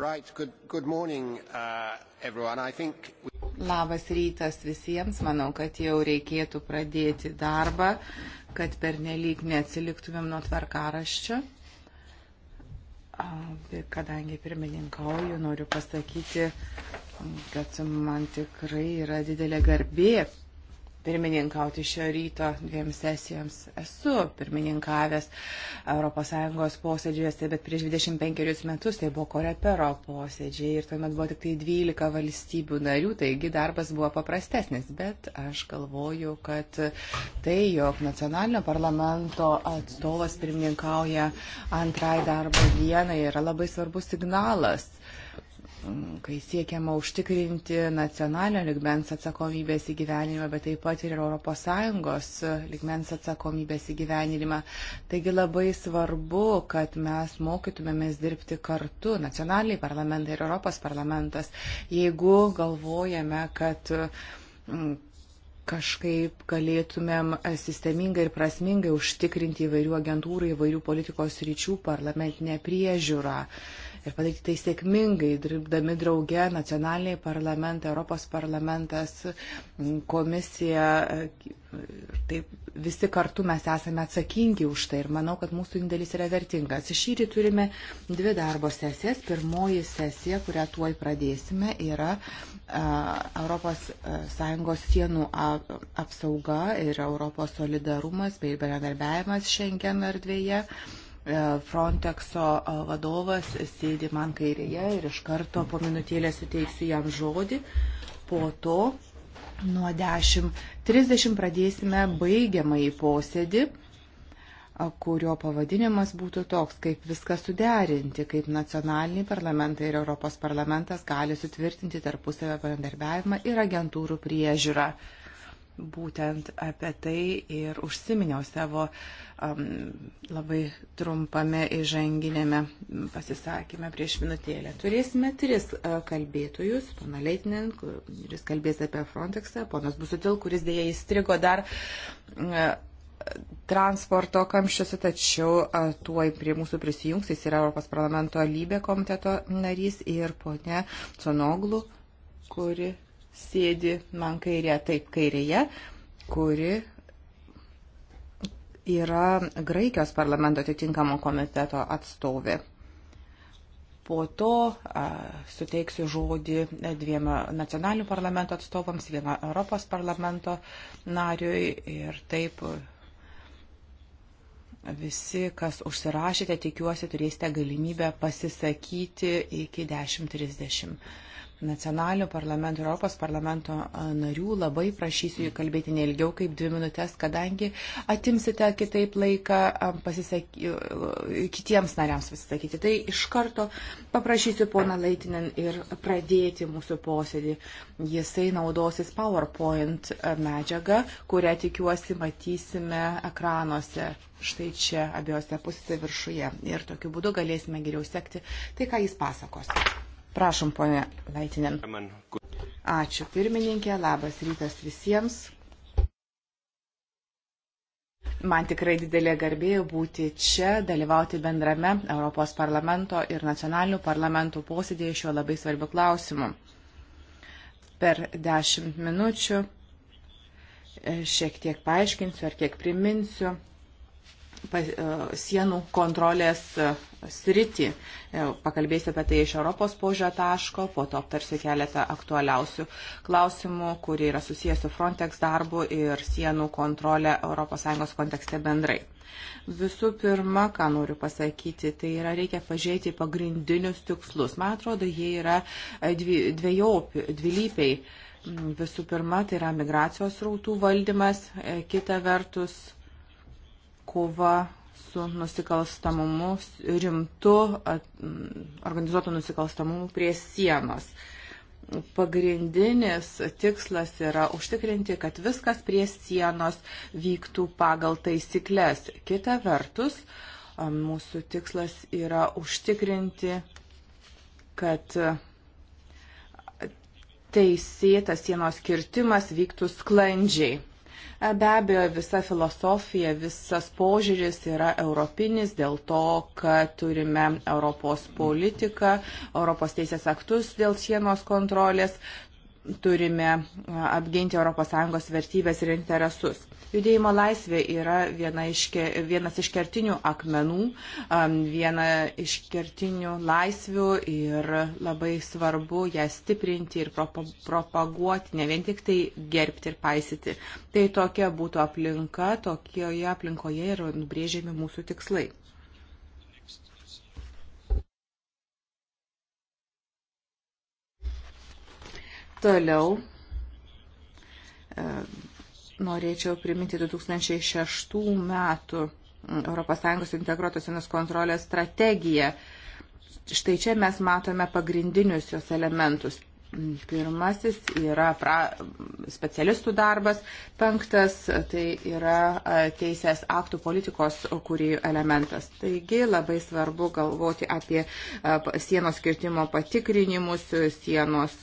Right, good, good morning, uh, everyone. I think... Labas rytas visiems. Manau, kad jau reikėtų pradėti darbą, kad pernelyg neatsiliktumėm nuo tvarkaraščio. Kadangi pirmininkauju, noriu pasakyti, kad man tikrai yra didelė garbė pirmininkauti šio ryto dviem sesijoms. Esu pirmininkavęs ES posėdžiuose, bet prieš 25 metus tai buvo korepero posėdžiai ir tuomet buvo tik tai 12 valstybių narių, taigi darbas buvo paprastesnis. Bet aš galvoju, kad tai, jog nacionalinio parlamento atstovas pirmininkauja antrai darbo dienai, yra labai svarbus signalas Mm, kai siekiama užtikrinti nacionalinio ligmens atsakomybės įgyvenimą, bet taip pat ir ES ligmens atsakomybės įgyvenimą. Taigi labai svarbu, kad mes mokytumėmės dirbti kartu, nacionaliniai parlamentai ir Europos parlamentas, jeigu galvojame, kad mm, kažkaip galėtumėm sistemingai ir prasmingai užtikrinti įvairių agentūrų, įvairių politikos ryčių parlamentinę priežiūrą. Uh, ir padaryti tai sėkmingai, dirbdami drauge nacionaliniai parlamentai, Europos parlamentas, komisija. Taip, visi kartu mes esame atsakingi už tai ir manau, kad mūsų indėlis yra vertingas. Iš šį turime dvi darbo sesijas. Pirmoji sesija, kurią tuoj pradėsime, yra ES sienų apsauga ir Europos solidarumas bei bendradarbiavimas Schengen erdvėje. Uh, E, Frontexo e, vadovas sėdi man kairėje ir iš karto po minutėlės suteiksiu jam žodį. Po to nuo 10.30 pradėsime baigiamąjį posėdį e, kurio pavadinimas būtų toks, kaip viską suderinti, kaip nacionaliniai parlamentai ir Europos parlamentas gali sutvirtinti tarpusavio bendarbiavimą ir agentūrų priežiūrą būtent apie tai ir užsiminiau savo um, labai trumpame įžanginėme pasisakymę prieš minutėlę. Turėsime tris uh, kalbėtojus, pana Leitinin, kuris kalbės apie Frontexą, ponas Busutil, kuris dėja įstrigo dar. Uh, transporto kamščiuose, tačiau uh, tuoj prie mūsų prisijungs, jis yra Europos parlamento lybė komiteto narys ir ponė Sonoglu, kuri sėdi man kairė, taip kairėje, kuri yra Graikijos parlamento atitinkamo komiteto atstovė. Po to a, suteiksiu žodį dviem nacionalinių parlamento atstovams, vieną Europos parlamento nariui ir taip visi, kas užsirašėte, tikiuosi, turėsite galimybę pasisakyti iki 10.30 nacionalinių parlamentų, Europos parlamento narių labai prašysiu jų kalbėti neilgiau kaip dvi minutės, kadangi atimsite kitaip laiką pasisak... kitiems nariams pasisakyti. Tai iš karto paprašysiu poną Leitinin ir pradėti mūsų posėdį. Jisai naudosis PowerPoint medžiagą, kurią tikiuosi matysime ekranuose. Štai čia abiejose pusėse viršuje. Ir tokiu būdu galėsime geriau sekti tai, ką jis pasakos. Prašom, ponia Laitinen. Ačiū pirmininkė, labas rytas visiems. Man tikrai didelė garbė būti čia, dalyvauti bendrame Europos parlamento ir nacionalinių parlamentų posėdėje šiuo labai svarbiu klausimu. Per dešimt minučių e, šiek tiek paaiškinsiu ar kiek priminsiu, E, sienų kontrolės e, sritį. E, pakalbėsiu apie tai iš Europos požio taško, po to aptarsiu keletą aktualiausių klausimų, kurie yra susijęs su Frontex darbu ir sienų kontrolė ES kontekste bendrai. Visų pirma, ką noriu pasakyti, tai yra reikia pažiūrėti pagrindinius tikslus. Man atrodo, jie yra dviejopi, dvilypiai. Visų pirma, tai yra migracijos rautų valdymas, kita vertus kova su nusikalstamumu, rimtu mm, organizuotu nusikalstamumu prie sienos. Pagrindinis tikslas yra užtikrinti, kad viskas prie sienos vyktų pagal taisyklės. Kita vertus, mūsų tikslas yra užtikrinti, kad teisėtas sienos kirtimas vyktų sklandžiai. Be abejo, visa filosofija, visas požiūris yra europinis dėl to, kad turime Europos politiką, Europos teisės aktus dėl sienos kontrolės, turime apginti ES vertybės ir interesus. Judėjimo laisvė yra viena iš, vienas iš kertinių akmenų, viena iš kertinių laisvių ir labai svarbu ją stiprinti ir propaguoti, ne vien tik tai gerbti ir paisyti. Tai tokia būtų aplinka, tokioje aplinkoje yra nubrėžiami mūsų tikslai. Toliau e, norėčiau priminti 2006 metų ES integruotos sienos kontrolės strategiją. Štai čia mes matome pagrindinius jos elementus. Pirmasis yra pra, specialistų darbas, penktas tai yra teisės aktų politikos kūrėjų elementas. Taigi labai svarbu galvoti apie sienos skirtimo patikrinimus, sienos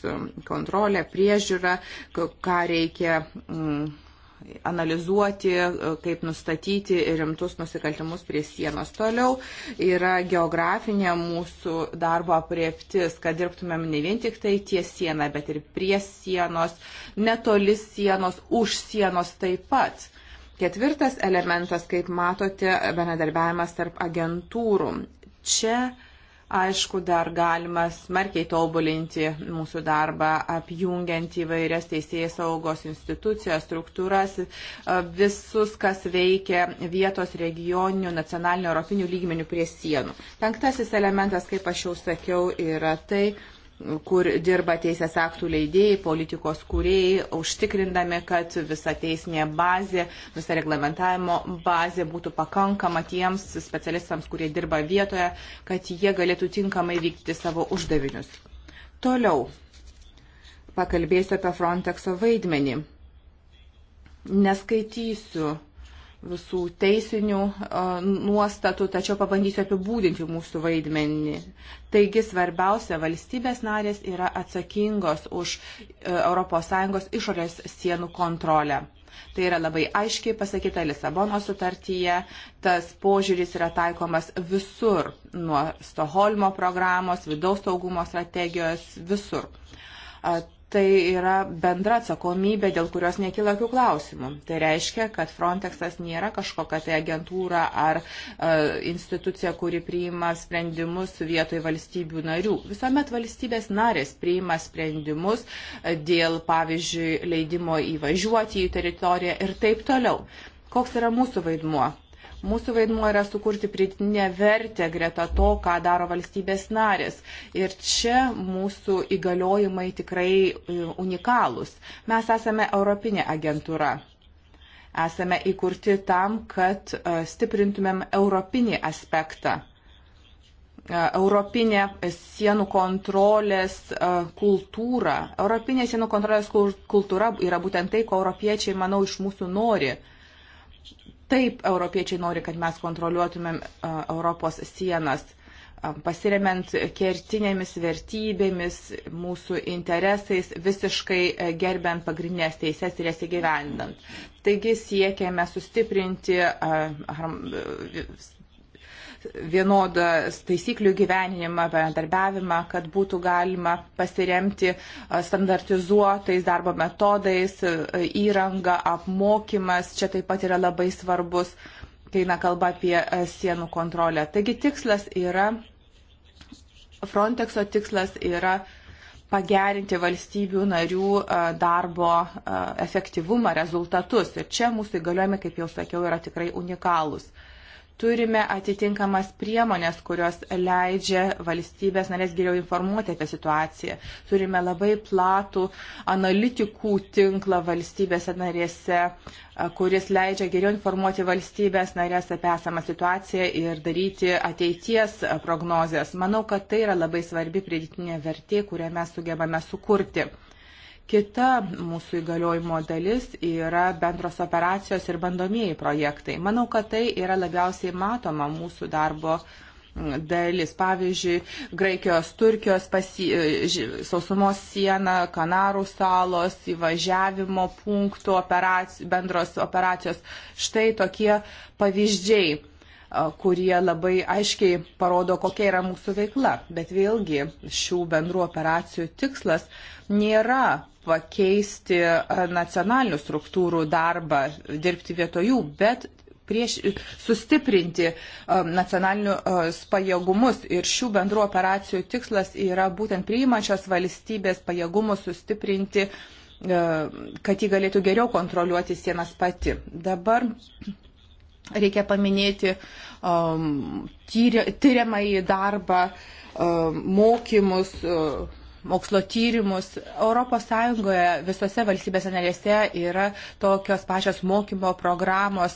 kontrolę, priežiūrą, ką reikia. Mm, analizuoti, e, kaip nustatyti rimtus nusikaltimus prie sienos. Toliau yra geografinė mūsų darbo apriektis, kad dirbtumėm ne vien tik tai ties sieną, bet ir prie sienos, netoli sienos, už sienos taip pat. Ketvirtas elementas, kaip matote, bendradarbiavimas tarp agentūrų. Čia Aišku, dar galima smarkiai tobulinti mūsų darbą, apjungiant įvairias teisėjai saugos institucijas, struktūras, e, visus, kas veikia vietos regioninių, nacionalinių, europinių lygmenių prie sienų. Penktasis elementas, kaip aš jau sakiau, yra tai, kur dirba teisės aktų leidėjai, politikos kūrėjai, užtikrindami, kad visa teisinė bazė, visa reglamentavimo bazė būtų pakankama tiems specialistams, kurie dirba vietoje, kad jie galėtų tinkamai vykdyti savo uždavinius. Toliau pakalbėsiu apie Frontexo vaidmenį. Neskaitysiu visų teisinių nuostatų, tačiau pabandysiu apibūdinti mūsų vaidmenį. Taigi svarbiausia, valstybės narės yra atsakingos už e, ES išorės sienų kontrolę. Tai yra labai aiškiai pasakyta Lisabono sutartyje, tas požiūris yra taikomas visur, nuo Stoholmo programos, vidaus saugumo strategijos, visur tai yra bendra atsakomybė, dėl kurios nekyla jokių klausimų. Tai reiškia, kad Frontexas nėra kažkokia tai agentūra ar e, institucija, kuri priima sprendimus vietoj valstybių narių. Visuomet valstybės narės priima sprendimus e, dėl, pavyzdžiui, leidimo įvažiuoti į teritoriją ir taip toliau. Koks yra mūsų vaidmuo? Mūsų vaidmuo yra sukurti pridinę vertę greta to, ką daro valstybės narės. Ir čia mūsų įgaliojimai tikrai e, unikalūs. Mes esame Europinė agentūra. Esame įkurti tam, kad e, stiprintumėm europinį aspektą e, europinė sienų kontrolės kultūra. Europinė sienų kontrolės kultūra yra būtent tai, ko europiečiai, manau, iš mūsų nori. Taip, europiečiai nori, kad mes kontroliuotumėm Europos sienas, pasiremiant kertinėmis vertybėmis, mūsų interesais, visiškai e, gerbiant pagrindinės teises ir jas įgyvendant. Taigi siekiame sustiprinti vienodas taisyklių gyveninimą, bendarbiavimą, kad būtų galima pasiremti standartizuotais darbo metodais, įranga, apmokymas, čia taip pat yra labai svarbus, kai na kalba apie sienų kontrolę. Taigi tikslas yra, Frontexo tikslas yra pagerinti valstybių narių darbo efektyvumą, rezultatus. Ir čia mūsų įgaliojimai, kaip jau sakiau, yra tikrai unikalūs turime atitinkamas priemonės, kurios leidžia valstybės narės geriau informuoti apie situaciją. Turime labai platų analitikų tinklą valstybės narėse, kuris leidžia geriau informuoti valstybės narės apie esamą situaciją ir daryti ateities prognozes. Manau, kad tai yra labai svarbi pridėtinė vertė, kurią mes sugebame sukurti. Kita mūsų įgaliojimo dalis yra bendros operacijos ir bandomieji projektai. Manau, kad tai yra labiausiai matoma mūsų darbo dalis. Pavyzdžiui, Graikijos, Turkijos pasi, e, sausumos siena, Kanarų salos, įvažiavimo punktų operacijos, bendros operacijos. Štai tokie pavyzdžiai e, kurie labai aiškiai parodo, kokia yra mūsų veikla. Bet vėlgi šių bendrų operacijų tikslas nėra pakeisti e, nacionalinių struktūrų darbą, dirbti vietojų, bet prieš, sustiprinti e, nacionalinius e, pajėgumus. Ir šių bendrų operacijų tikslas yra būtent priimančios valstybės pajėgumus sustiprinti, kad jį galėtų geriau kontroliuoti sienas pati. Dabar reikia paminėti um, tyri, tyriamąjį darbą, um, mokymus. Um, mokslo tyrimus. ES visose valstybėse narėse yra tokios pačios mokymo programos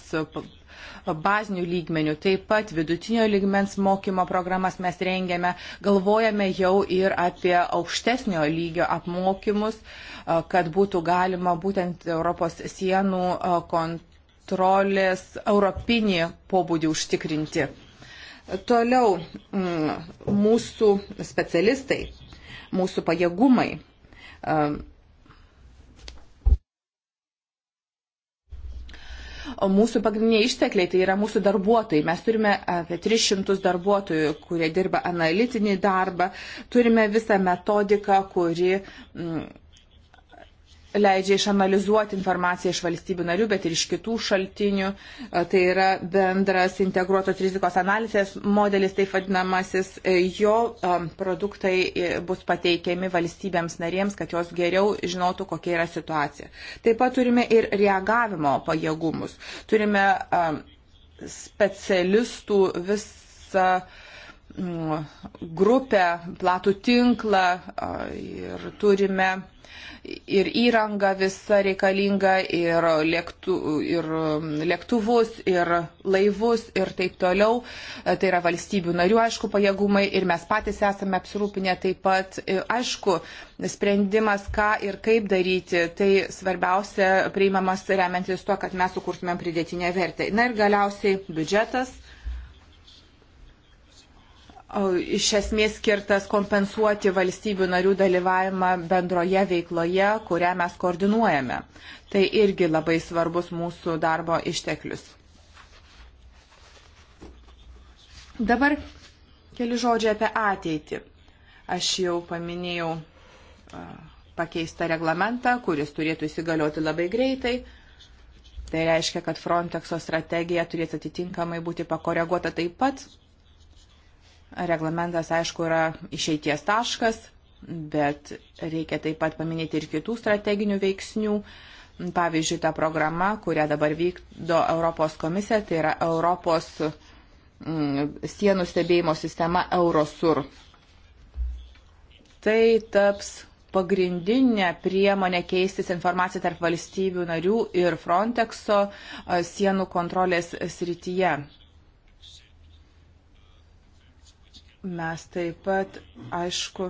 bazinių lygmenių, taip pat vidutinio lygmens mokymo programas mes rengiame, galvojame jau ir apie aukštesnio lygio apmokymus, kad būtų galima būtent Europos sienų kontrolės europinį pobūdį užtikrinti. Toliau mūsų specialistai mūsų pajėgumai. O mūsų pagrindiniai ištekliai tai yra mūsų darbuotojai. Mes turime apie 300 darbuotojų, kurie dirba analitinį darbą. Turime visą metodiką, kuri m, leidžia išanalizuoti informaciją iš valstybių narių, bet ir iš kitų šaltinių. E, tai yra bendras integruotos rizikos analizės modelis, taip vadinamasis. E, jo e, produktai bus pateikiami valstybėms narėms, kad jos geriau žinotų, kokia yra situacija. Taip pat turime ir reagavimo pajėgumus. Turime specialistų visą grupę, platų tinklą ir turime ir įrangą visą reikalingą, ir, lėktu, ir um, lėktuvus, ir laivus, ir taip toliau. E, tai yra valstybių narių, aišku, pajėgumai ir mes patys esame apsirūpinę taip pat. E, aišku, sprendimas, ką ir kaip daryti, tai svarbiausia priimamas remiantis tuo, kad mes sukurtumėm pridėtinę vertę. Na ir galiausiai biudžetas iš esmės skirtas kompensuoti valstybių narių dalyvavimą bendroje veikloje, kurią mes koordinuojame. Tai irgi labai svarbus mūsų darbo išteklius. Dabar keli žodžiai apie ateitį. Aš jau paminėjau pakeistą reglamentą, kuris turėtų įsigalioti labai greitai. Tai reiškia, kad Frontexo strategija turės atitinkamai būti pakoreguota taip pat Reglamentas, aišku, yra išeities taškas, bet reikia taip pat paminėti ir kitų strateginių veiksnių. Pavyzdžiui, ta programa, kurią dabar vykdo Europos komisija, tai yra Europos mm, sienų stebėjimo sistema Eurosur. Tai taps pagrindinė priemonė keistis informaciją tarp valstybių narių ir Frontexo sienų kontrolės srityje. Mes taip pat, aišku,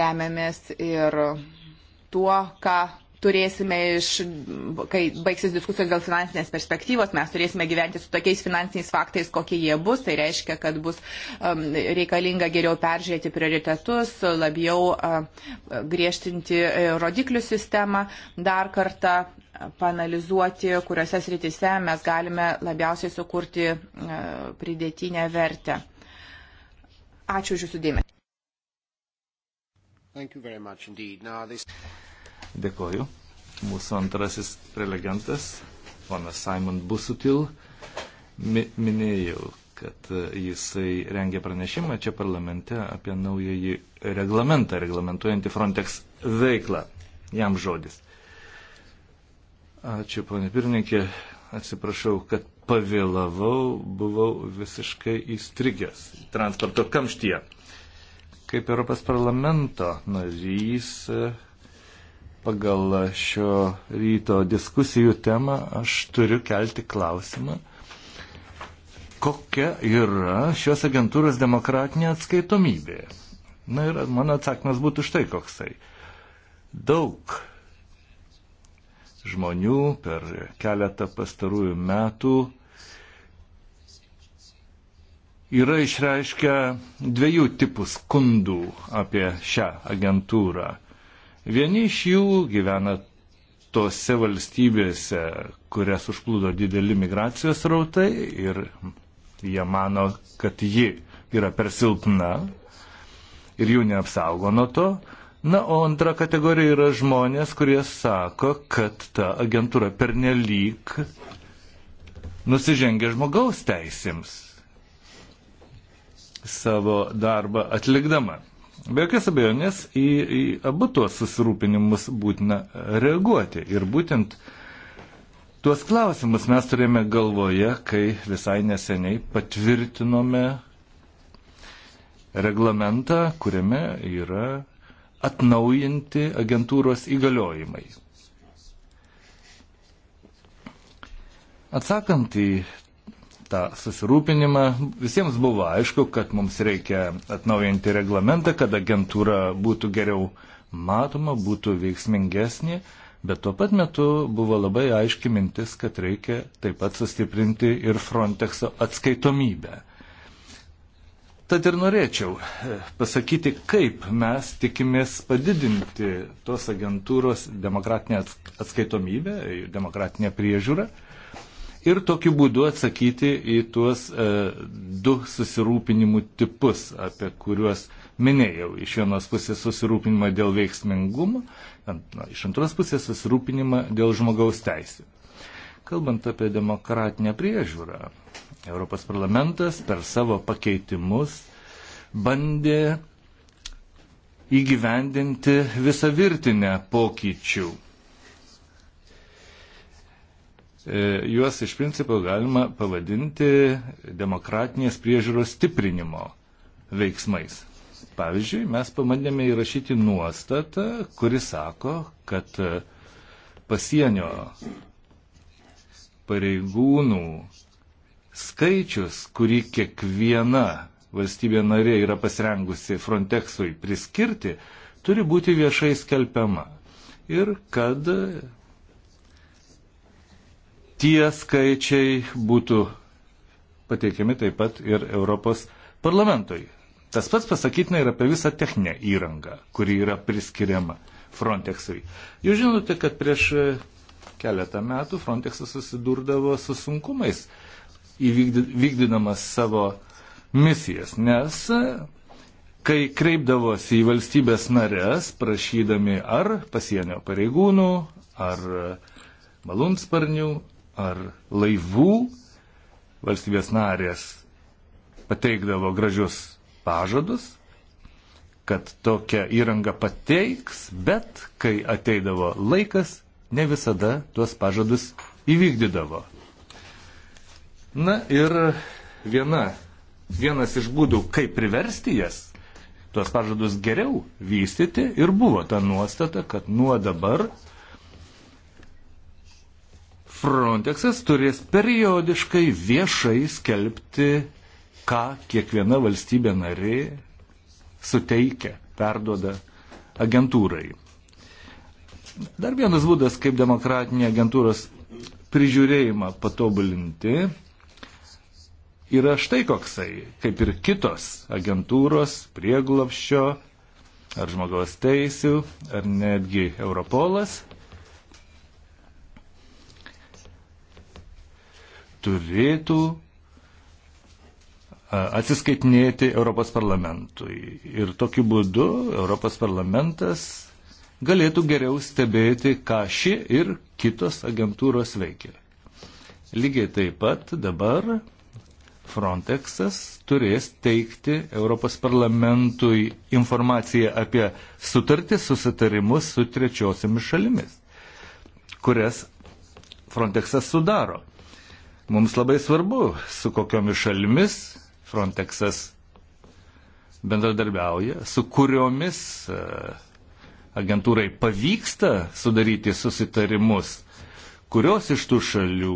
remiamės ir tuo, ką turėsime iš, kai baigsis diskusijos dėl finansinės perspektyvos, mes turėsime gyventi su tokiais finansiniais faktais, kokie jie bus. Tai reiškia, kad bus um, reikalinga geriau peržiūrėti prioritetus, labiau uh, griežtinti uh, rodiklių sistemą, dar kartą panalizuoti, kuriuose srityse mes galime labiausiai sukurti uh, pridėtinę vertę. Ačiū už Jūsų dėmesį. This... Dėkoju. Mūsų antrasis prelegentas, ponas Simon Busutil, mi minėjau, kad e, jisai rengia pranešimą čia parlamente apie naująjį reglamentą, reglamentuojantį Frontex veiklą. Jam žodis. Ačiū, ponė pirmininkė. Atsiprašau, kad pavėlavau, buvau visiškai įstrigęs transporto kamštyje. Kaip Europos parlamento narys, e, pagal šio ryto diskusijų temą aš turiu kelti klausimą, kokia yra šios agentūros demokratinė atskaitomybė. Na ir mano atsakymas būtų štai koksai. Daug žmonių per keletą pastarųjų metų yra išreiškę dviejų tipų skundų apie šią agentūrą. Vieni iš jų gyvena tose valstybėse, kurias užplūdo dideli migracijos rautai ir jie mano, kad ji yra per silpna ir jų neapsaugo nuo to. Na, o antra kategorija yra žmonės, kurie sako, kad ta agentūra pernelyg nusižengia žmogaus teisėms savo darbą atlikdama. Be jokios abejonės į, į abu tuos susirūpinimus būtina reaguoti. Ir būtent tuos klausimus mes turėjome galvoje, kai visai neseniai patvirtinome reglamentą, kuriame yra atnaujinti agentūros įgaliojimai. Atsakant į tą susirūpinimą. Visiems buvo aišku, kad mums reikia atnaujinti reglamentą, kad agentūra būtų geriau matoma, būtų veiksmingesnė, bet tuo pat metu buvo labai aiški mintis, kad reikia taip pat sustiprinti ir Frontexo atskaitomybę. Tad ir norėčiau e, pasakyti, kaip mes tikimės padidinti tos agentūros demokratinę atskaitomybę, demokratinę priežiūrą ir tokiu būdu atsakyti į tuos e, du susirūpinimų tipus, apie kuriuos minėjau. Iš vienos pusės susirūpinimą dėl veiksmingumo, ant, na, iš antros pusės susirūpinimą dėl žmogaus teisų. Kalbant apie demokratinę priežiūrą, Europos parlamentas per savo pakeitimus bandė įgyvendinti visą virtinę pokyčių E, juos iš principo galima pavadinti demokratinės priežiūros stiprinimo veiksmais. Pavyzdžiui, mes pamandėme įrašyti nuostatą, kuri sako, kad e, pasienio pareigūnų skaičius, kurį kiekviena valstybė narė yra pasirengusi Frontexui priskirti, turi būti viešai skelbiama. Ir kad tie skaičiai būtų pateikiami taip pat ir Europos parlamentui. Tas pats pasakytina ir apie visą techninę įrangą, kuri yra priskiriama Frontexui. Jūs žinote, kad prieš e, keletą metų Frontexas susidurdavo su sunkumais įvykdydamas savo misijas, nes e, kai kreipdavosi į valstybės narės, prašydami ar pasienio pareigūnų, ar e, malūnsparnių, ar laivų, valstybės narės pateikdavo gražius pažadus, kad tokią įrangą pateiks, bet kai ateidavo laikas, ne visada tuos pažadus įvykdydavo. Na ir viena, vienas iš būdų, kaip priversti jas tuos pažadus geriau vystyti ir buvo ta nuostata, kad nuo dabar Frontexas turės periodiškai viešai skelbti, ką kiekviena valstybė narė suteikia, perduoda agentūrai. Dar vienas būdas, kaip demokratinį agentūros prižiūrėjimą patobulinti, yra štai koksai, kaip ir kitos agentūros, prieglopščio ar žmogaus teisių, ar netgi Europolas turėtų atsiskaitinėti Europos parlamentui. Ir tokiu būdu Europos parlamentas galėtų geriau stebėti, ką ši ir kitos agentūros veikia. Lygiai taip pat dabar Frontexas turės teikti Europos parlamentui informaciją apie sutartį susitarimus su trečiosiamis šalimis, kurias Frontexas sudaro. Mums labai svarbu, su kokiomis šalimis Frontexas bendradarbiauja, su kuriomis e, agentūrai pavyksta sudaryti susitarimus, kurios iš tų šalių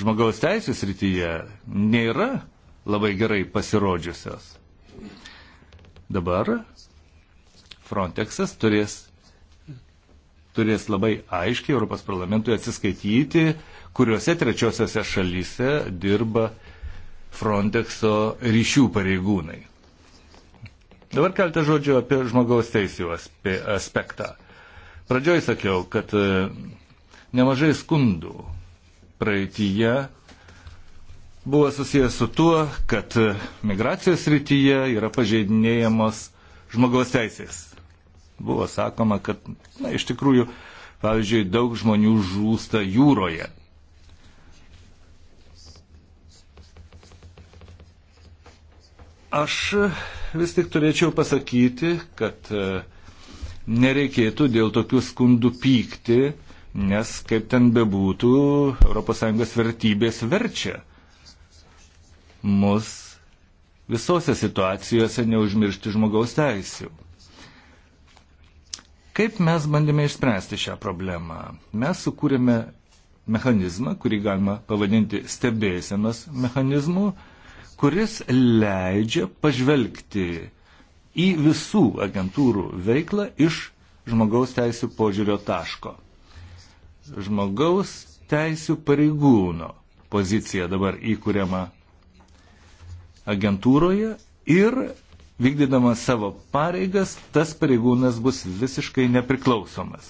žmogaus teisės rytyje nėra labai gerai pasirodžiusios. Dabar Frontexas turės, turės labai aiškiai Europos parlamentui atsiskaityti, kuriuose trečiosiose šalyse dirba Frontexo ryšių pareigūnai. Dabar keltą žodžių apie žmogaus teisų aspektą. Pradžioj sakiau, kad e, nemažai skundų praeitįje buvo susijęs su tuo, kad e, migracijos rytyje yra pažeidinėjamos žmogaus teisės. Buvo sakoma, kad na, iš tikrųjų, pavyzdžiui, daug žmonių žūsta jūroje. Aš vis tik turėčiau pasakyti, kad e, nereikėtų dėl tokių skundų pykti, nes kaip ten bebūtų, ES vertybės verčia mus visose situacijose neužmiršti žmogaus teisių. Kaip mes bandėme išspręsti šią problemą? Mes sukūrėme mechanizmą, kurį galima pavadinti stebėsenos mechanizmu, kuris leidžia pažvelgti į visų agentūrų veiklą iš žmogaus teisų požiūrio taško. Žmogaus teisų pareigūno pozicija dabar įkūriama agentūroje ir vykdydamas savo pareigas, tas pareigūnas bus visiškai nepriklausomas.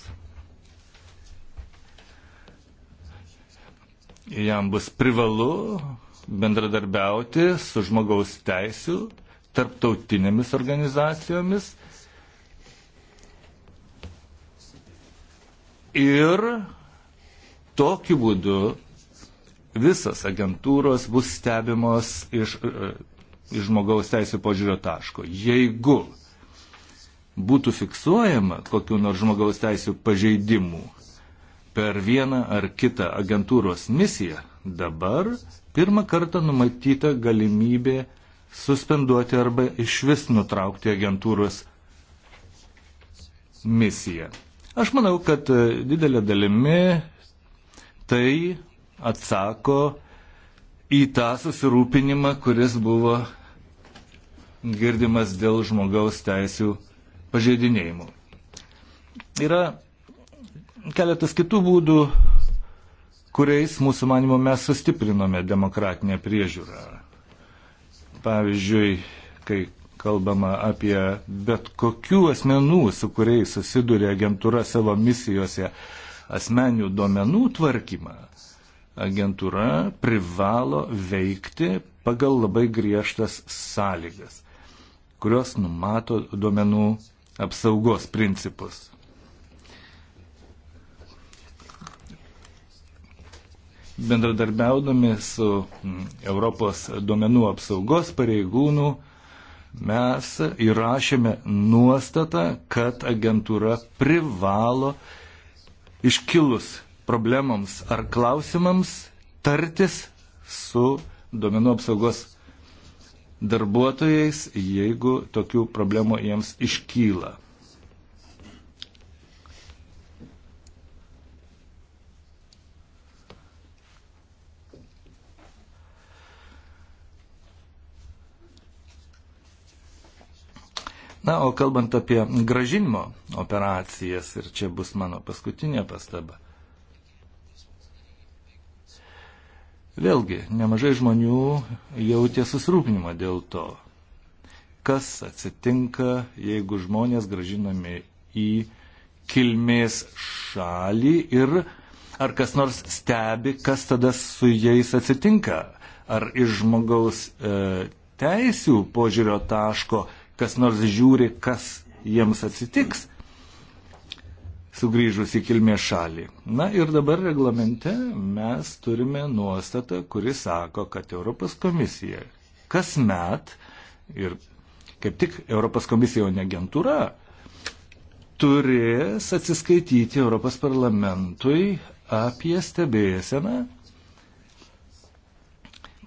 Jam bus privalu bendradarbiauti su žmogaus teisų tarptautinėmis organizacijomis ir tokiu būdu visas agentūros bus stebimos iš, e, iš žmogaus teisų požiūrio taško. Jeigu būtų fiksuojama kokiu nors žmogaus teisų pažeidimu per vieną ar kitą agentūros misiją, Dabar pirmą kartą numatyta galimybė suspenduoti arba iš vis nutraukti agentūros misiją. Aš manau, kad e, didelė dalimi tai atsako į tą susirūpinimą, kuris buvo girdimas dėl žmogaus teisų pažeidinėjimų. Yra keletas kitų būdų kuriais, mūsų manimo, mes sustiprinome demokratinę priežiūrą. Pavyzdžiui, kai kalbama apie bet kokių asmenų, su kuriais susiduria agentūra savo misijose, asmenių duomenų tvarkymą, agentūra privalo veikti pagal labai griežtas sąlygas, kurios numato duomenų apsaugos principus. bendradarbiaudami su mm, Europos duomenų apsaugos pareigūnų mes įrašėme nuostatą, kad agentūra privalo iškilus problemams ar klausimams tartis su duomenų apsaugos darbuotojais, jeigu tokių problemų jiems iškyla. Na, o kalbant apie gražinimo operacijas, ir čia bus mano paskutinė pastaba. Vėlgi, nemažai žmonių jautė susirūpinimą dėl to, kas atsitinka, jeigu žmonės gražinami į kilmės šalį ir ar kas nors stebi, kas tada su jais atsitinka. Ar iš žmogaus e, teisių požiūrio taško kas nors žiūri, kas jiems atsitiks sugrįžus į kilmės šalį. Na ir dabar reglamente mes turime nuostatą, kuri sako, kad Europos komisija kasmet ir kaip tik Europos komisija, o ne agentūra, turės atsiskaityti Europos parlamentui apie stebėseną,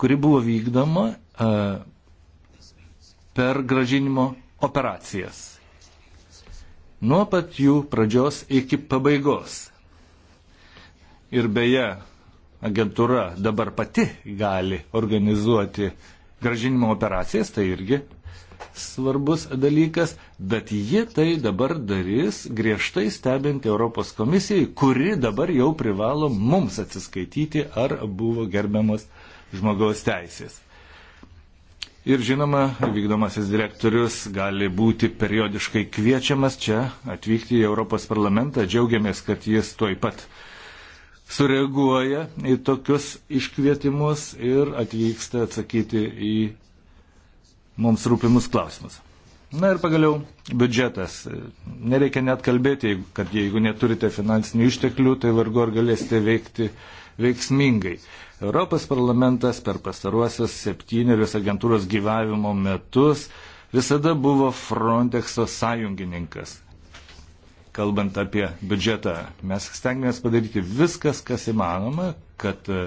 kuri buvo vykdoma e, per gražinimo operacijas. Nuo pat jų pradžios iki pabaigos. Ir beje, agentūra dabar pati gali organizuoti gražinimo operacijas, tai irgi svarbus dalykas, bet ji tai dabar darys griežtai stebint Europos komisijai, kuri dabar jau privalo mums atsiskaityti, ar buvo gerbiamas žmogaus teisės. Ir žinoma, vykdomasis direktorius gali būti periodiškai kviečiamas čia atvykti į Europos parlamentą. Džiaugiamės, kad jis toj pat sureaguoja į tokius iškvietimus ir atvyksta atsakyti į mums rūpimus klausimus. Na ir pagaliau biudžetas. Nereikia net kalbėti, kad jeigu neturite finansinių išteklių, tai vargu ar galėsite veikti veiksmingai. Europos parlamentas per pastaruosius septynerius agentūros gyvavimo metus visada buvo Frontexo sąjungininkas. Kalbant apie biudžetą, mes stengiamės padaryti viskas, kas įmanoma, kad e,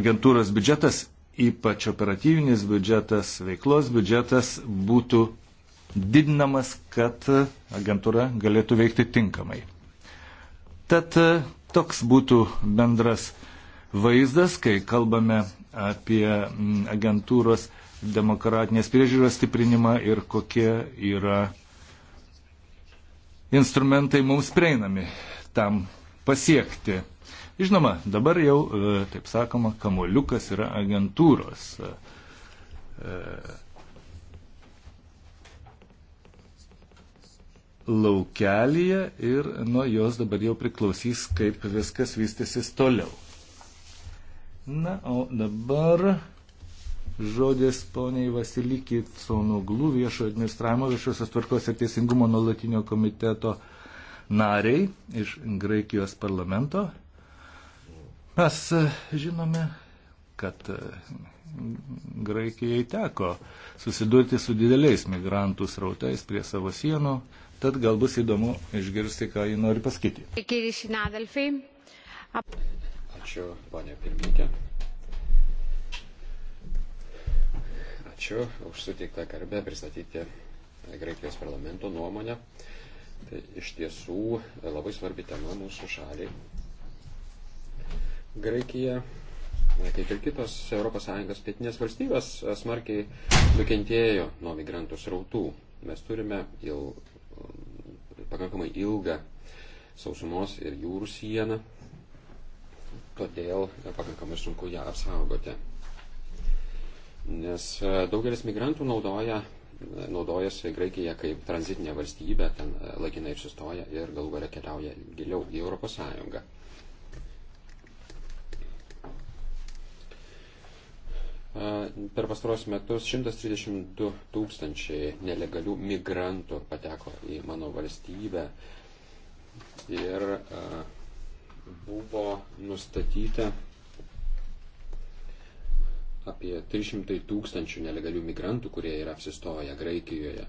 agentūros biudžetas, ypač operatyvinis biudžetas, veiklos biudžetas būtų didinamas, kad e, agentūra galėtų veikti tinkamai. Tad e, Toks būtų bendras vaizdas, kai kalbame apie agentūros demokratinės priežiūros stiprinimą ir kokie yra instrumentai mums prieinami tam pasiekti. Žinoma, dabar jau, e, taip sakoma, kamoliukas yra agentūros. E, e, laukelėje ir nuo jos dabar jau priklausys, kaip viskas vystysis toliau. Na, o dabar žodis poniai Vasilikį Sonoglų viešo administravimo viešosios tvarkos ir teisingumo nuolatinio komiteto nariai iš Graikijos parlamento. Mes e, žinome, kad e, Graikijai teko susidurti su dideliais migrantų srautais prie savo sienų, Tad gal bus įdomu išgirsti, ką jį nori pasakyti. Ačiū, ponė pirmininkė. Ačiū už suteiktą garbę pristatyti Graikijos parlamento nuomonę. Tai iš tiesų labai svarbi tema mūsų šaliai. Graikija, kaip ir kitos ES pietinės valstybės, smarkiai nukentėjo nuo migrantų srautų. Mes turime il, pakankamai ilgą sausumos ir jūrų sieną, todėl pakankamai sunku ją apsaugoti. Nes e, daugelis migrantų naudoja, naudojasi Graikiją kaip tranzitinė valstybė, ten e, laikinai apsistoja ir galų gale keliauja giliau į Europos Sąjungą. per pastaros metus 132 tūkstančiai nelegalių migrantų pateko į mano valstybę ir buvo nustatyta apie 300 tūkstančių nelegalių migrantų, kurie yra apsistoję Graikijoje.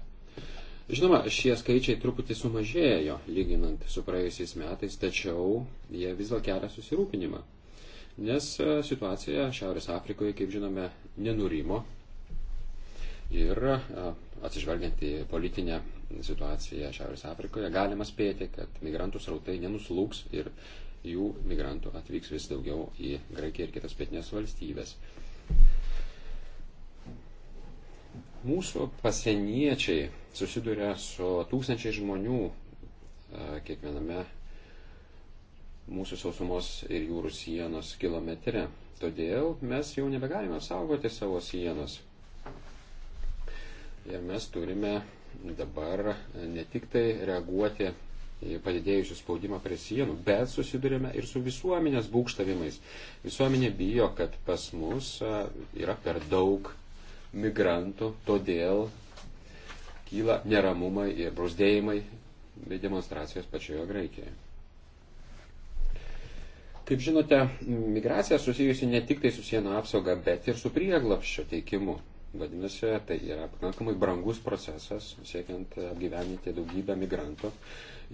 Žinoma, šie skaičiai truputį sumažėjo lyginant su praėjusiais metais, tačiau jie vis dėl kelia susirūpinimą. Nes e, situacija Šiaurės Afrikoje, kaip žinome, nenurimo. Ir e, atsižvelgiant į politinę situaciją Šiaurės Afrikoje, galima spėti, kad migrantų srautai nenuslūks ir jų migrantų atvyks vis daugiau į Graikiją ir kitas pietinės valstybės. Mūsų pasieniečiai susiduria su tūkstančiai žmonių e, kiekviename mūsų sausumos ir jūrų sienos kilometre. Todėl mes jau nebegalime apsaugoti savo sienos. Ir mes turime dabar ne tik tai reaguoti į padidėjusių spaudimą prie sienų, bet susidurime ir su visuomenės būkštavimais. Visuomenė bijo, kad pas mus yra per daug migrantų, todėl kyla neramumai ir brusdėjimai bei demonstracijos pačioje Graikijoje. Kaip žinote, migracija susijusi ne tik tai su sienų apsauga, bet ir su prieglapščio teikimu. Vadinasi, tai yra pakankamai brangus procesas, siekiant apgyveninti daugybę migrantų.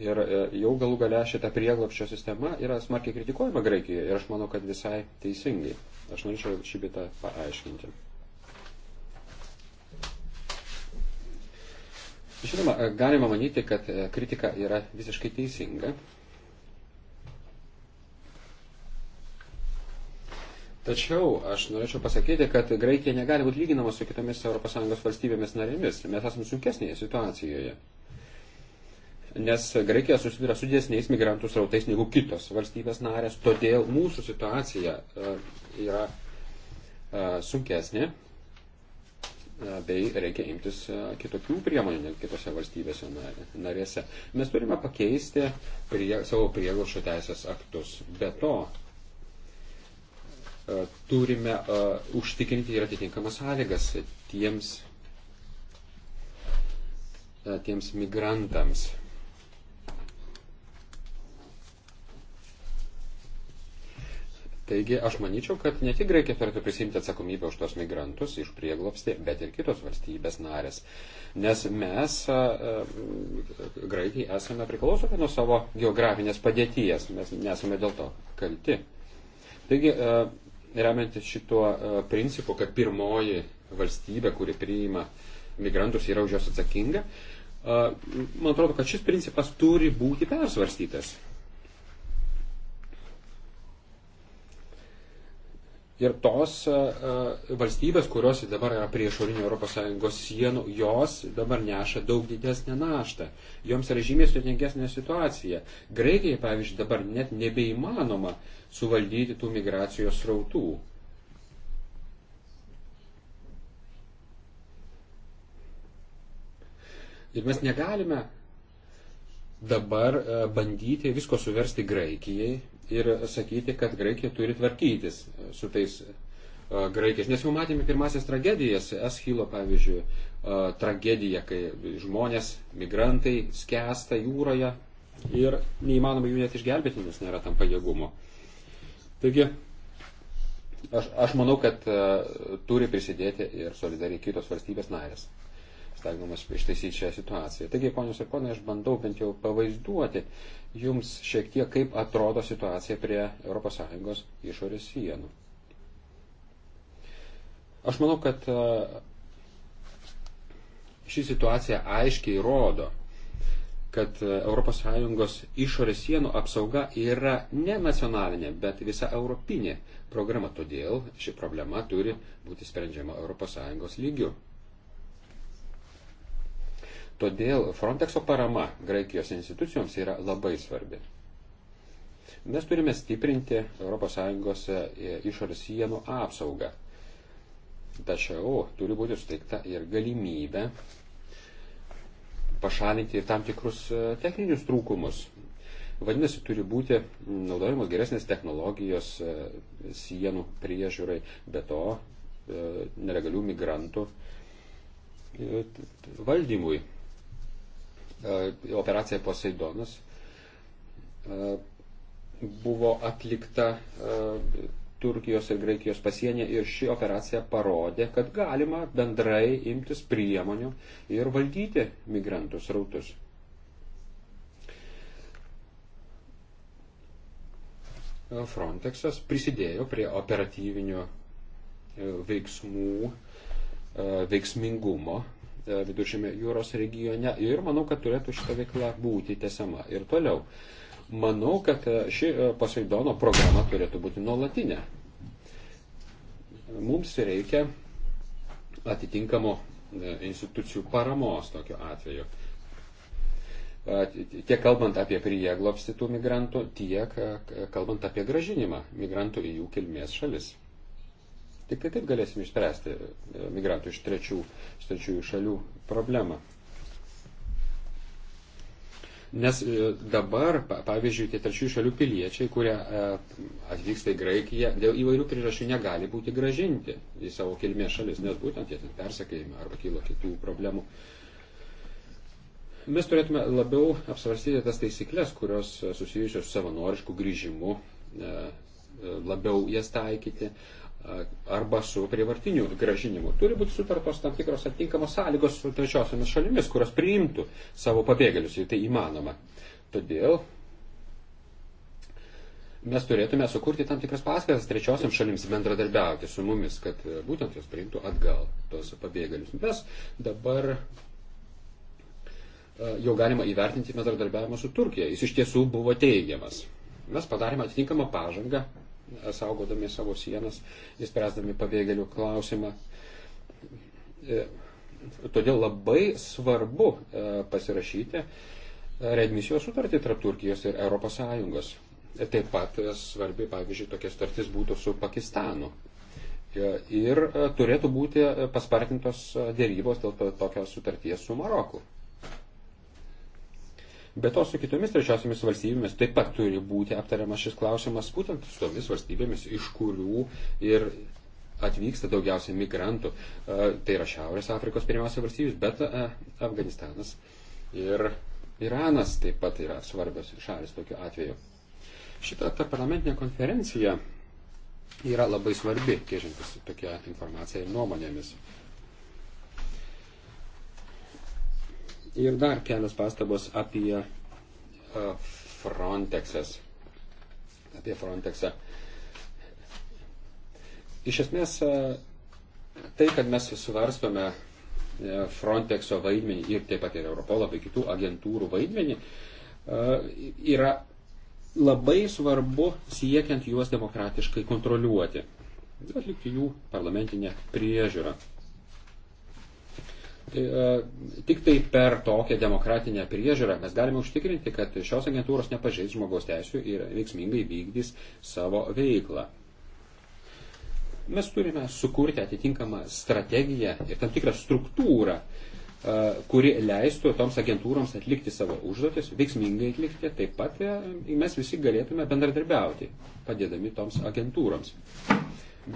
Ir e, jau galų gale šita prieglapščio sistema yra smarkiai kritikuojama Graikijoje ir aš manau, kad visai teisingai. Aš norėčiau šį bitą paaiškinti. Žinoma, e, galima manyti, kad e, kritika yra visiškai teisinga, Tačiau aš norėčiau pasakyti, kad Graikija negali būti lyginama su kitomis ES valstybėmis narėmis. Mes esame sunkesnėje situacijoje. Nes Graikija susiduria su didesniais migrantų srautais negu kitos valstybės narės, todėl mūsų situacija e, yra e, sunkesnė e, bei reikia imtis kitokių priemonių negu kitose valstybėse narėse. Mes turime pakeisti prie, savo prieglaušio teisės aktus. Be to, E, turime e, užtikrinti ir atitinkamas sąlygas tiems, e, tiems migrantams. Taigi aš manyčiau, kad ne tik Graikija turėtų prisimti atsakomybę už tos migrantus iš prieglopstį, bet ir kitos valstybės narės. Nes mes, Graikijai, esame priklausomi nuo savo geografinės padėties, mes nesame dėl to kalti. Taigi remiantis šituo e, principu, kad pirmoji valstybė, kuri priima migrantus, yra už juos atsakinga, e, man atrodo, kad šis principas turi būti persvarstytas. Ir tos e, e, valstybės, kurios dabar yra prie išorinių ES sienų, jos dabar neša daug didesnę naštą. Joms yra žymiai sudėtingesnė situacija. Graikijai, pavyzdžiui, dabar net nebeįmanoma suvaldyti tų migracijos rautų. Ir mes negalime dabar e, bandyti visko suversti Graikijai ir sakyti, kad Graikija turi tvarkytis su tais e, graikais. Nes jau matėme pirmasis tragedijas, Eschilo pavyzdžiui, e, tragedija, kai žmonės, migrantai skęsta jūroje ir neįmanoma jų net išgelbėti, nes nėra tam pajėgumo. Taigi, aš, aš manau, kad e, turi prisidėti ir solidariai kitos valstybės narės stengiamas ištaisyti šią situaciją. Taigi, ponios ir ponai, aš bandau bent jau pavaizduoti jums šiek tiek, kaip atrodo situacija prie ES išorės sienų. Aš manau, kad e, ši situacija aiškiai rodo, kad ES išorės sienų apsauga yra ne nacionalinė, bet visa europinė programa. Todėl ši problema turi būti sprendžiama ES lygiu. Todėl Frontexo parama Graikijos institucijoms yra labai svarbi. Mes turime stiprinti ES e, išorės sienų apsaugą. Tačiau turi būti suteikta ir galimybė pašalinti ir tam tikrus e, techninius trūkumus. Vadinasi, turi būti naudojamos geresnės technologijos e, sienų priežiūrai, be to nelegalių migrantų valdymui. E, operacija Poseidonas e, buvo atlikta e, Turkijos ir Graikijos pasienė ir ši operacija parodė, kad galima bendrai imtis priemonių ir valdyti migrantus rautus. Frontexas prisidėjo prie operatyvinio veiksmų veiksmingumo E, viduržėmio jūros regione ir manau, kad turėtų šita veikla būti tesama ir toliau. Manau, kad e, ši e, Poseidono programa turėtų būti nuolatinė. Mums reikia atitinkamo institucijų paramos tokiu atveju. Tiek kalbant apie prieglobstį tų migrantų, tiek kalbant apie gražinimą migrantų į jų kilmės šalis. Tik tai taip galėsime išspręsti e, migrantų iš, trečių, iš trečiųjų šalių problemą. Nes e, dabar, pavyzdžiui, tie trečiųjų šalių piliečiai, kurie e, atvyksta į Graikiją, dėl įvairių priežasčių negali būti gražinti į savo kilmės šalis, nes būtent jie persekėjimai arba kyla kitų problemų. Mes turėtume labiau apsvarstyti tas taisyklės, kurios susijusios su savanorišku grįžimu, labiau jas taikyti arba su prievartiniu gražinimu. Turi būti sutartos tam tikros atitinkamos sąlygos su trečiosiomis šalimis, kurios priimtų savo pabėgėlius, jei tai įmanoma. Todėl mes turėtume sukurti tam tikras paskatas trečiosiam šalims bendradarbiauti su mumis, kad e, būtent jos priimtų atgal tos pabėgėlius. Mes dabar e, jau galima įvertinti bendradarbiavimą su Turkija. Jis iš tiesų buvo teigiamas. Mes padarėme atitinkamą pažangą saugodami savo sienas, įspręsdami pabėgėlių klausimą. E, todėl labai svarbu e, pasirašyti e, redmisijos sutartį tarp Turkijos ir ES. Taip pat svarbi, pavyzdžiui, tokia sutartis būtų su Pakistanu. Ir turėtų būti paspartintos dėrybos dėl tokios sutarties su Maroku. Be to, su kitomis trečiosiomis valstybėmis taip pat turi būti aptariamas šis klausimas, būtent su tomis valstybėmis, iš kurių ir atvyksta daugiausia migrantų. E, tai yra Šiaurės Afrikos pirmiausia valstybės, bet e, Afganistanas ir Iranas taip pat yra svarbios šalis tokiu atveju. Šita ta parlamentinė konferencija yra labai svarbi, keičiantis tokia informacija ir nuomonėmis. Ir dar kelios pastabos apie e, Frontexas. Apie Frontexą. Iš esmės, e, tai, kad mes svarstome e, Frontexo vaidmenį ir taip pat ir Europolo bei kitų agentūrų vaidmenį, yra labai svarbu siekiant juos demokratiškai kontroliuoti, atlikti jų parlamentinę priežiūrą. Tai, e, tik tai per tokią demokratinę priežiūrą mes galime užtikrinti, kad šios agentūros nepažeis žmogaus teisų ir veiksmingai vykdys savo veiklą. Mes turime sukurti atitinkamą strategiją ir tam tikrą struktūrą, e, kuri leistų toms agentūroms atlikti savo užduotis, veiksmingai atlikti, taip pat e, mes visi galėtume bendradarbiauti, padėdami toms agentūroms.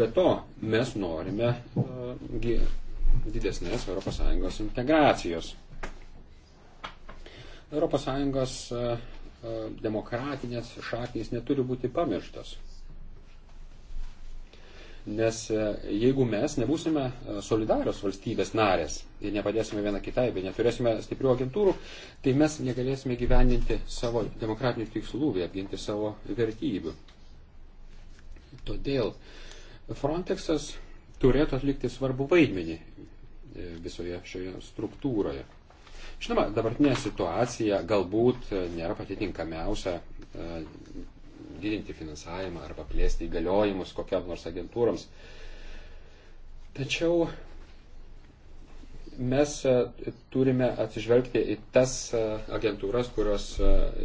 Be to, mes norime didesnės ES integracijos. ES e, e, demokratinės šaknys neturi būti pamirštos. Nes e, jeigu mes nebūsime solidarios valstybės narės ir nepadėsime viena kitai, bet neturėsime stiprių agentūrų, tai mes negalėsime gyveninti savo demokratinių tikslų, apginti savo vertybių. Todėl Frontexas turėtų atlikti svarbų vaidmenį e, visoje šioje struktūroje. Žinoma, dabartinė situacija galbūt e, nėra pati tinkamiausia e, didinti finansavimą arba plėsti įgaliojimus kokiam nors agentūrams. Tačiau mes turime atsižvelgti į tas agentūras, kurios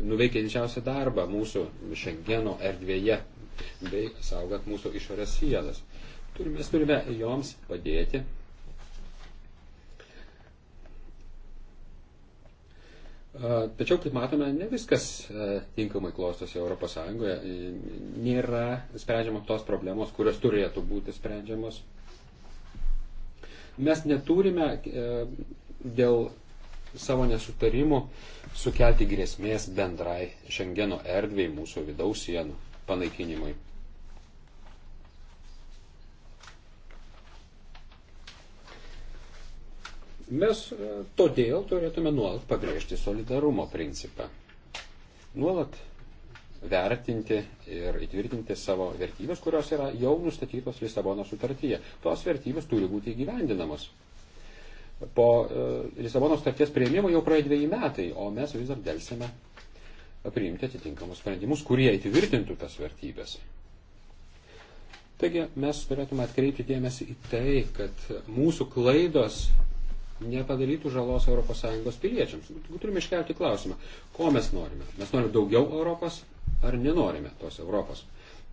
nuveikia didžiausią darbą mūsų šengeno erdvėje bei saugat mūsų išorės sienas. Mes turime joms padėti. Tačiau, kaip matome, ne viskas tinkamai klostosi ES. Nėra sprendžiamos tos problemos, kurios turėtų būti sprendžiamos. Mes neturime dėl savo nesutarimų sukelti grėsmės bendrai Šengeno erdvėjai mūsų vidaus sienų panaikinimui. Mes e, todėl turėtume nuolat pabrėžti solidarumo principą. Nuolat vertinti ir įtvirtinti savo vertybės, kurios yra jau nustatytos Lisabono sutartyje. Tos vertybės turi būti įgyvendinamos. Po e, Lisabono sutarties prieimimo jau praėjo dviejai metai, o mes vis dar dėlsime priimti atitinkamus sprendimus, kurie įtvirtintų tas vertybės. Taigi mes turėtume atkreipti dėmesį į tai, kad mūsų klaidos nepadarytų žalos ES piliečiams. Turime iškelti klausimą, ko mes norime. Mes norime daugiau Europos ar nenorime tos Europos.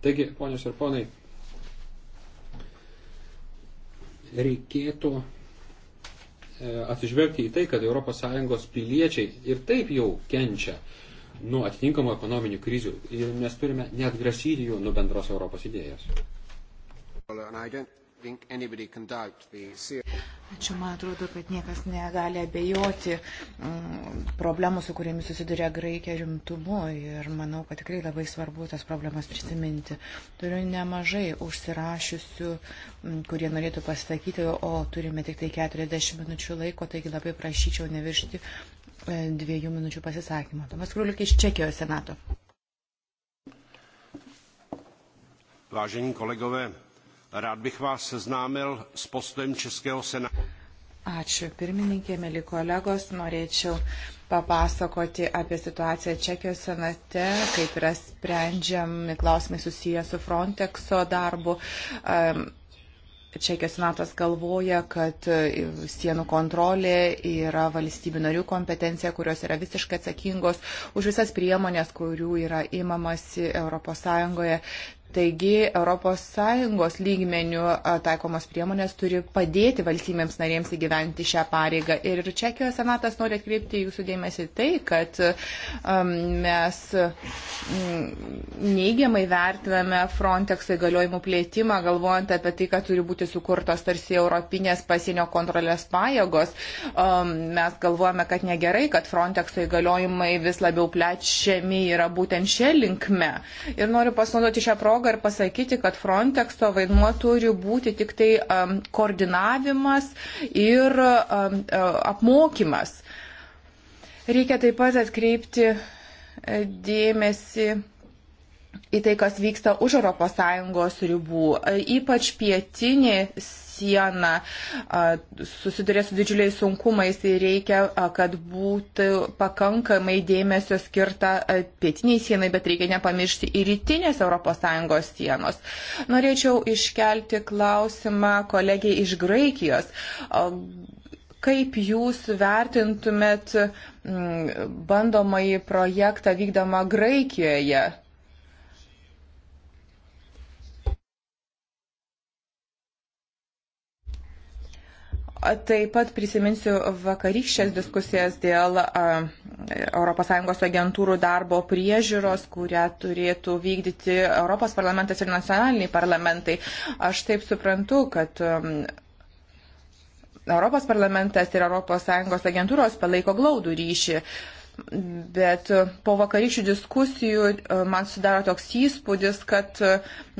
Taigi, ponios ir ponai, reikėtų e, atsižvelgti į tai, kad ES piliečiai ir taip jau kenčia nuo atitinkamų ekonominių krizių ir mes turime neatgrasyti jų nuo bendros Europos idėjos. Well, Ačiū, man atrodo, kad niekas negali abejoti mm, problemų, su kuriamis susiduria Graikija rimtumu ir manau, kad tikrai labai svarbu tas problemas prisiminti. Turiu nemažai užsirašiusių, mm, kurie norėtų pasakyti, o turime tik tai 40 minučių laiko, taigi labai prašyčiau neviršti e, dviejų minučių pasisakymą. Tomas Krulik iš Čekijos senato. Vážení kolegové, Rád bych vás seznámil s postojem Českého senátu. Ačiū pirmininkė, mėly kolegos, norėčiau papasakoti apie situaciją Čekijos senate, kaip yra sprendžiami klausimai susiję su Frontexo darbu. Um, Čekijos senatas galvoja, kad e, sienų kontrolė yra valstybių narių kompetencija, kurios yra visiškai atsakingos už visas priemonės, kurių yra imamasi ES. Taigi ES lygmenių taikomos priemonės turi padėti valstybėms narėms įgyventi šią pareigą. Ir Čekijos senatas nori atkreipti jūsų dėmesį tai, kad um, mes mm, neigiamai vertiname Frontex įgaliojimų plėtimą, galvojant apie tai, kad turi būti sukurtos tarsi Europinės pasienio kontrolės pajėgos. Um, mes galvojame, kad negerai, kad Frontex įgaliojimai vis labiau plečiami yra būtent šią linkme. Ir noriu pasinaudoti šią progą progą ir pasakyti, kad Frontexo vaidmuo turi būti tik tai um, koordinavimas ir um, e, apmokymas. Reikia taip pat atkreipti e, dėmesį į tai, kas vyksta už ES ribų. E, ypač pietinė siena susiduria su didžiuliais sunkumais ir reikia, kad būtų pakankamai dėmesio skirta pietiniai sienai, bet reikia nepamiršti ir rytinės ES sienos. Norėčiau iškelti klausimą kolegiai iš Graikijos. Kaip jūs vertintumėt bandomąjį projektą vykdomą Graikijoje? Taip pat prisiminsiu vakarykščias diskusijas dėl ES agentūrų darbo priežiūros, kurią turėtų vykdyti Europos parlamentas ir nacionaliniai parlamentai. Aš taip suprantu, kad um, Europos parlamentas ir ES agentūros palaiko glaudų ryšį. Bet e, po vakarykščių diskusijų e, man sudaro toks įspūdis, kad e,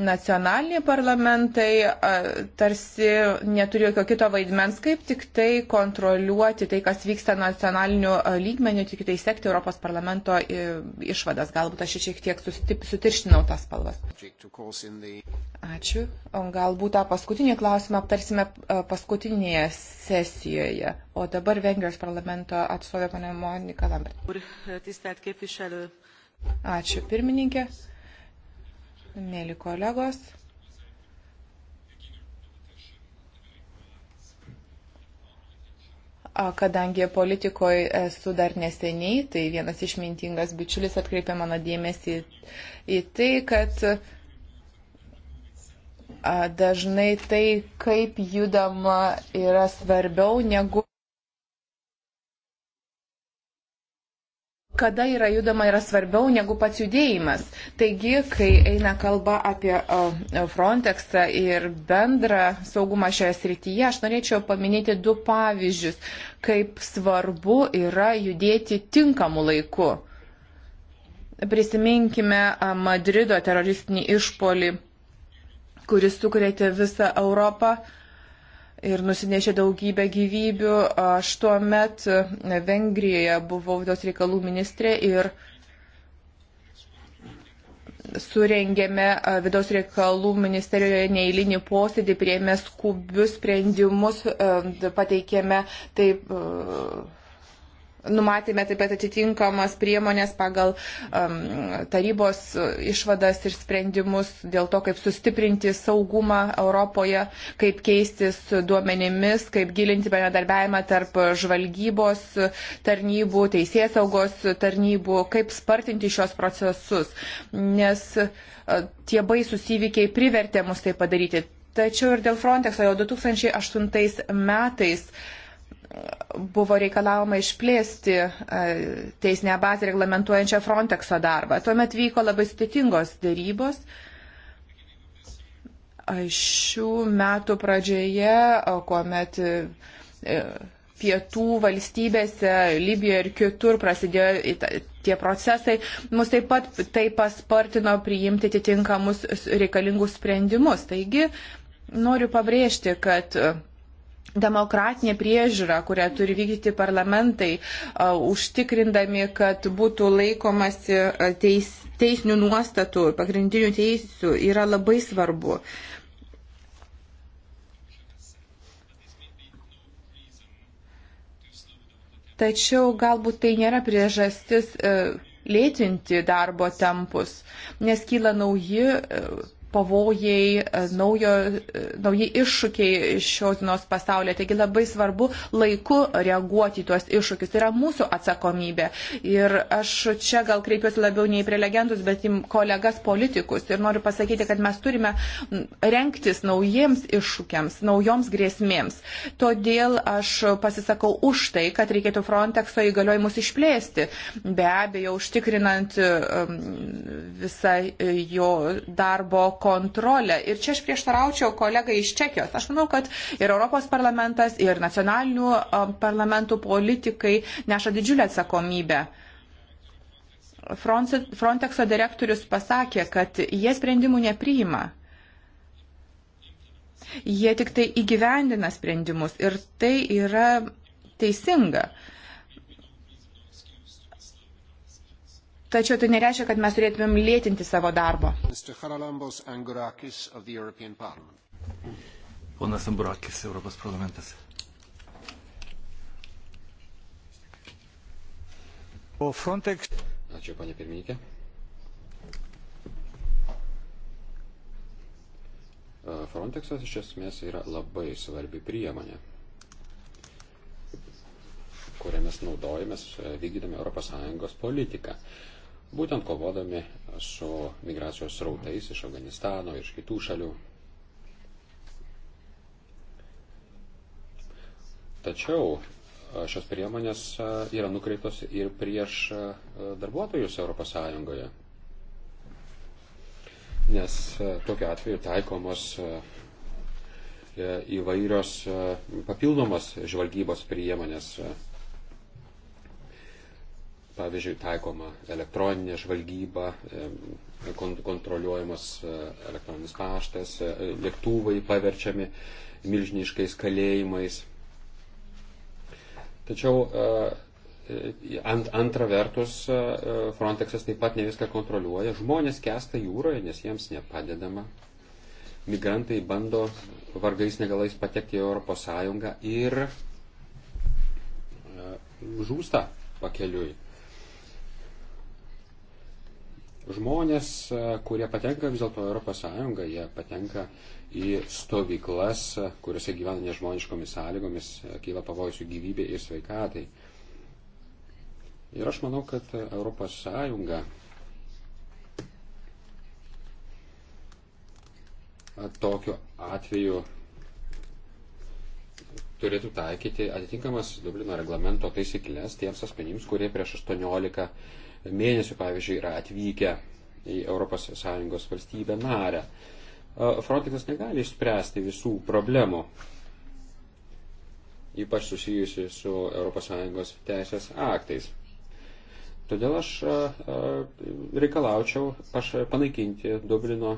nacionaliniai parlamentai tarsi neturi jokio kito vaidmens, kaip tik tai kontroliuoti tai, kas vyksta nacionaliniu lygmeniu, tik tai sekti Europos parlamento išvadas. Galbūt aš šiek tiek sutirštinau tas spalvas. Ačiū. Galbūt tą paskutinį klausimą aptarsime paskutinėje sesijoje. O dabar Vengrijos parlamento atstovė ponė Monika Lambert. Ačiū pirmininkė, mėly kolegos. kadangi politikoje esu dar neseniai, tai vienas išmintingas bičiulis atkreipė mano dėmesį į tai, kad dažnai tai, kaip judama, yra svarbiau negu kada yra judama yra svarbiau negu pats judėjimas. Taigi, kai eina kalba apie Frontexą ir bendrą saugumą šioje srityje, aš norėčiau paminėti du pavyzdžius, kaip svarbu yra judėti tinkamu laiku. Prisiminkime Madrido teroristinį išpolį, kuris sukrėtė visą Europą ir nusinešė daugybę gyvybių. Aš tuo met e, Vengrijoje buvau vidaus reikalų ministrė ir surengėme e, vidaus reikalų ministerijoje neįlinį posėdį, prieėmė skubius sprendimus, e, pateikėme taip Numatėme taip pat atitinkamas priemonės pagal um, tarybos išvadas ir sprendimus dėl to, kaip sustiprinti saugumą Europoje, kaip keistis duomenimis, kaip gilinti bendradarbiavimą tarp žvalgybos tarnybų, teisės saugos tarnybų, kaip spartinti šios procesus, nes uh, tie baisus įvykiai privertė mus tai padaryti. Tačiau ir dėl Frontexo jau 2008 metais buvo reikalavoma išplėsti e, teisinę bazę reglamentuojančią Frontexo darbą. Tuomet vyko labai sudėtingos dėrybos. Šių metų pradžioje, kuomet e, e, pietų valstybėse, Libijoje ir kitur prasidėjo tie procesai, mus taip pat tai paspartino priimti atitinkamus reikalingus sprendimus. Taigi noriu pabrėžti, kad demokratinė priežiūra, kurią turi vykdyti parlamentai, užtikrindami, kad būtų laikomasi teis, teisinių nuostatų, pagrindinių teisų, yra labai svarbu. Tačiau galbūt tai nėra priežastis lėtinti darbo tempus, nes kyla nauji pavojai, e, naujo, e, nauji iššūkiai šios dienos pasaulyje. Taigi labai svarbu laiku reaguoti į tuos iššūkius. Tai yra mūsų atsakomybė. Ir aš čia gal kreipiuosi labiau nei prie legendus, bet į kolegas politikus. Ir noriu pasakyti, kad mes turime renktis naujiems iššūkiams, naujoms grėsmėms. Todėl aš pasisakau už tai, kad reikėtų Frontexo įgaliojimus išplėsti. Be abejo, užtikrinant visą e, jo darbo kontrolę. Ir čia aš prieštaraučiau kolegai iš Čekijos. Aš manau, kad ir Europos parlamentas, ir nacionalinių parlamentų politikai neša didžiulę atsakomybę. Frontexo direktorius pasakė, kad jie sprendimų nepriima. Jie tik tai įgyvendina sprendimus ir tai yra teisinga. Tačiau tai nereiškia, kad mes turėtumėm lėtinti savo darbo. Ponas Ambrakis, Europos parlamentas. O Frontex. Ačiū, panė pirmininkė. E, Frontexas iš esmės yra labai svarbi priemonė, kurią mes naudojame e, vykdydami ES politiką. Būtent kovodami su migracijos srautais iš Afganistano, iš kitų šalių. Tačiau e, šios priemonės e, yra nukreiptos ir prieš e, darbuotojus ES. Nes tokiu atveju taikomos įvairios papildomos žvalgybos priemonės pavyzdžiui, taikoma elektroninė žvalgyba, e, kontroliuojamas e, elektroninis paštas, e, lėktuvai paverčiami milžiniškais kalėjimais. Tačiau ant, antra vertus Frontexas taip pat ne viską kontroliuoja. Žmonės kesta jūroje, nes jiems nepadedama. Migrantai bando vargais negalais patekti į ES ir žūsta pakeliui. Žmonės, e, kurie patenka vis dėlto Europos Sąjungą, jie patenka į stovyklas, e, kuriuose gyvena nežmoniškomis sąlygomis, e, kyla pavojus jų gyvybė ir sveikatai. Ir aš manau, kad Europos Sąjunga tokiu atveju turėtų taikyti atitinkamas Dublino reglamento taisyklės tiems asmenims, kurie prieš 18 mėnesių, pavyzdžiui, yra atvykę į ES valstybę narę. E, Frontexas negali išspręsti visų problemų, ypač susijusi su ES teisės aktais. Todėl aš e, e, reikalaučiau aš panaikinti Dublino,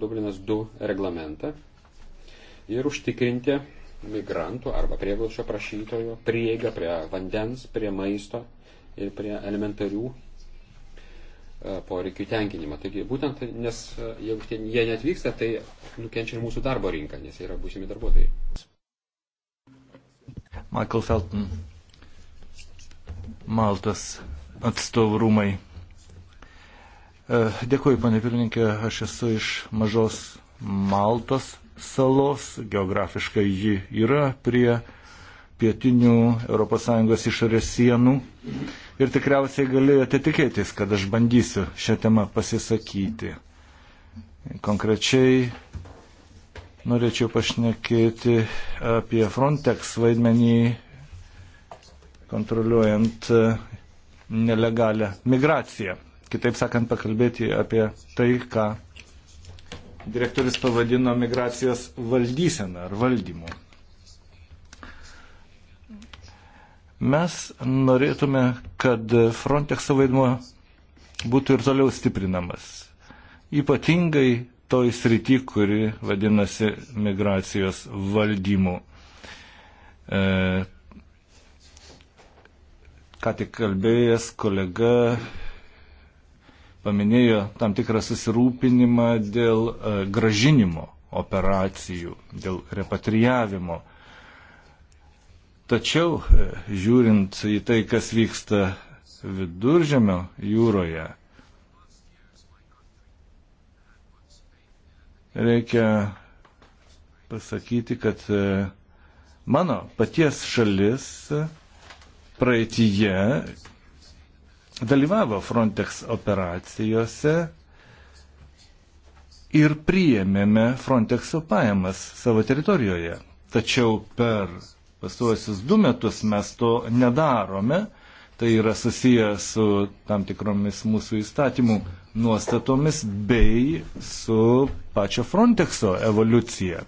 Dublinas 2 reglamentą ir užtikrinti migrantų arba prieglaušio prašytojų prieigą prie vandens, prie maisto ir prie elementarių e, poreikių tenkinimą. Taigi būtent, nes e, jeigu jie netvyksta, tai nukenčia ir mūsų darbo rinka, nes jie yra būsimi darbuotojai. Michael Felton, Maltas atstovų rūmai. E, dėkuoju, panė pirmininkė, aš esu iš mažos Maltos salos, geografiškai ji yra prie pietinių ES išorės sienų. Uh, ir tikriausiai galėjote tikėtis, kad aš bandysiu šią temą pasisakyti. Konkrečiai norėčiau pašnekėti apie Frontex vaidmenį kontroliuojant e, nelegalią migraciją. Kitaip sakant, pakalbėti apie tai, ką direktorius pavadino migracijos valdyseną ar valdymu. Mes norėtume, kad Frontexo vaidmuo būtų ir toliau stiprinamas. Ypatingai toj srity, kuri vadinasi migracijos valdymu. E, ką tik kalbėjęs kolega paminėjo tam tikrą susirūpinimą dėl e, gražinimo operacijų, dėl repatriavimo Tačiau e, žiūrint į tai, kas vyksta viduržėmio jūroje, reikia pasakyti, kad e, mano paties šalis praeitįje dalyvavo Frontex operacijose ir priėmėme Frontexo pajamas savo teritorijoje. Tačiau per Pastuosius du metus mes to nedarome. Tai yra susiję su tam tikromis mūsų įstatymų nuostatomis bei su pačio Frontexo evoliucija.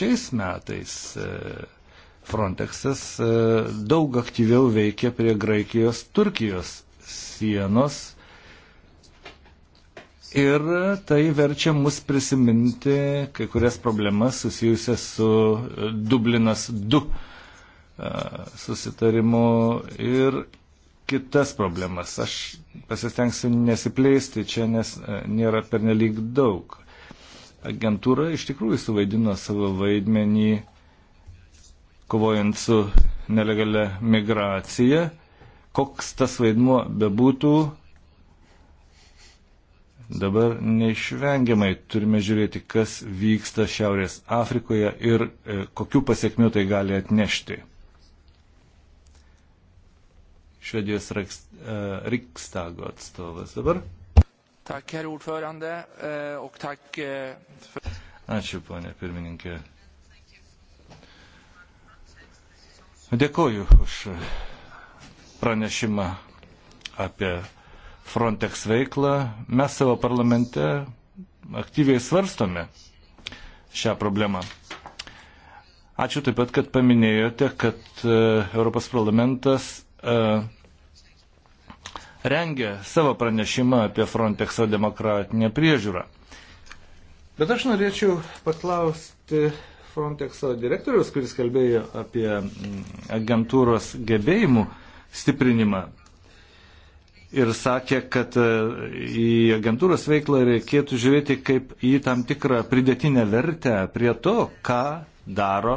Šiais metais e, Frontexas e, daug aktyviau veikia prie Graikijos-Turkijos sienos Ir tai verčia mus prisiminti kai kurias problemas susijusias su e, Dublinas 2 e, susitarimu ir kitas problemas. Aš pasistengsiu nesiplėsti čia, nes e, nėra pernelyg daug. Agentūra iš tikrųjų suvaidino savo vaidmenį kovojant su nelegalia migracija. Koks tas vaidmuo bebūtų, Dabar neišvengiamai turime žiūrėti, kas vyksta Šiaurės Afrikoje ir e, kokiu pasiekmiu tai gali atnešti. Švedijos e, Rikstago atstovas dabar. Tak, herr ordförande, e, och tak. E, Ačiū, ponė pirmininkė. Dėkoju už pranešimą apie Frontex veiklą, mes savo parlamente aktyviai svarstome šią problemą. Ačiū taip pat, kad paminėjote, kad e, Europos parlamentas e, rengia savo pranešimą apie Frontexo demokratinę priežiūrą. Bet aš norėčiau paklausti Frontexo direktorius, kuris kalbėjo apie mm, agentūros gebėjimų stiprinimą ir sakė, kad e, į agentūros veiklą reikėtų žiūrėti kaip į tam tikrą pridėtinę vertę prie to, ką daro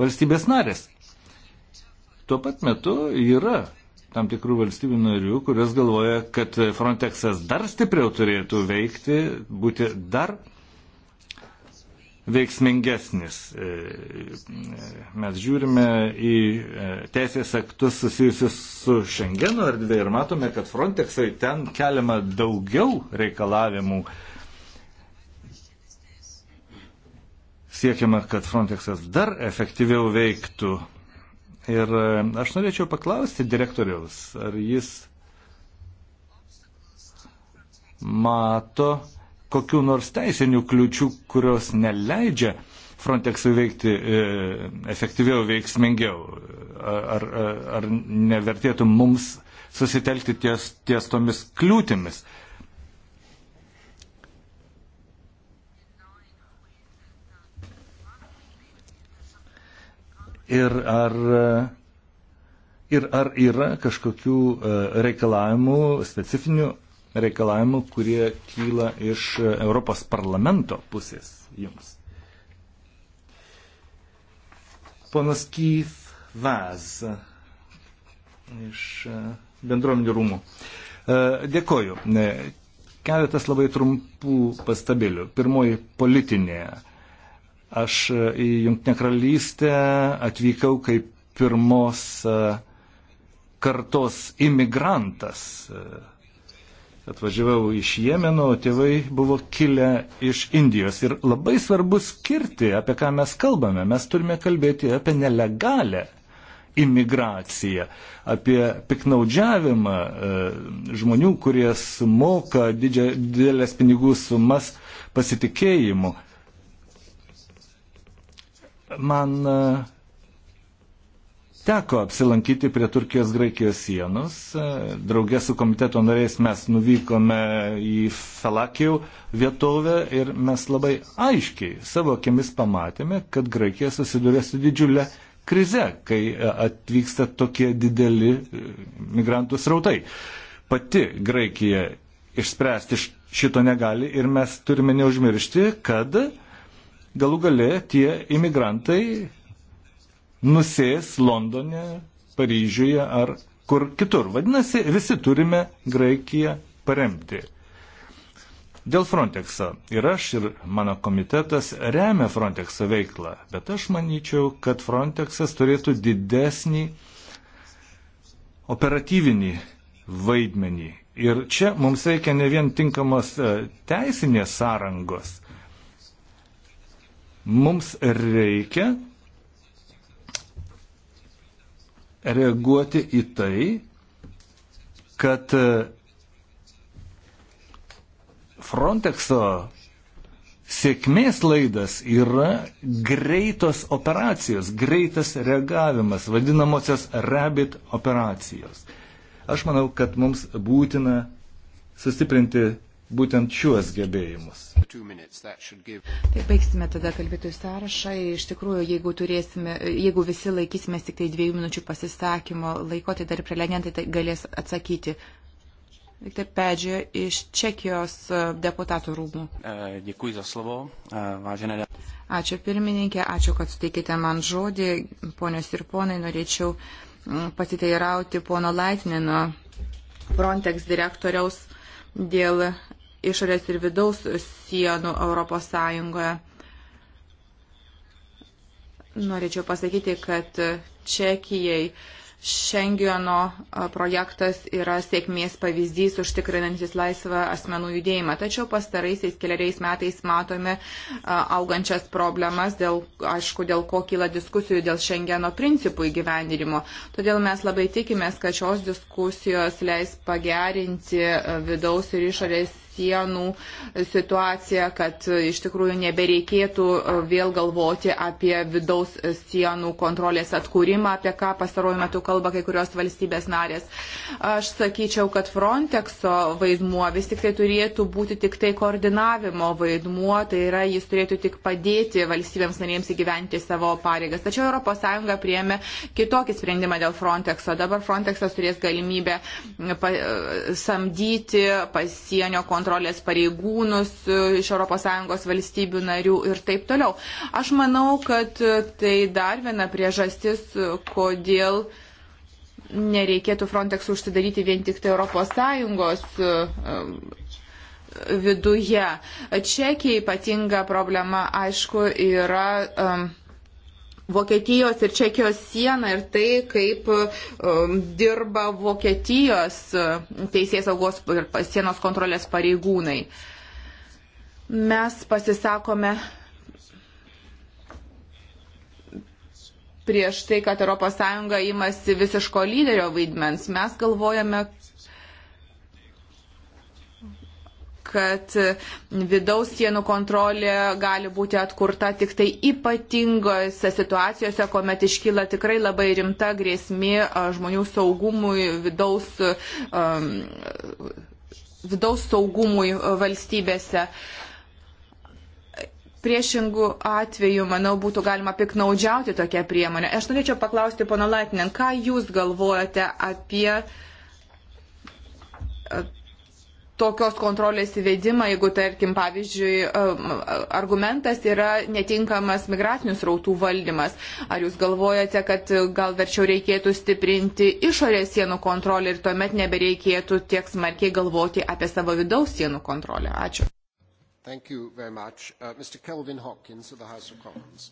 valstybės narės. Tuo pat metu yra tam tikrų valstybių narių, kurios galvoja, kad Frontexas dar stipriau turėtų veikti, būti dar veiksmingesnis. E, e, mes žiūrime į e, teisės aktus susijusius su Schengeno erdvė ir matome, kad Frontexai ten keliama daugiau reikalavimų. Siekiama, kad Frontexas dar efektyviau veiktų. Ir aš norėčiau paklausti direktoriaus, ar jis mato, kokiu nors teisinių kliučių, kurios neleidžia Frontexui veikti e, efektyviau, veiksmingiau? Ar, ar, ar nevertėtų mums susitelkti ties, ties tomis kliūtimis? Ir ar, ir ar yra kažkokių e, reikalavimų specifinių reikalavimų, kurie kyla iš Europos parlamento pusės jums. Ponas Keith Vaz iš bendruomenių rūmų. E, dėkoju. E, keletas labai trumpų pastabėlių. Pirmoji politinė. Aš į Junktinę karalystę atvykau kaip pirmos e, kartos imigrantas atvažiavau iš Jemeno, o tėvai buvo kilę iš Indijos. Ir labai svarbu skirti, apie ką mes kalbame. Mes turime kalbėti apie nelegalę imigraciją, apie piknaudžiavimą e, žmonių, kurie sumoka didelės pinigų sumas pasitikėjimu. Man e, teko apsilankyti prie Turkijos-Graikijos sienos. Draugė su komiteto nariais mes nuvykome į Felakijų vietovę ir mes labai aiškiai savo akimis pamatėme, kad Graikija susiduria su didžiulė krize, kai atvyksta tokie dideli e, migrantų srautai. Pati Graikija išspręsti šito negali ir mes turime neužmiršti, kad galų gale tie imigrantai nusės Londone, Paryžiuje ar kur kitur. Vadinasi, visi turime Graikiją paremti. Dėl Frontexo. Ir aš, ir mano komitetas remia Frontexo veiklą, bet aš manyčiau, kad Frontexas turėtų didesnį operatyvinį vaidmenį. Ir čia mums reikia ne vien tinkamos e, teisinės sąrangos, mums reikia reaguoti į tai, kad e, Frontexo sėkmės laidas yra greitos operacijos, greitas reagavimas, vadinamosios rabit operacijos. Aš manau, kad mums būtina sustiprinti būtent šiuos gebėjimus. Tai baigsime tada kalbėtojų sąrašą. Iš tikrųjų, jeigu, turėsime, jeigu visi laikysime tik tai dviejų minučių pasisakymo laiko, tai dar prelegentai tai galės atsakyti. Viktor Pedžio iš Čekijos deputatų rūmų. E, Dėkui za slovo, e, važinė. Ačiū pirmininkė, ačiū, kad suteikite man žodį. Ponios ir ponai, norėčiau pasiteirauti pono Laitinino Frontex direktoriaus dėl išorės ir vidaus sienų Europos Sąjungoje. Norėčiau pasakyti, kad Čekijai Šengiono projektas yra sėkmės pavyzdys užtikrinantis laisvą asmenų judėjimą. Tačiau pastaraisiais keliariais metais matome augančias problemas, dėl, aišku, dėl ko kyla diskusijų dėl Šengeno principų įgyvendinimo. Todėl mes labai tikimės, kad šios diskusijos leis pagerinti vidaus ir išorės sienų situaciją, kad iš tikrųjų nebereikėtų e, vėl galvoti apie vidaus sienų kontrolės atkūrimą, apie ką pastaruoju metu kalba kai kurios valstybės narės. Aš sakyčiau, kad Frontexo vaidmuo vis tik tai turėtų būti tik tai koordinavimo vaidmuo, tai yra jis turėtų tik padėti valstybėms narėms įgyventi savo pareigas. Tačiau ES priėmė kitokį sprendimą dėl Frontexo. Dabar Frontexas turės galimybę e, samdyti pasienio kontrolę kontrolės pareigūnus e, iš ES valstybių narių ir taip toliau. Aš manau, kad e, tai dar viena priežastis, e, kodėl nereikėtų Frontex užsidaryti vien tik tai ES viduje. Čekija ypatinga problema, aišku, yra. Um, Vokietijos ir Čekijos sieną ir tai, kaip um, dirba Vokietijos uh, teisės saugos ir sienos kontrolės pareigūnai. Mes pasisakome prieš tai, kad ES imasi visiško lyderio vaidmens. Mes galvojame, kad vidaus sienų kontrolė gali būti atkurta tik tai ypatingose situacijose, kuomet iškyla tikrai labai rimta grėsmė žmonių saugumui vidaus. Um, vidaus saugumui valstybėse. Priešingų atvejų, manau, būtų galima piknaudžiauti tokią priemonę. Aš norėčiau paklausti, pono Latinin, ką jūs galvojate apie tokios kontrolės įvedimą, jeigu, tarkim, pavyzdžiui, um, argumentas yra netinkamas migracinių srautų valdymas. Ar jūs galvojate, kad gal verčiau reikėtų stiprinti išorės sienų kontrolę ir tuomet nebereikėtų tiek smarkiai galvoti apie savo vidaus sienų kontrolę? Ačiū. Thank you very much. Uh, Mr. Kelvin Hopkins of the House of Commons.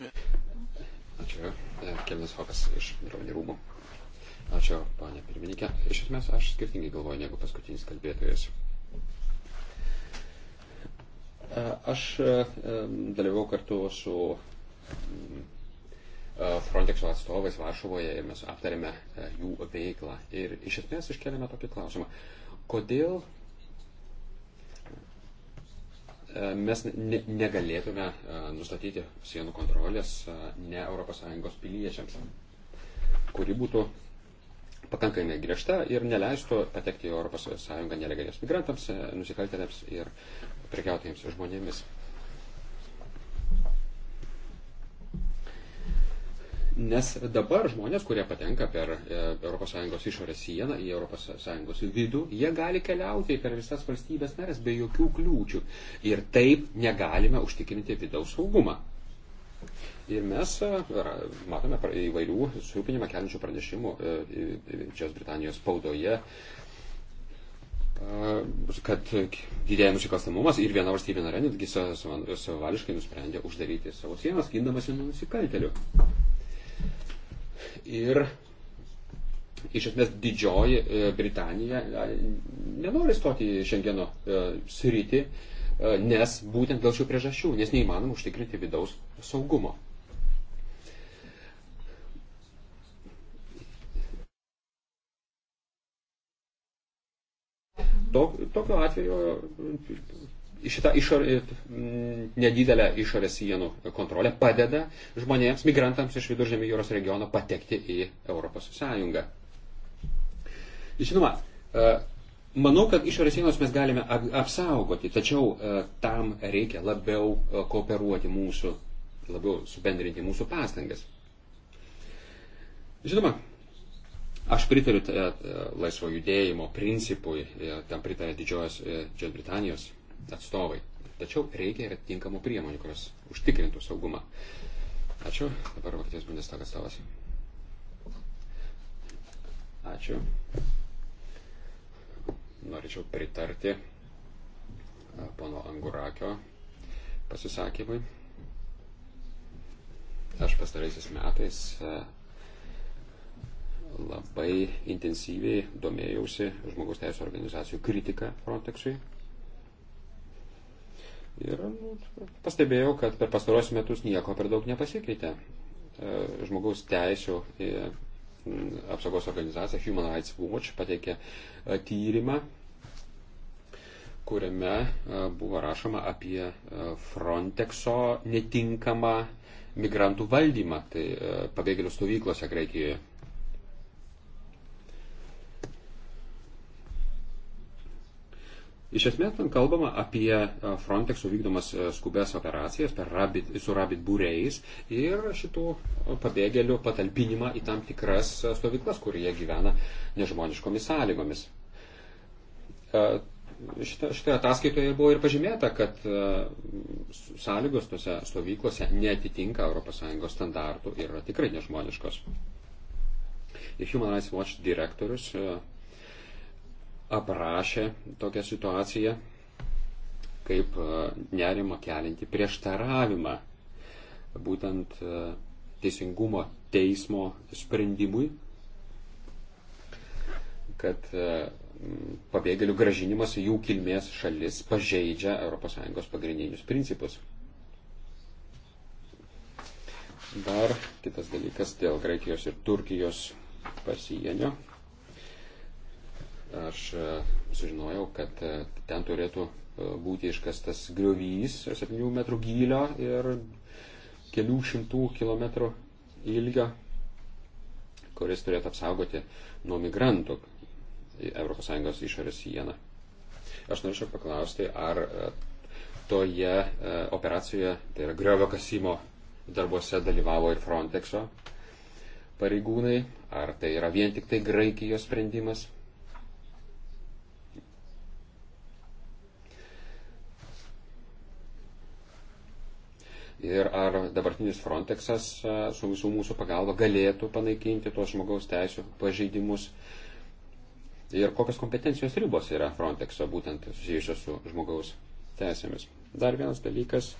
Ačiū. Uh, Kelvinas Hokas iš Drovinių rūmų. Ačiū, panė pirmininkė. Iš esmės, aš skirtingai galvoju negu paskutinis kalbėtojas. E, aš e, e, dalyvau kartu su mm, Frontexo atstovais Varšuvoje ir mes aptarėme jų veiklą. Ir iš esmės iškeliame tokį klausimą. Kodėl mes ne, negalėtume nustatyti sienų kontrolės ne ES piliečiams, kuri būtų pakankamai griežta ir neleistų patekti į ES nelegaliams migrantams, nusikaltėliams ir prekiautojams žmonėmis. Nes dabar žmonės, kurie patenka per ES išorės sieną į ES vidų, jie gali keliauti per visas valstybės narės be jokių kliūčių. Ir taip negalime užtikrinti vidaus saugumą. Ir mes e, matome įvairių surūpinimą keliančių pranešimų Čia e, Britanijos spaudoje kad didėja nusikalstamumas ir viena valstybė narė netgi savališkai nusprendė uždaryti savo sienas, gindamasi nuo nusikaltelių. Ir iš esmės didžioji e, Britanija nenori stoti į Šengeno e, sritį, e, nes būtent dėl šių priežasčių, nes neįmanoma užtikrinti vidaus saugumo. To, tokio atveju šitą išorė, mm, nedidelę išorės sienų kontrolę padeda žmonėms, migrantams iš viduržėmio jūros regiono patekti į Europos Sąjungą. Žinoma, e, manau, kad išorės sienos mes galime apsaugoti, tačiau e, tam reikia labiau e, kooperuoti mūsų, labiau subendrinti mūsų pastangas. Žinoma, Aš pritariu e, e, laisvo judėjimo principui, e, tam pritarė didžiojos Didžiosios Britanijos atstovai. Tačiau reikia ir atitinkamų priemonių, kurios užtikrintų saugumą. Ačiū. Dabar Vokietijos Bundestag atstovas. Ačiū. Norėčiau pritarti pono Angurakio pasisakymui. Aš pastaraisiais metais labai intensyviai domėjausi žmogaus teisų organizacijų kritiką Frontexui. Ir nu, pastebėjau, kad per pastarosius metus nieko per daug nepasikeitė. E, žmogaus teisų e, apsaugos organizacija Human Rights Watch pateikė e, tyrimą, kuriame buvo rašoma apie Frontexo netinkamą migrantų valdymą, tai pabėgėlių stovyklose Graikijoje. Iš esmės ten kalbama apie e, Frontexo vykdomas e, skubės operacijas per rabit, su rabit būreis ir šitų e, pabėgėlių patalpinimą į tam tikras stovyklas, kur jie gyvena nežmoniškomis sąlygomis. Šitoje ataskaitoje buvo ir pažymėta, kad sąlygos tose stovyklose netitinka ES standartų ir yra tikrai nežmoniškos. Ir Human Rights Watch direktorius aprašė tokią situaciją kaip e, nerimo kelinti prieštaravimą būtent e, teisingumo teismo sprendimui, kad e, pabėgėlių gražinimas į jų kilmės šalis pažeidžia ES pagrindinius principus. Dar kitas dalykas dėl Graikijos ir Turkijos pasienio aš e, sužinojau, kad e, ten turėtų e, būti iškastas griovys 7 metrų gylio ir kelių šimtų kilometrų ilgio, kuris turėtų apsaugoti nuo migrantų ES išorės sieną. Aš norėčiau paklausti, ar toje operacijoje, tai yra griovio kasimo darbuose dalyvavo ir Frontexo pareigūnai, ar tai yra vien tik tai Graikijos sprendimas, ir ar dabartinis Frontexas e, su visų mūsų pagalba galėtų panaikinti tuos žmogaus teisų pažeidimus ir kokios kompetencijos ribos yra Frontexo būtent susijusios su žmogaus teisėmis. Dar vienas dalykas.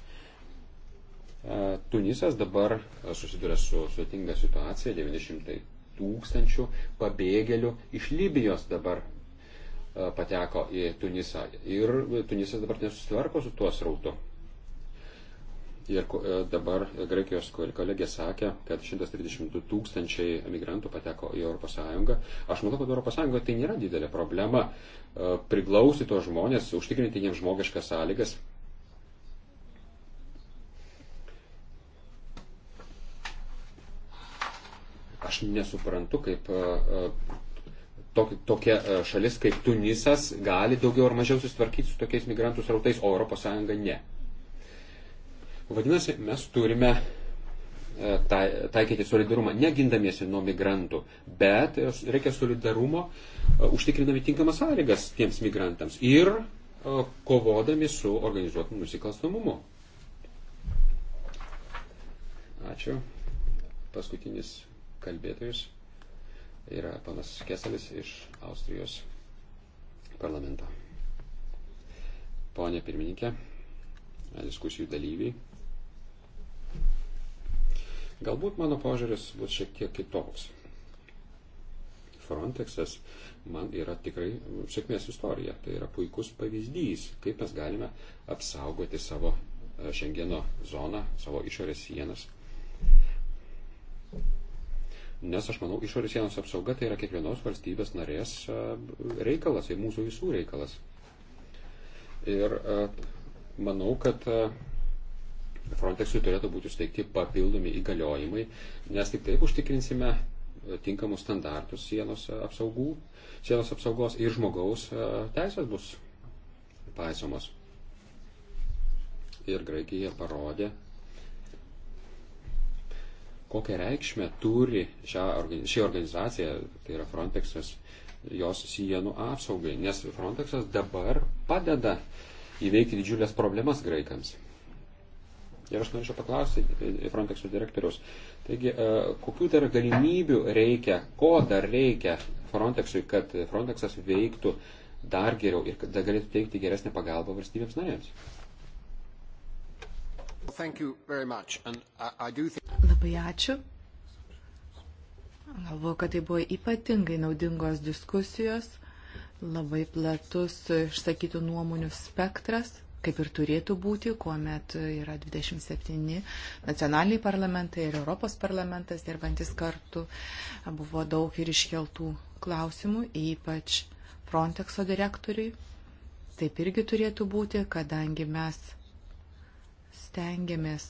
E, Tunisas dabar susiduria su sutinga situacija, 900 tūkstančių pabėgėlių iš Libijos dabar e, pateko į Tunisą. Ir Tunisas dabar nesusitvarko su tuo srautu. Ir e, dabar Graikijos kolegė sakė, kad 132 tūkstančiai migrantų pateko į ES. Aš manau, kad ES tai nėra didelė problema e, priglausti tos žmonės, užtikrinti jiems žmogiškas sąlygas. Aš nesuprantu, kaip e, tokia šalis kaip Tunisas gali daugiau ar mažiau susitvarkyti su tokiais migrantų srautais, o ES ne. Vadinasi, mes turime e, tai, taikyti solidarumą, negindamiesi nuo migrantų, bet e, reikia solidarumo e, užtikrinami tinkamas sąlygas tiems migrantams ir kovodami su organizuotų nusikalstamumu. Ačiū. Paskutinis kalbėtojas yra panas Keselis iš Austrijos parlamento. Pone pirmininkė, diskusijų dalyviai. Galbūt mano požiūris bus šiek tiek kitoks. Frontexas man yra tikrai sėkmės istorija. Tai yra puikus pavyzdys, kaip mes galime apsaugoti savo e, Šengeno zoną, savo išorės sienas. Nes aš manau, išorės sienos apsauga tai yra kiekvienos valstybės narės e, reikalas, tai mūsų visų reikalas. Ir e, manau, kad Frontexui turėtų būti suteikti papildomi įgaliojimai, nes tik taip užtikrinsime tinkamus standartus sienos, apsaugų, sienos apsaugos ir žmogaus e, teisės bus paisomos. Ir Graikija parodė, kokią reikšmę turi šią, ši organizacija, tai yra Frontexas, jos sienų apsaugai, nes Frontexas dabar padeda įveikti didžiulės problemas graikams. Ir aš norėčiau paklausti e, e, Frontexų direktorius. Taigi, e, kokių dar galimybių reikia, ko dar reikia Frontexui, kad Frontexas veiktų dar geriau ir kad galėtų teikti geresnę pagalbą valstybėms narėms? Labai ačiū. Galvoju, kad tai buvo ypatingai naudingos diskusijos, labai platus išsakytų nuomonių spektras kaip ir turėtų būti, kuomet yra 27 nacionaliniai parlamentai ir Europos parlamentas dirbantis kartu. Buvo daug ir iškeltų klausimų, ypač Frontexo direktoriui. Taip irgi turėtų būti, kadangi mes stengiamės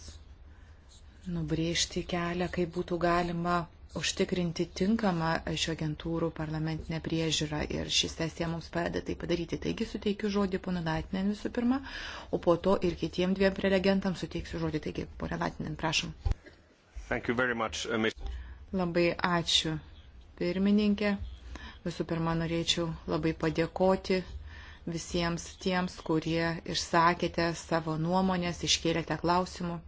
nubrėžti kelią, kaip būtų galima užtikrinti tinkamą šio agentūrų parlamentinę priežiūrą ir ši sesija mums padeda tai padaryti. Taigi suteikiu žodį ponu Latinen visų pirma, o po to ir kitiem dviem prelegentams suteiksiu žodį. Taigi, pone Latinen, prašom. Much, uh, Labai ačiū, pirmininkė. Visų pirma, norėčiau labai padėkoti visiems tiems, kurie išsakėte savo nuomonės, iškėlėte klausimų.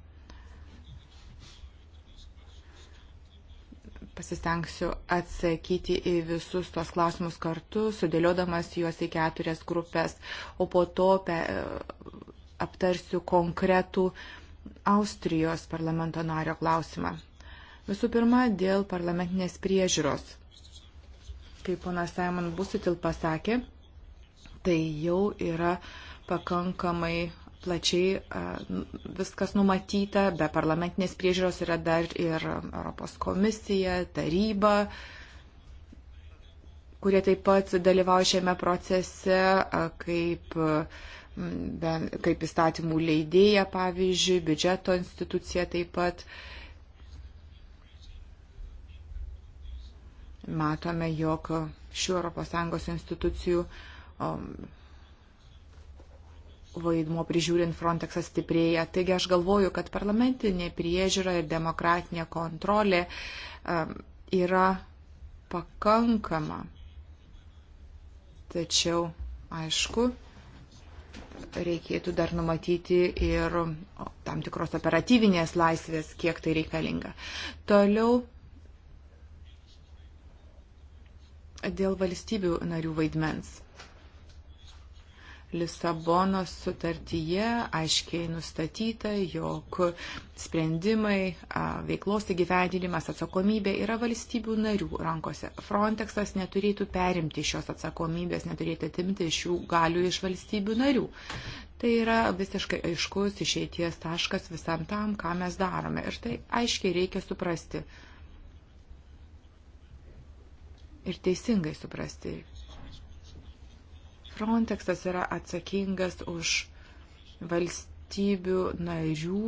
pasistengsiu atsakyti į visus tos klausimus kartu, sudėliodamas juos į keturias grupės, o po to pe, aptarsiu konkretų Austrijos parlamento nario klausimą. Visų pirma, dėl parlamentinės priežiūros. Kaip ponas Simon Busitil pasakė, tai jau yra pakankamai plačiai viskas numatyta, be parlamentinės priežiūros yra dar ir Europos komisija, taryba, kurie taip pat dalyvauja šiame procese kaip, kaip įstatymų leidėja, pavyzdžiui, biudžeto institucija taip pat. Matome, jog šių ES institucijų vaidmuo prižiūrint Frontexą stiprėja. Taigi aš galvoju, kad parlamentinė priežiūra ir demokratinė kontrolė um, yra pakankama. Tačiau, aišku, reikėtų dar numatyti ir tam tikros operatyvinės laisvės, kiek tai reikalinga. Toliau dėl valstybių narių vaidmens. Lisabonos sutartyje aiškiai nustatyta, jog sprendimai, veiklos įgyvendinimas, atsakomybė yra valstybių narių rankose. Frontexas neturėtų perimti šios atsakomybės, neturėtų atimti šių galių iš valstybių narių. Tai yra visiškai aiškus išeities taškas visam tam, ką mes darome. Ir tai aiškiai reikia suprasti. Ir teisingai suprasti Frontexas yra atsakingas už valstybių narių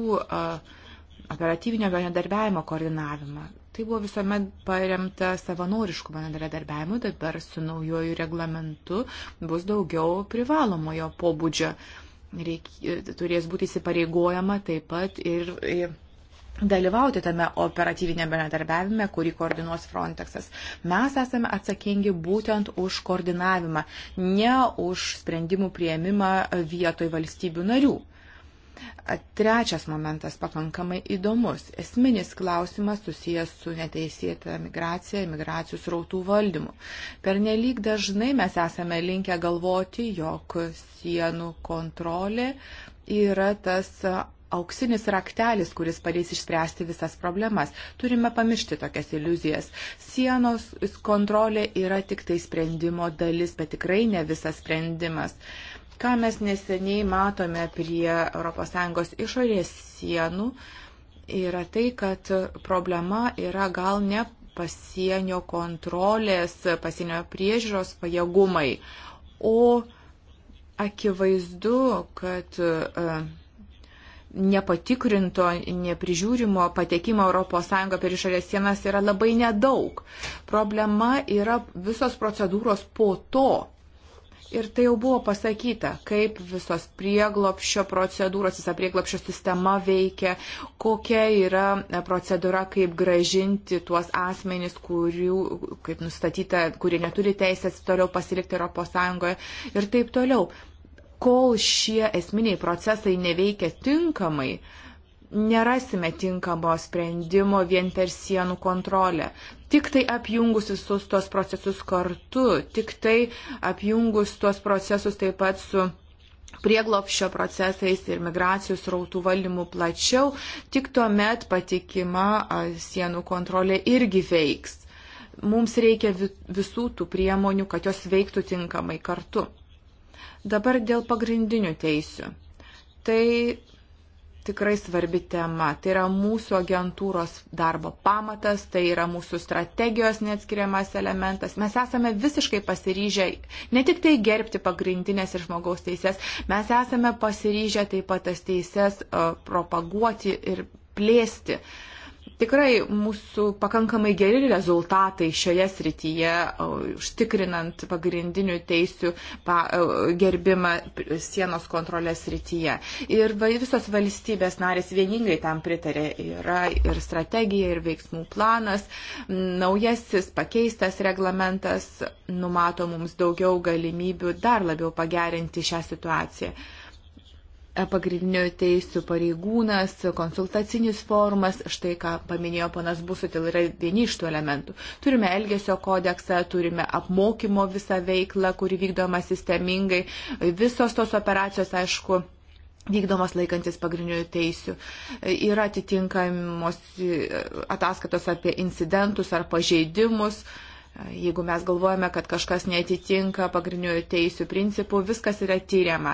operatyvinio bendradarbiavimo koordinavimą. Tai buvo visuomet paremta savanoriškų bendradarbiavimų, dabar su naujoju reglamentu bus daugiau privalomojo pobūdžio. Reik, turės būti įsipareigojama taip pat ir dalyvauti tame operatyvinėme bendradarbiavime, kurį koordinuos Frontexas. Mes esame atsakingi būtent už koordinavimą, ne už sprendimų prieimimą vietoj valstybių narių. Trečias momentas pakankamai įdomus. Esminis klausimas susijęs su neteisėta migracija, migracijų srautų valdymu. Per nelik dažnai mes esame linkę galvoti, jog sienų kontrolė yra tas auksinis raktelis, kuris padės išspręsti visas problemas. Turime pamiršti tokias iliuzijas. Sienos kontrolė yra tik tai sprendimo dalis, bet tikrai ne visas sprendimas. Ką mes neseniai matome prie ES išorės sienų, yra tai, kad problema yra gal ne pasienio kontrolės, pasienio priežiūros pajėgumai, o akivaizdu, kad uh, nepatikrinto, neprižiūrimo patekimo ES per išorės sienas yra labai nedaug. Problema yra visos procedūros po to. Ir tai jau buvo pasakyta, kaip visos prieglopšio procedūros, visa prieglopšio sistema veikia, kokia yra procedūra, kaip gražinti tuos asmenys, kurių, kaip nustatyta, kurie neturi teisės toliau pasilikti ES ir taip toliau kol šie esminiai procesai neveikia tinkamai, nerasime tinkamo sprendimo vien per sienų kontrolę. Tik tai apjungus visus tuos procesus kartu, tik tai apjungus tuos procesus taip pat su prieglopščio procesais ir migracijos rautų valdymu plačiau, tik tuomet patikima sienų kontrolė irgi veiks. Mums reikia visų tų priemonių, kad jos veiktų tinkamai kartu. Dabar dėl pagrindinių teisių. Tai tikrai svarbi tema. Tai yra mūsų agentūros darbo pamatas, tai yra mūsų strategijos neatskiriamas elementas. Mes esame visiškai pasiryžę ne tik tai gerbti pagrindinės ir žmogaus teises, mes esame pasiryžę taip pat tas teises e, propaguoti ir plėsti. Uh, tikrai mūsų pakankamai geri rezultatai šioje srityje, užtikrinant pagrindinių teisių e, gerbimą sienos kontrolės srityje. Ir visos valstybės narės vieningai tam pritarė. Yra ir strategija, ir veiksmų planas. Naujasis pakeistas reglamentas numato mums daugiau galimybių dar labiau pagerinti šią situaciją pagrindinių teisų pareigūnas, konsultacinis formas, štai ką paminėjo panas Busutil, yra vieni iš tų elementų. Turime Elgesio kodeksą, turime apmokymo visą veiklą, kuri vykdoma sistemingai. Visos tos operacijos, aišku, vykdomas laikantis pagrindinių teisių. Yra atitinkamos ataskaitos apie incidentus ar pažeidimus. Uh, Jeigu mes galvojame, kad kažkas netitinka pagrindinių teisų principų, viskas yra tyriama.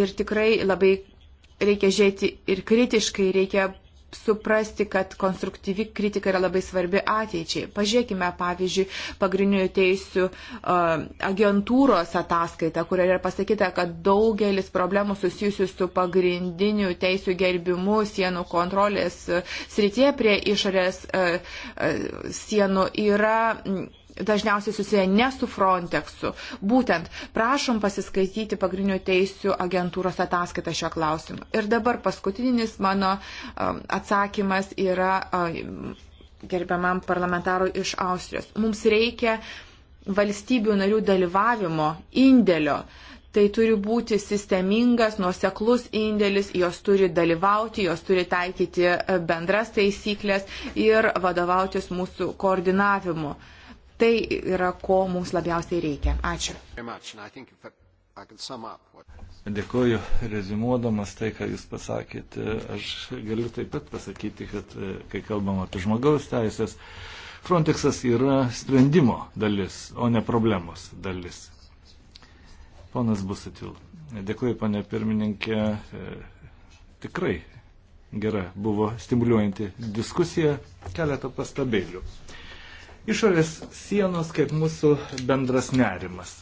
Ir tikrai labai reikia žiūrėti ir kritiškai, reikia suprasti, kad konstruktyvi kritika yra labai svarbi ateičiai. Pažiūrėkime, pavyzdžiui, pagrindinių teisų uh, agentūros ataskaitą, kurioje yra pasakyta, kad daugelis problemų susijusių su pagrindinių teisų gerbimu sienų kontrolės e, srityje prie išorės uh, uh, sienų yra. Um, dažniausiai susiję ne su Frontexu. Būtent prašom pasiskaityti pagrindinių teisių agentūros ataskaitą šio klausimu. Ir dabar paskutinis mano um, atsakymas yra um, gerbiamam parlamentarui iš Austrijos. Mums reikia valstybių narių dalyvavimo, indėlio. Tai turi būti sistemingas, nuoseklus indėlis, jos turi dalyvauti, jos turi taikyti e, bendras taisyklės ir vadovautis mūsų koordinavimu. Uh, Tai yra, ko mums labiausiai reikia. Ačiū. Dėkuoju, rezimuodamas tai, ką Jūs pasakėte. Aš galiu taip pat pasakyti, kad e, kai kalbam apie žmogaus teisės, Frontexas yra sprendimo dalis, o ne problemos dalis. Ponas Busatil, dėkuoju, panė pirmininkė. E, tikrai gera buvo stimuliuojanti diskusija. Keletą pastabėlių. Išorės sienos kaip mūsų bendras nerimas.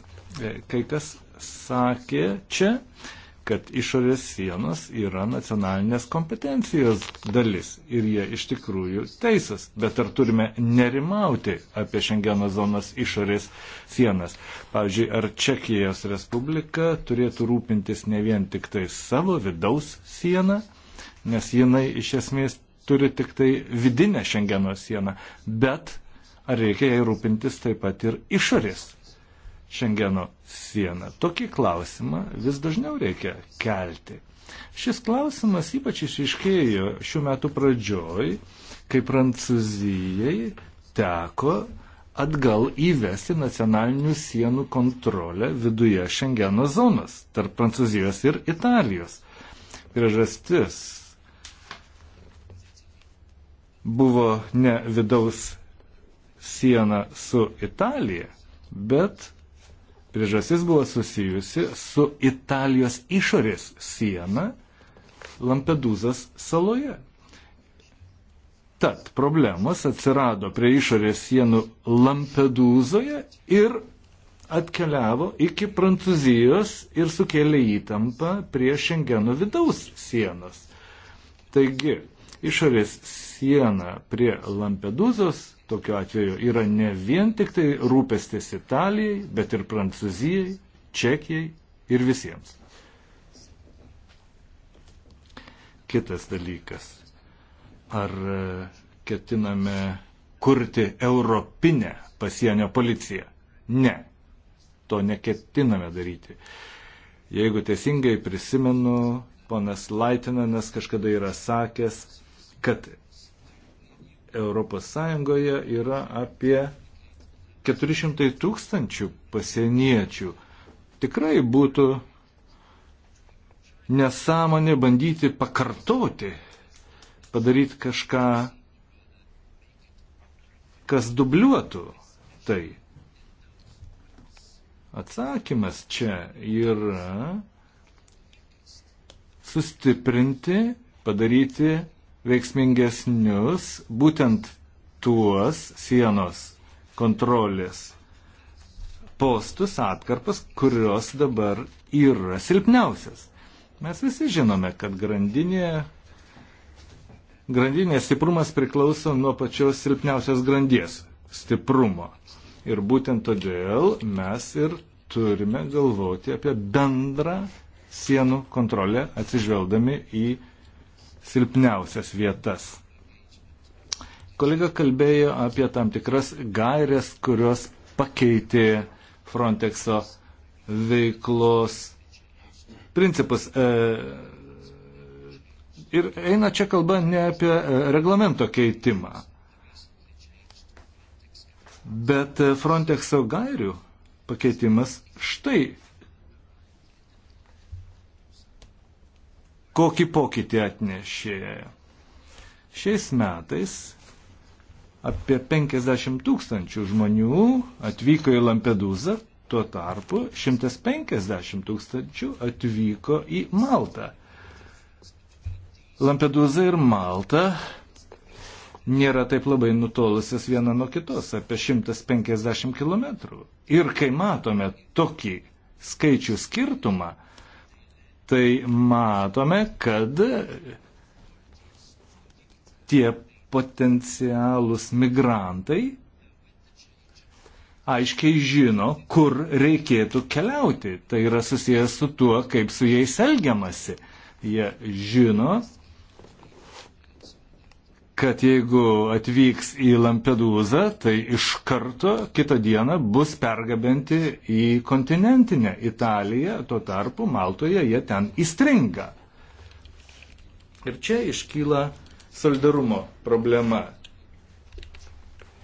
E, kai kas sakė čia, kad išorės sienos yra nacionalinės kompetencijos dalis ir jie iš tikrųjų teisas. Bet ar turime nerimauti apie Šengeno zonos išorės sienas? Pavyzdžiui, ar Čekijos Respublika turėtų rūpintis ne vien tik tai savo vidaus sieną, nes jinai iš esmės turi tik tai vidinę Šengeno sieną, bet ar reikia jai rūpintis taip pat ir išorės Šengeno sieną. Tokį klausimą vis dažniau reikia kelti. Šis klausimas ypač išiškėjo šių metų pradžioj, kai Prancūzijai teko atgal įvesti nacionalinių sienų kontrolę viduje Šengeno zonos tarp Prancūzijos ir Italijos. Priežastis buvo ne vidaus sieną su Italija, bet priežasis buvo susijusi su Italijos išorės siena Lampedūzas saloje. Tad problemos atsirado prie išorės sienų Lampedūzoje ir atkeliavo iki Prancūzijos ir sukėlė įtampą prie Šengeno vidaus sienos. Taigi, išorės siena prie Lampedūzos tokiu atveju yra ne vien tik tai rūpestis Italijai, bet ir Prancūzijai, Čekijai ir visiems. Kitas dalykas. Ar e, ketiname kurti europinę pasienio policiją? Ne. To neketiname daryti. Jeigu teisingai prisimenu, ponas Laitinanas kažkada yra sakęs, kad ES yra apie 400 tūkstančių pasieniečių. Tikrai būtų nesąmonė bandyti pakartoti, padaryti kažką, kas dubliuotų tai. Atsakymas čia yra sustiprinti, padaryti veiksmingesnius būtent tuos sienos kontrolės postus, atkarpas, kurios dabar yra silpniausias. Mes visi žinome, kad grandinė, grandinės stiprumas priklauso nuo pačios silpniausios grandies stiprumo. Ir būtent todėl mes ir turime galvoti apie bendrą sienų kontrolę atsižvelgdami į silpniausias vietas. Kolega kalbėjo apie tam tikras gairias, kurios pakeitė Frontexo veiklos principus. E, ir eina čia kalba ne apie e, reglamento keitimą, bet Frontexo gairių pakeitimas štai kokį pokytį atnešė. Šiais metais apie 50 tūkstančių žmonių atvyko į Lampedūzą, tuo tarpu 150 tūkstančių atvyko į Maltą. Lampedūza ir Malta nėra taip labai nutolusios viena nuo kitos, apie 150 km. Ir kai matome tokį skaičių skirtumą, tai matome, kad tie potencialūs migrantai aiškiai žino, kur reikėtų keliauti. Tai yra susijęs su tuo, kaip su jais elgiamasi. Jie žino, kad jeigu atvyks į Lampedūzą, tai iš karto kitą dieną bus pergabenti į kontinentinę Italiją, tuo tarpu Maltoje jie ten įstringa. Ir čia iškyla solidarumo problema.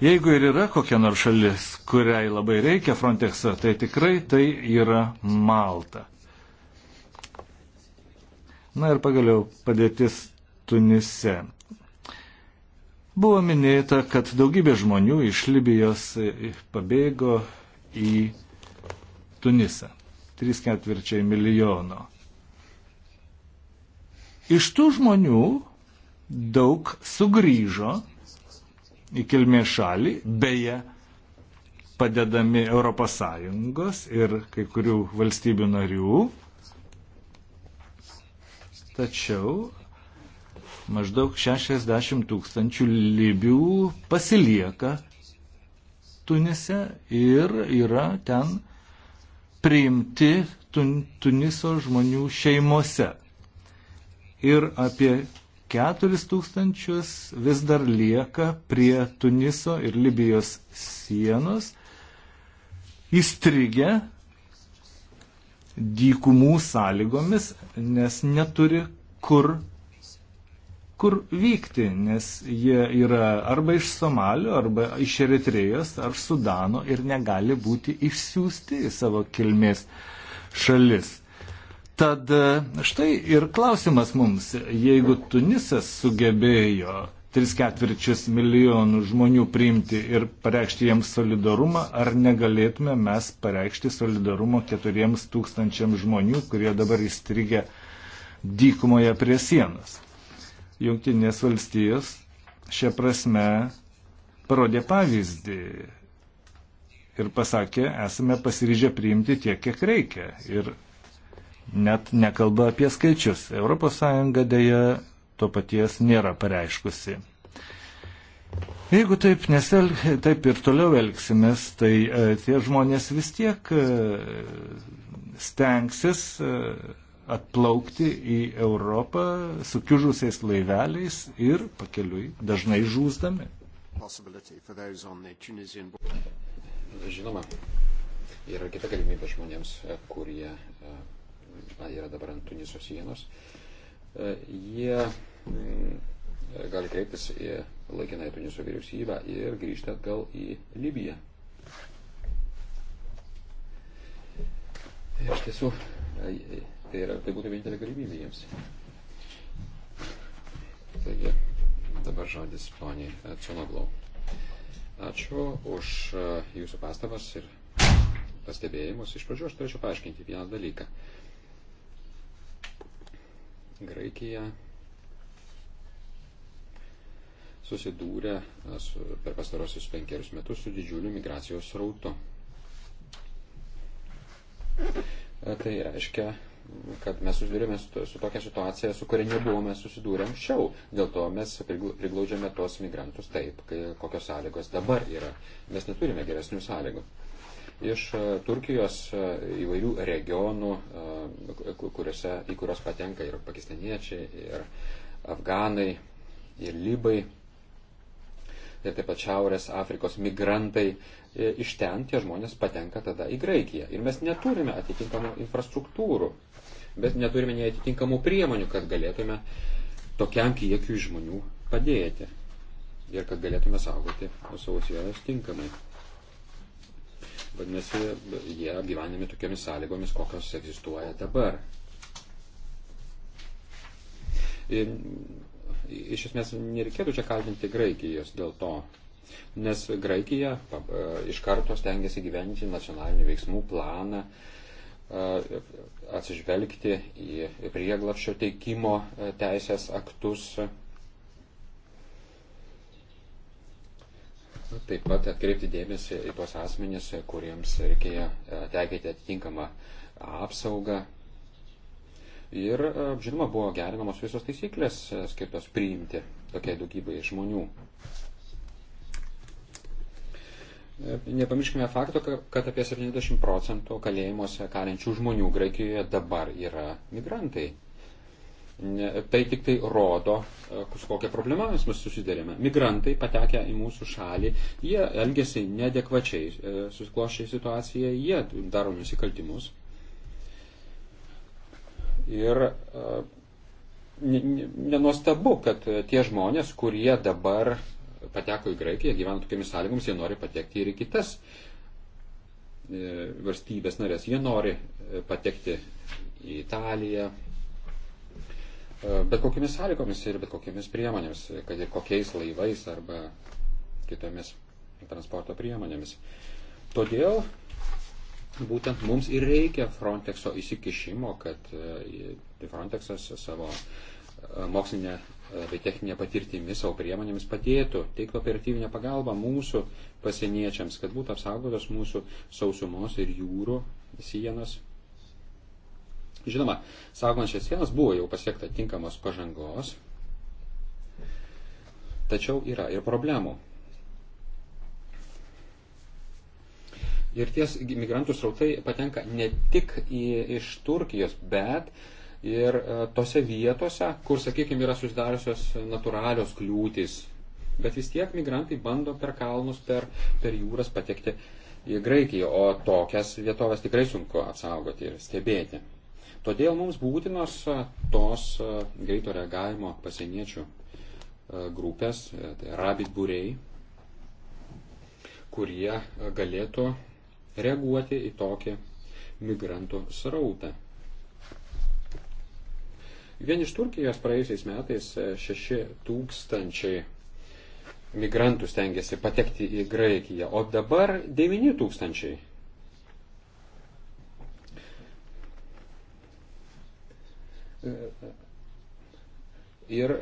Jeigu ir yra kokia nors šalis, kuriai labai reikia Frontexą, tai tikrai tai yra Malta. Na ir pagaliau padėtis Tunise. Buvo minėta, kad daugybė žmonių iš Libijos pabėgo į Tunisą. 3 ketvirčiai milijono. Iš tų žmonių daug sugrįžo į kilmės šalį, beje, padedami ES ir kai kurių valstybių narių. Tačiau maždaug 60 tūkstančių libių pasilieka Tunise ir yra ten priimti tun, Tuniso žmonių šeimose. Ir apie 4 tūkstančius vis dar lieka prie Tuniso ir Libijos sienos įstrigę dykumų sąlygomis, nes neturi kur kur vykti, nes jie yra arba iš Somalio, arba iš Eritrejos, ar Sudano ir negali būti išsiųsti į savo kilmės šalis. Tad e, štai ir klausimas mums, jeigu Tunisas sugebėjo tris ketvirčius milijonų žmonių priimti ir pareikšti jiems solidarumą, ar negalėtume mes pareikšti solidarumo keturiems tūkstančiams žmonių, kurie dabar įstrigę dykumoje prie sienos. Junktinės valstijos šią prasme parodė pavyzdį ir pasakė, esame pasiryžę priimti tiek, kiek reikia. Ir net nekalba apie skaičius. ES dėja to paties nėra pareiškusi. Jeigu taip, nesel, taip ir toliau elgsimės, tai e, tie žmonės vis tiek e, stengsis e, atplaukti į Europą sukiužusiais laiveliais ir pakeliui dažnai žūstami. Žinoma, yra kita galimybė žmonėms, e, kurie e, na, yra dabar ant Tuniso sienos. E, jie mm, gali kreiptis į laikinąją Tuniso vyriausybę ir grįžti atgal į Libiją. Tai iš tiesų, Tai, yra, tai būtų vienintelė galimybė jiems. Taigi, dabar žodis poniai e, Čonoglau. Ačiū už e, jūsų pastabas ir pastebėjimus. Iš pradžių aš turėčiau paaiškinti vieną dalyką. Graikija susidūrė e, su, per pastarosius penkerius metus su didžiuliu migracijos srautu. Tai reiškia, kad mes susidūrėme su, su tokia situacija, su kuria nebuvome susidūrę anksčiau. Dėl to mes priglaudžiame tos migrantus taip, kai, kokios sąlygos dabar yra. Mes neturime geresnių sąlygų. Iš e, Turkijos e, įvairių regionų, e, kuriuose, į kuriuos patenka ir pakistaniečiai, ir afganai, ir libai, ir taip pat Šiaurės Afrikos migrantai, iš ten tie žmonės patenka tada į Graikiją. Ir mes neturime atitinkamų infrastruktūrų bet neturime nei atitinkamų priemonių, kad galėtume tokiam kiekiu žmonių padėti ir kad galėtume saugoti savo sielas tinkamai. Vadinasi, jie gyvenami tokiamis sąlygomis, kokios egzistuoja dabar. Ir, iš esmės nereikėtų čia kaltinti Graikijos dėl to, nes Graikija iš karto stengiasi gyventi nacionalinių veiksmų planą, uh, atsižvelgti į prieglapšio teikimo teisės aktus. Taip pat atkreipti dėmesį į tos asmenys, kuriems reikėjo teikėti atitinkamą apsaugą. Ir, žinoma, buvo gerinamos visos taisyklės skirtos priimti tokiai daugybai žmonių nepamirškime fakto, kad apie 70 procentų kalėjimuose kalinčių žmonių Graikijoje dabar yra migrantai. Tai tik tai rodo, e, su kokia problema mes susidurėme. Migrantai patekę į mūsų šalį, jie elgesi nedekvačiai, e, susiklošė situaciją, jie daro nusikaltimus. Ir e, nenuostabu, kad tie žmonės, kurie dabar pateko į Graikiją, gyvena tokiamis sąlygomis, jie nori patekti ir į kitas e, valstybės narės. Jie nori e, patekti į Italiją, e, bet kokiamis sąlygomis ir bet kokiamis priemonėmis, kad ir kokiais laivais arba kitomis transporto priemonėmis. Todėl būtent mums ir reikia Frontexo įsikišimo, kad Frontexas savo mokslinę labai techninė patirtimi, savo priemonėmis padėtų teikti operatyvinę pagalbą mūsų pasieniečiams, kad būtų apsaugotos mūsų sausumos ir jūrų sienos. Žinoma, saugant šias sienas buvo jau pasiekta tinkamos pažangos, tačiau yra ir problemų. Ir ties migrantų srautai patenka ne tik į, iš Turkijos, bet uh, ir e, tose vietose, kur, sakykime, yra susidariusios natūralios kliūtis. Bet vis tiek migrantai bando per kalnus, per, per jūras patekti į Graikiją, o tokias vietovės tikrai sunku apsaugoti ir stebėti. Todėl mums būtinos e, tos e, greito reagavimo pasieniečių grupės, tai rabit būrei, kurie galėtų reaguoti į tokį migrantų srautą. Vien iš Turkijos praėjusiais metais 6 e, tūkstančiai migrantų stengiasi patekti į Graikiją, o dabar 9 tūkstančiai. E, e, ir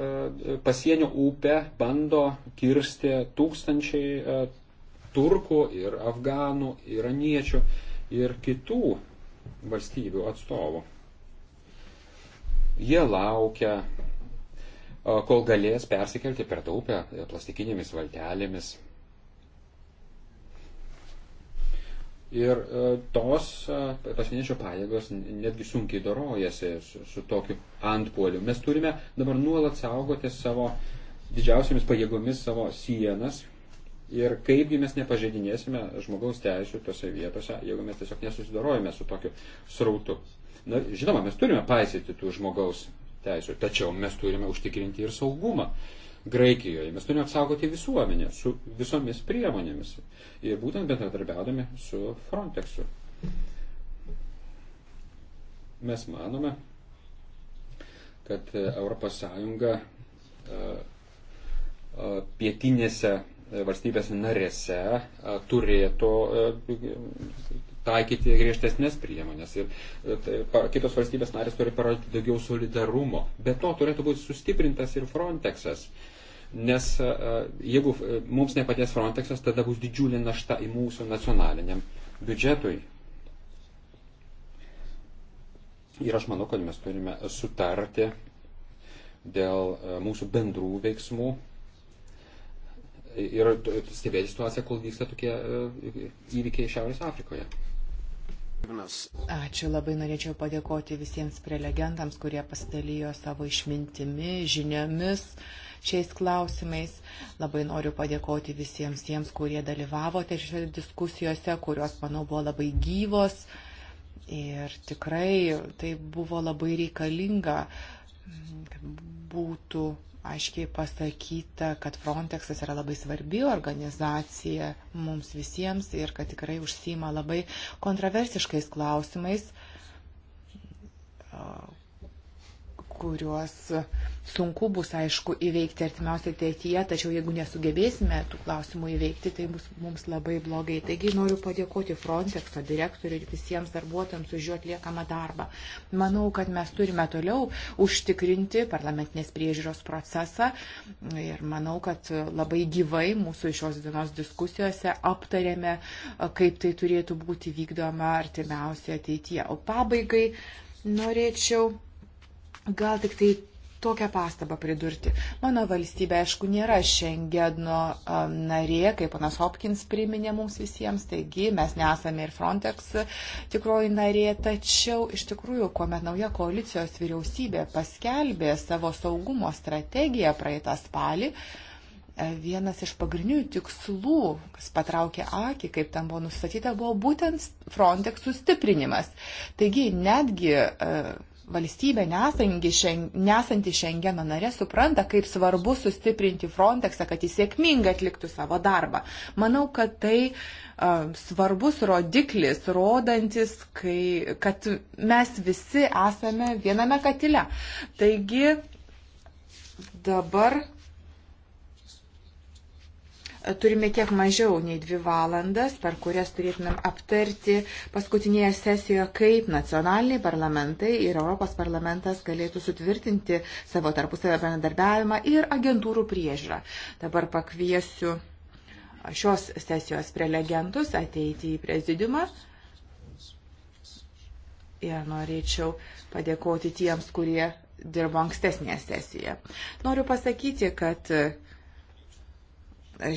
pasienio upę bando kirsti tūkstančiai turkų ir afganų, iraniečių ir kitų valstybių atstovų. Jie laukia, kol galės persikelti per tą upę plastikinėmis valtelėmis. Ir tos pasieniečių pajėgos netgi sunkiai dorojasi su, su tokiu antpoliu. Mes turime dabar nuolat saugoti savo didžiausiamis pajėgomis savo sienas ir kaipgi mes nepažeidinėsime žmogaus teisų tose vietose, jeigu mes tiesiog nesusidorojame su tokiu srautu. Na, žinoma, mes turime paisyti tų žmogaus teisų, tačiau mes turime užtikrinti ir saugumą. Graikijoje mes turime apsaugoti visuomenę su visomis priemonėmis ir būtent bendradarbiaudami su Frontexu. Mes manome, kad ES e, e, pietinėse e, valstybės narėse turėtų taikyti griežtesnės priemonės ir e, tai, pa, kitos valstybės narės turi parodyti daugiau solidarumo. Be to turėtų būti sustiprintas ir Frontexas. Nes e, e, jeigu mums nepadės Frontexas, tada bus didžiulė našta į mūsų nacionaliniam biudžetui. Ir aš manau, kad mes turime sutarti dėl mūsų bendrų veiksmų ir stebėti situaciją, kol vyksta tokie įvykiai Šiaurės Afrikoje. Ačiū labai norėčiau padėkoti visiems prelegentams, kurie pasidalijo savo išmintimi, žiniomis šiais klausimais. Labai noriu padėkoti visiems tiems, kurie dalyvavote šiose diskusijose, kurios, manau, buvo labai gyvos. Ir tikrai tai buvo labai reikalinga, kad būtų aiškiai pasakyta, kad Frontexas yra labai svarbi organizacija mums visiems ir kad tikrai užsima labai kontroversiškais klausimais, kuriuos sunku bus, aišku, įveikti artimiausiai ateityje, tačiau jeigu nesugebėsime tų klausimų įveikti, tai bus mums labai blogai. Taigi noriu padėkoti Frontexo direktoriui ir visiems darbuotojams už jų atliekamą darbą. Manau, kad mes turime toliau užtikrinti parlamentinės priežiūros procesą ir manau, kad labai gyvai mūsų šios dienos diskusijose aptarėme, kaip tai turėtų būti vykdoma artimiausiai ateityje. O pabaigai norėčiau Gal tik tai tokią pastabą pridurti. Mano valstybė, aišku, nėra Šengedno narė, kaip panas Hopkins priminė mums visiems, taigi mes nesame ir Frontex tikroji narė, tačiau iš tikrųjų, kuomet nauja koalicijos vyriausybė paskelbė savo saugumo strategiją praeitą spalį, Vienas iš pagrindinių tikslų, kas patraukė akį, kaip tam buvo nustatyta, buvo būtent Frontex sustiprinimas. Taigi netgi uh, valstybė nesanti Šengeno narė supranta, kaip svarbu sustiprinti Frontexą, kad jis sėkmingai atliktų savo darbą. Manau, kad tai um, svarbus rodiklis, rodantis, kai, kad mes visi esame viename katile. Taigi dabar turime kiek mažiau nei dvi valandas, per kurias turėtumėm aptarti paskutinėje sesijoje, kaip nacionaliniai parlamentai ir Europos parlamentas galėtų sutvirtinti savo tarpusavio bendradarbiavimą ir agentūrų priežiūrą. Dabar pakviesiu šios sesijos prelegentus ateiti į prezidiumą. Ir norėčiau padėkoti tiems, kurie dirbo ankstesnėje sesijoje. Noriu pasakyti, kad uh,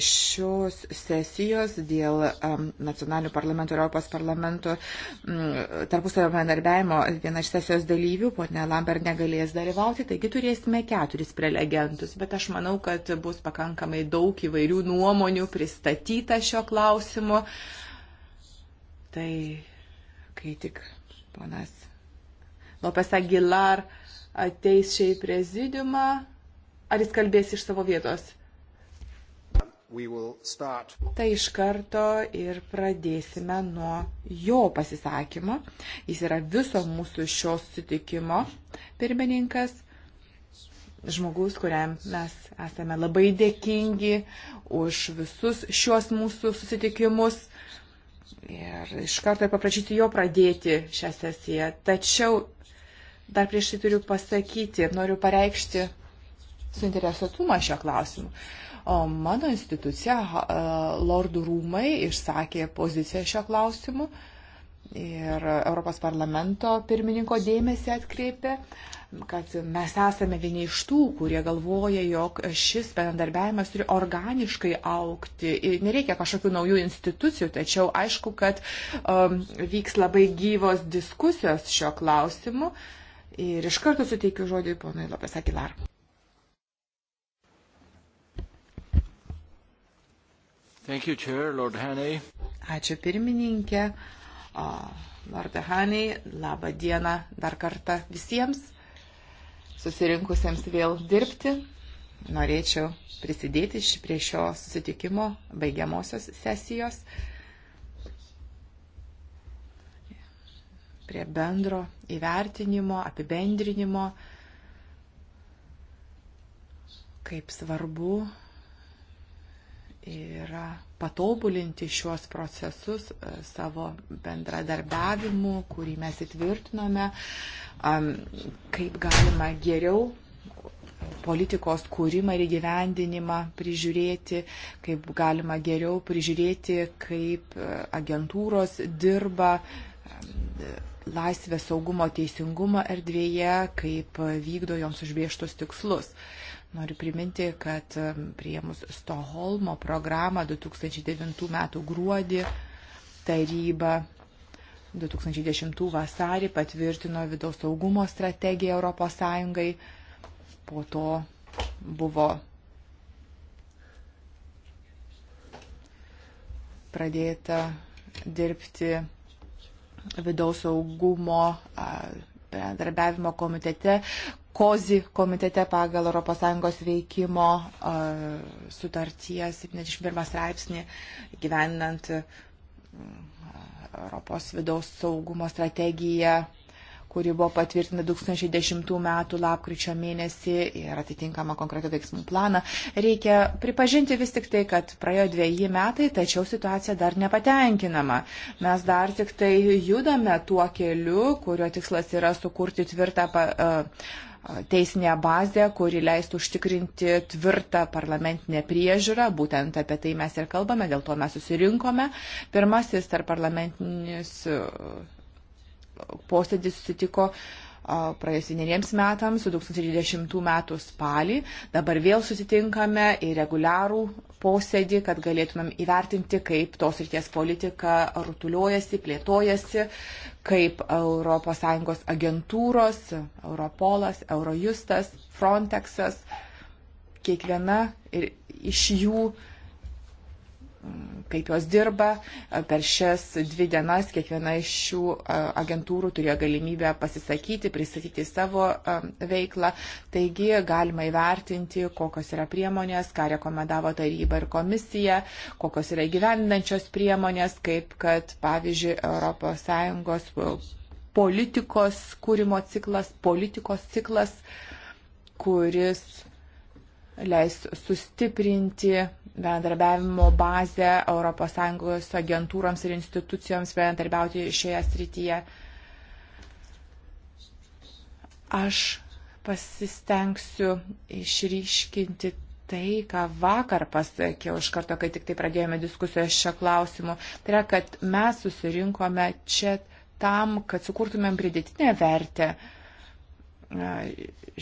šios sesijos dėl um, nacionalinių parlamentų ir Europos parlamento mm, tarpusavio bendarbiavimo viena iš sesijos dalyvių, ponia Lambert, negalės dalyvauti, taigi turėsime keturis prelegentus, bet aš manau, kad bus pakankamai daug įvairių nuomonių pristatyta šio klausimu. Tai kai tik ponas Lopes Aguilar ateis šiai prezidiumą, ar jis kalbės iš savo vietos? Tai iš karto ir pradėsime nuo jo pasisakymo. Jis yra viso mūsų šios sutikimo pirmininkas, žmogus, kuriam mes esame labai dėkingi už visus šios mūsų susitikimus. Ir iš karto paprašysiu jo pradėti šią sesiją. Tačiau dar prieš tai turiu pasakyti, noriu pareikšti suinteresuotumą šio klausimu. O mano institucija, e, Lordų rūmai, išsakė poziciją šio klausimu ir Europos parlamento pirmininko dėmesį atkreipė kad mes esame vieni iš tų, kurie galvoja, jog šis bendarbiavimas turi organiškai aukti. Ir nereikia kažkokių naujų institucijų, tačiau aišku, kad um, vyks labai gyvos diskusijos šio klausimu. Ir iš karto suteikiu žodį ponui Lopes Akilar. Thank you, Chair, Lord Haney. Ačiū pirmininkė. O, Lord Haney, laba diena dar kartą visiems susirinkusiems vėl dirbti. Norėčiau prisidėti prie šio susitikimo baigiamosios sesijos, prie bendro įvertinimo, apibendrinimo, kaip svarbu yra patobulinti šiuos procesus e, savo bendradarbiavimu, kurį mes įtvirtinome, kaip galima geriau politikos kūrimą ir įgyvendinimą prižiūrėti, kaip galima geriau prižiūrėti, kaip e, agentūros dirba e, laisvės saugumo teisingumo erdvėje, kaip vykdo joms užbrieštus tikslus. Noriu priminti, kad priemus Stoholmo programą 2009 metų gruodį taryba 2010 vasarį patvirtino vidaus saugumo strategiją Europos Sąjungai. Po to buvo pradėta dirbti vidaus saugumo bendradarbiavimo komitete, kozi komitete pagal ES veikimo sutarties 71 straipsnį gyvenant Europos vidaus saugumo strategiją kuri buvo patvirtinta 2010 m. lapkričio mėnesį ir atitinkama konkretų veiksmų planą. Reikia pripažinti vis tik tai, kad praėjo dviejį metai, tačiau situacija dar nepatenkinama. Mes dar tik tai judame tuo keliu, kurio tikslas yra sukurti tvirtą. Pa, uh, teisinę bazę, kuri leistų užtikrinti tvirtą parlamentinę priežiūrą. Būtent apie tai mes ir kalbame, dėl to mes susirinkome. Pirmasis tarp parlamentinis posėdis susitiko uh, praėjusiniems metams, 2020 metų spalį. Dabar vėl susitinkame į reguliarų posėdį, kad galėtumėm įvertinti, kaip tos ryties politika rutuliuojasi, plėtojasi, kaip ES agentūros, Europolas, Eurojustas, Frontexas, kiekviena iš jų uh, kaip jos dirba. Per šias dvi dienas kiekviena iš šių agentūrų turėjo galimybę pasisakyti, pristatyti savo veiklą. Taigi galima įvertinti, kokios yra priemonės, ką rekomendavo taryba ir komisija, kokios yra gyvendinančios priemonės, kaip kad, pavyzdžiui, ES politikos kūrimo ciklas, politikos ciklas, kuris leis sustiprinti bendarbiavimo bazę ES agentūroms ir institucijoms bendarbiauti šioje srityje. Aš pasistengsiu išryškinti tai, ką vakar pasakiau iš karto, kai tik tai pradėjome diskusiją šio klausimu. Tai yra, kad mes susirinkome čia tam, kad sukurtumėm pridėtinę vertę. Uh,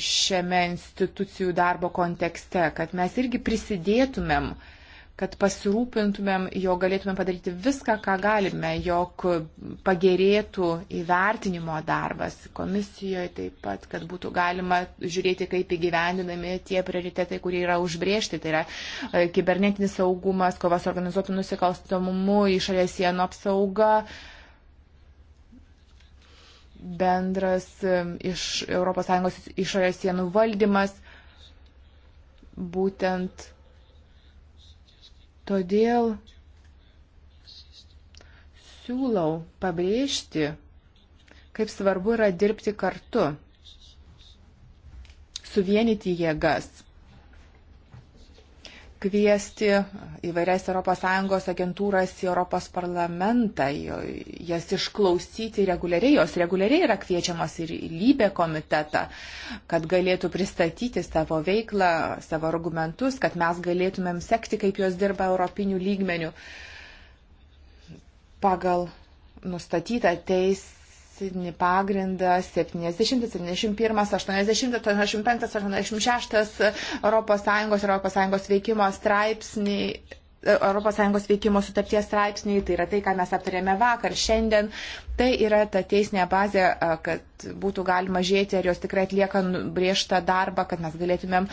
šiame institucijų darbo kontekste, kad mes irgi prisidėtumėm, kad pasirūpintumėm, jo galėtumėm padaryti viską, ką galime, jog pagerėtų įvertinimo darbas komisijoje taip pat, kad būtų galima žiūrėti, kaip įgyvendinami tie prioritetai, kurie yra užbriežti. Tai yra e, kibernetinis saugumas, kovas organizuotų nusikalstamumu, išorės sienų apsauga. Uh, bendras iš ES išorės sienų valdymas. Būtent todėl siūlau pabrėžti, kaip svarbu yra dirbti kartu, suvienyti jėgas kviesti įvairias ES agentūras į ES parlamentą, jas išklausyti reguliariai, jos reguliariai yra kviečiamas ir į lybę komitetą, kad galėtų pristatyti savo veiklą, savo argumentus, kad mes galėtumėm sekti, kaip jos dirba europinių lygmenių pagal nustatytą teis, teisinį pagrindą 70, 71, 80, 85, 86 Europos Sąjungos ir Europos Sąjungos veikimo straipsniai ES veikimo sutarties straipsniai, tai yra tai, ką mes aptarėme vakar, šiandien, tai yra ta teisinė bazė, kad būtų galima žiūrėti, ar jos tikrai atlieka briežtą darbą, kad mes galėtumėm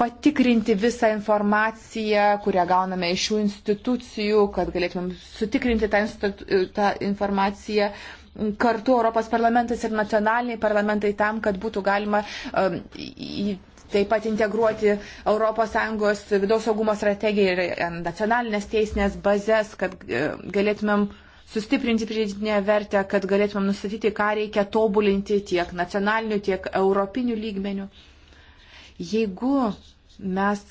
patikrinti visą informaciją, kurią gauname iš šių institucijų, kad galėtumėm sutikrinti tą, tą informaciją. Uh, kartu Europos parlamentas ir nacionaliniai parlamentai tam, kad būtų galima um, į, taip pat integruoti ES vidaus saugumo strategiją ir nacionalinės teisinės bazės, kad e, galėtumėm sustiprinti pridėtinę vertę, kad galėtumėm nustatyti, ką reikia tobulinti tiek nacionaliniu, tiek europiniu lygmeniu. Jeigu mes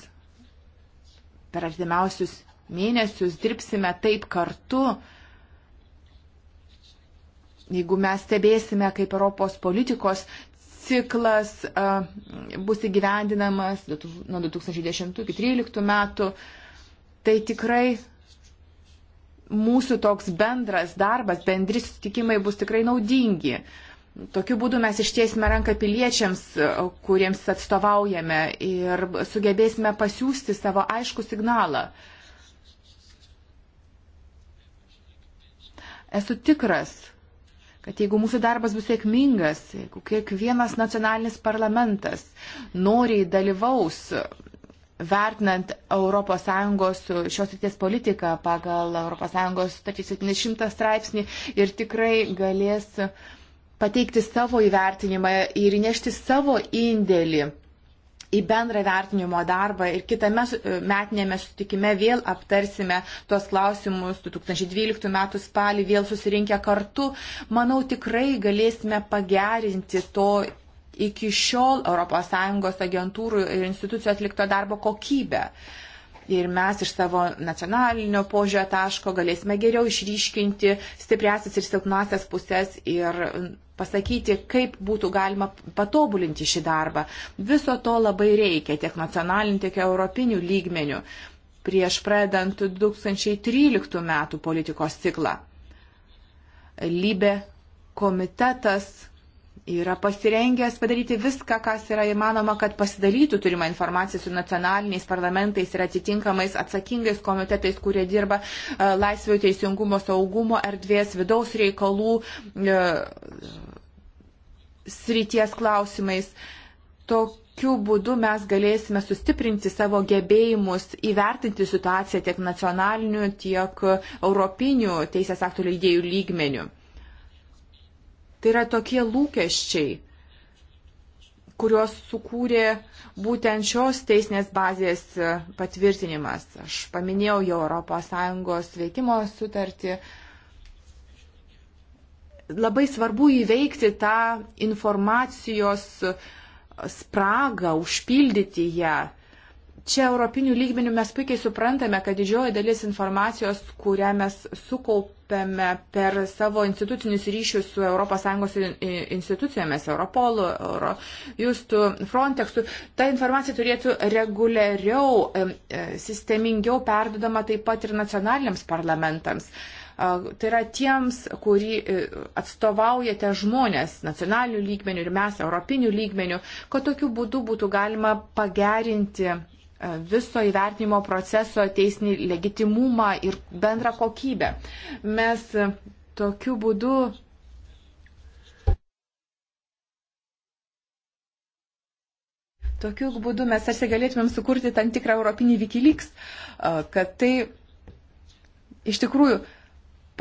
per artimiausius mėnesius dirbsime taip kartu, Jeigu mes stebėsime, kaip Europos politikos ciklas bus įgyvendinamas nuo 2010 iki 2013 metų, tai tikrai mūsų toks bendras darbas, bendri sutikimai bus tikrai naudingi. Tokiu būdu mes ištiesime ranką piliečiams, kuriems atstovaujame ir sugebėsime pasiūsti savo aišku signalą. Esu tikras, kad jeigu mūsų darbas bus sėkmingas, jeigu kiekvienas nacionalinis parlamentas noriai dalyvaus vertinant ES šios ryties politiką pagal ES 70 straipsnį ir tikrai galės pateikti savo įvertinimą ir įnešti savo indėlį į bendrą vertinimo darbą ir kitame e, metinėme sutikime vėl aptarsime tuos klausimus 2012 m. spalį, vėl susirinkę kartu. Manau, tikrai galėsime pagerinti to iki šiol ES agentūrų ir institucijų atlikto darbo kokybę. Uh, ir mes iš savo nacionalinio požiūrio taško galėsime geriau išryškinti stipriasias ir silpnasias pusės ir um, pasakyti, kaip būtų galima patobulinti šį darbą. Viso to labai reikia tiek nacionaliniu, tiek europiniu lygmeniu prieš pradant 2013 metų politikos ciklą. Lybė komitetas yra pasirengęs padaryti viską, kas yra įmanoma, kad pasidalytų turimą informaciją su nacionaliniais parlamentais ir atitinkamais atsakingais komitetais, kurie dirba e, laisvių teisingumo saugumo erdvės vidaus reikalų e, srities klausimais. Tokiu būdu mes galėsime sustiprinti savo gebėjimus įvertinti situaciją tiek nacionaliniu, tiek europiniu teisės aktų leidėjų lygmeniu. Tai yra tokie lūkesčiai, kuriuos sukūrė būtent šios teisinės bazės patvirtinimas. Aš paminėjau jau ES veikimo sutartį. Labai svarbu įveikti tą informacijos spragą, užpildyti ją Čia europinių lygmenių mes puikiai suprantame, kad didžioji dalis informacijos, kurią mes sukaupėme per savo institucinius ryšius su ES institucijomis, Europolu, Eurojustu, Frontexu, ta informacija turėtų reguliariau, e, sistemingiau perdodama taip pat ir nacionaliniams parlamentams tai yra tiems, kurį e, atstovaujate žmonės nacionalinių lygmenių ir mes europinių lygmenių, kad tokiu būdu būtų galima pagerinti viso įvertinimo proceso teisinį legitimumą ir bendrą kokybę. Mes tokiu būdu Tokiu būdu mes tarsi galėtumėm sukurti tam tikrą europinį Wikileaks, kad tai iš tikrųjų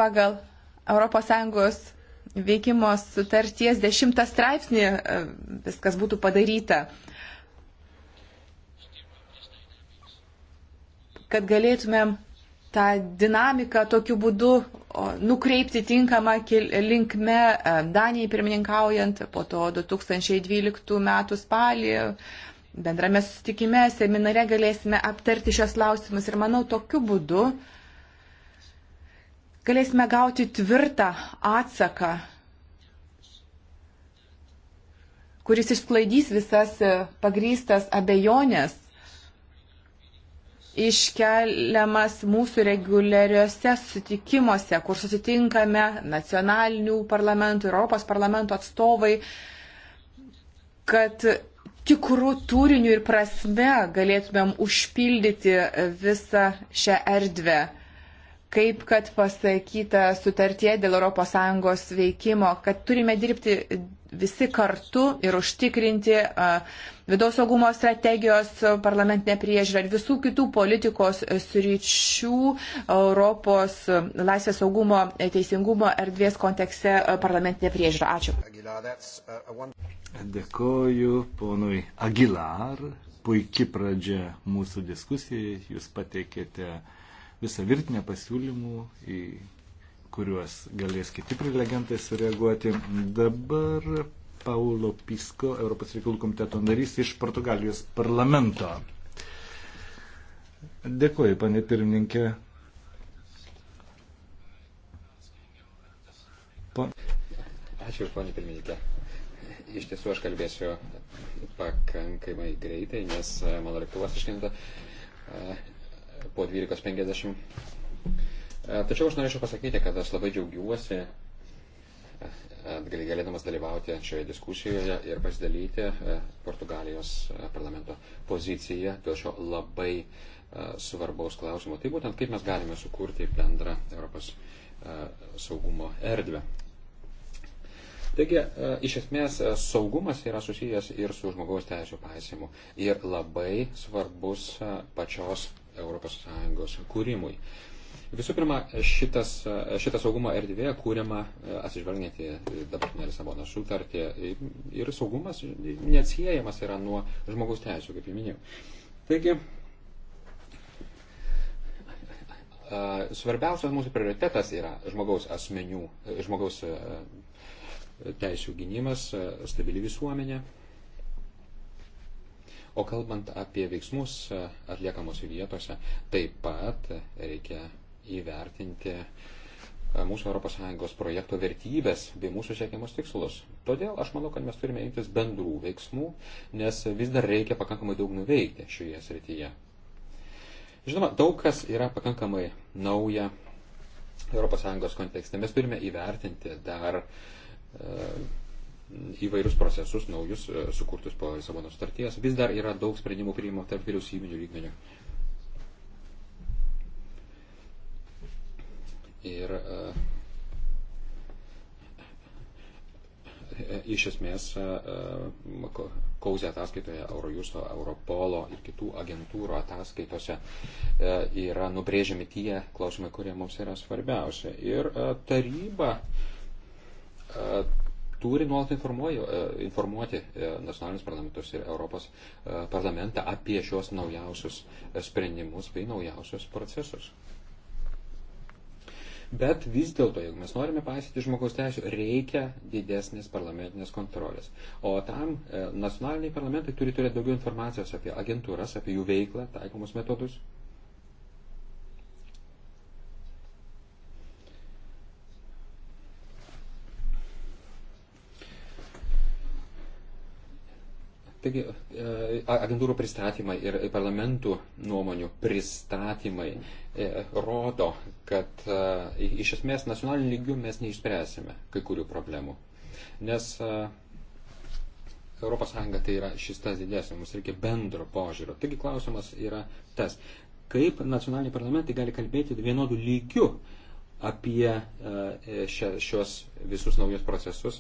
pagal ES veikimo sutarties dešimtą straipsnį viskas būtų padaryta. Uh, kad galėtumėm tą dinamiką tokiu būdu nukreipti tinkamą linkme e, Danijai pirmininkaujant, po to 2012 metų spalį bendrame sustikime, seminare galėsime aptarti šios klausimus ir manau tokiu būdu galėsime gauti tvirtą atsaką, kuris išsklaidys visas e, pagrystas abejonės iškeliamas mūsų reguliariuose sutikimuose, kur susitinkame nacionalinių parlamentų, Europos parlamento atstovai, kad tikrų turinių ir prasme galėtumėm užpildyti visą šią erdvę. Kaip kad pasakyta sutartie dėl ES veikimo, kad turime dirbti visi kartu ir užtikrinti vidaus saugumo strategijos, parlamentinę priežiūrą ir visų kitų politikos sričių Europos laisvės saugumo teisingumo erdvės kontekste parlamentinę priežiūrą. Ačiū. Uh, Dėkoju ponui Agilar. Puikiai pradžia mūsų diskusijai. Jūs pateikėte visą virtinę pasiūlymų į kuriuos galės kiti prelegentai sureaguoti. Dabar Paulo Pisko, Europos reikalų komiteto narys iš Portugalijos parlamento. Dėkuoju, panė pirmininkė. Pon... Ačiū, panė pirmininkė. Iš tiesų aš kalbėsiu pakankamai greitai, nes e, mano lėktuvas iškrenta e, po 12.50 E, tačiau aš norėčiau pasakyti, kad aš labai džiaugiuosi e, galėdamas dalyvauti šioje diskusijoje ir pasidalyti e, Portugalijos parlamento poziciją dėl šio labai svarbaus klausimo. Tai būtent kaip mes galime sukurti bendrą Europos saugumo erdvę. Taigi, iš esmės, saugumas yra susijęs ir su žmogaus teisų paėsimu ir labai svarbus pačios ES kūrimui. Visų pirma, šitas, šitą saugumo erdvė kūriama e, atsižvelgiant į e, dabartinę Lisabono sutartį e, ir saugumas neatsiejamas yra nuo žmogaus teisų, kaip jau minėjau. Taigi, svarbiausias mūsų prioritetas yra žmogaus asmenių, žmogaus teisų gynimas, stabili visuomenė. O kalbant apie veiksmus atliekamos vietose, taip pat reikia įvertinti e, mūsų ES projekto vertybės bei mūsų siekiamus tikslus. Todėl aš manau, kad mes turime imtis bendrų veiksmų, nes vis dar reikia pakankamai daug nuveikti šioje srityje. Žinoma, daug kas yra pakankamai nauja ES kontekste. Mes turime įvertinti dar e, įvairius procesus, naujus e, sukurtus po Lisabono sutarties. Vis dar yra daug sprendimų priimamo tarp vyriausybinių lygmenių. Ir e, iš esmės e, e, Kauzė ataskaitoje Eurojusto, Europolo ir kitų agentūrų ataskaitose yra nubrėžiami tie klausimai, kurie mums yra svarbiausia. Ir taryba turi nuolat informuoti nacionalinius parlamentus ir Europos parlamentą apie šios naujausius sprendimus bei naujausius procesus. Bet vis dėlto, jeigu mes norime paisyti žmogaus teisų, reikia didesnės parlamentinės kontrolės. O tam e, nacionaliniai parlamentai turi turėti daugiau informacijos apie agentūras, apie jų veiklą, taikomus metodus, Taigi, e, agentūrų pristatymai ir parlamentų nuomonių pristatymai e, rodo, kad e, iš esmės nacionaliniu lygiu mes neišspręsime kai kurių problemų. Nes ES tai yra šis tas didesnis, mums reikia bendro požiūrio. Taigi klausimas yra tas, kaip nacionaliniai parlamentai gali kalbėti vienodų lygių apie šios visus naujus procesus,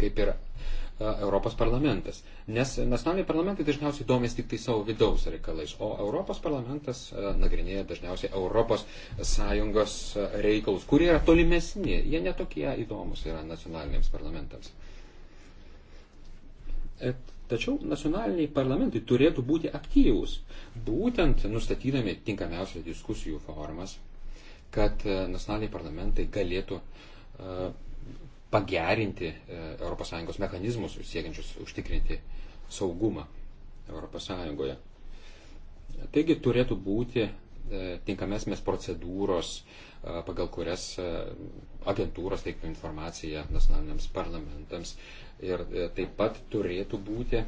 kaip ir E, Europos parlamentas. Nes nacionaliniai parlamentai dažniausiai domės tik tai savo vidaus reikalais, o Europos parlamentas e, nagrinėja dažniausiai Europos Sąjungos e, reikalus, kurie yra tolimesni, jie netokie įdomus yra nacionaliniams parlamentams. Et Tačiau nacionaliniai parlamentai turėtų būti aktyvūs, būtent nustatydami tinkamiausias diskusijų formas, kad nacionaliniai parlamentai galėtų pagerinti ES mechanizmus, siekiančius užtikrinti saugumą ES. Taigi turėtų būti e, tinkamesnės procedūros, e, pagal kurias e, agentūros teiktų informaciją nacionaliniams parlamentams ir taip pat turėtų būti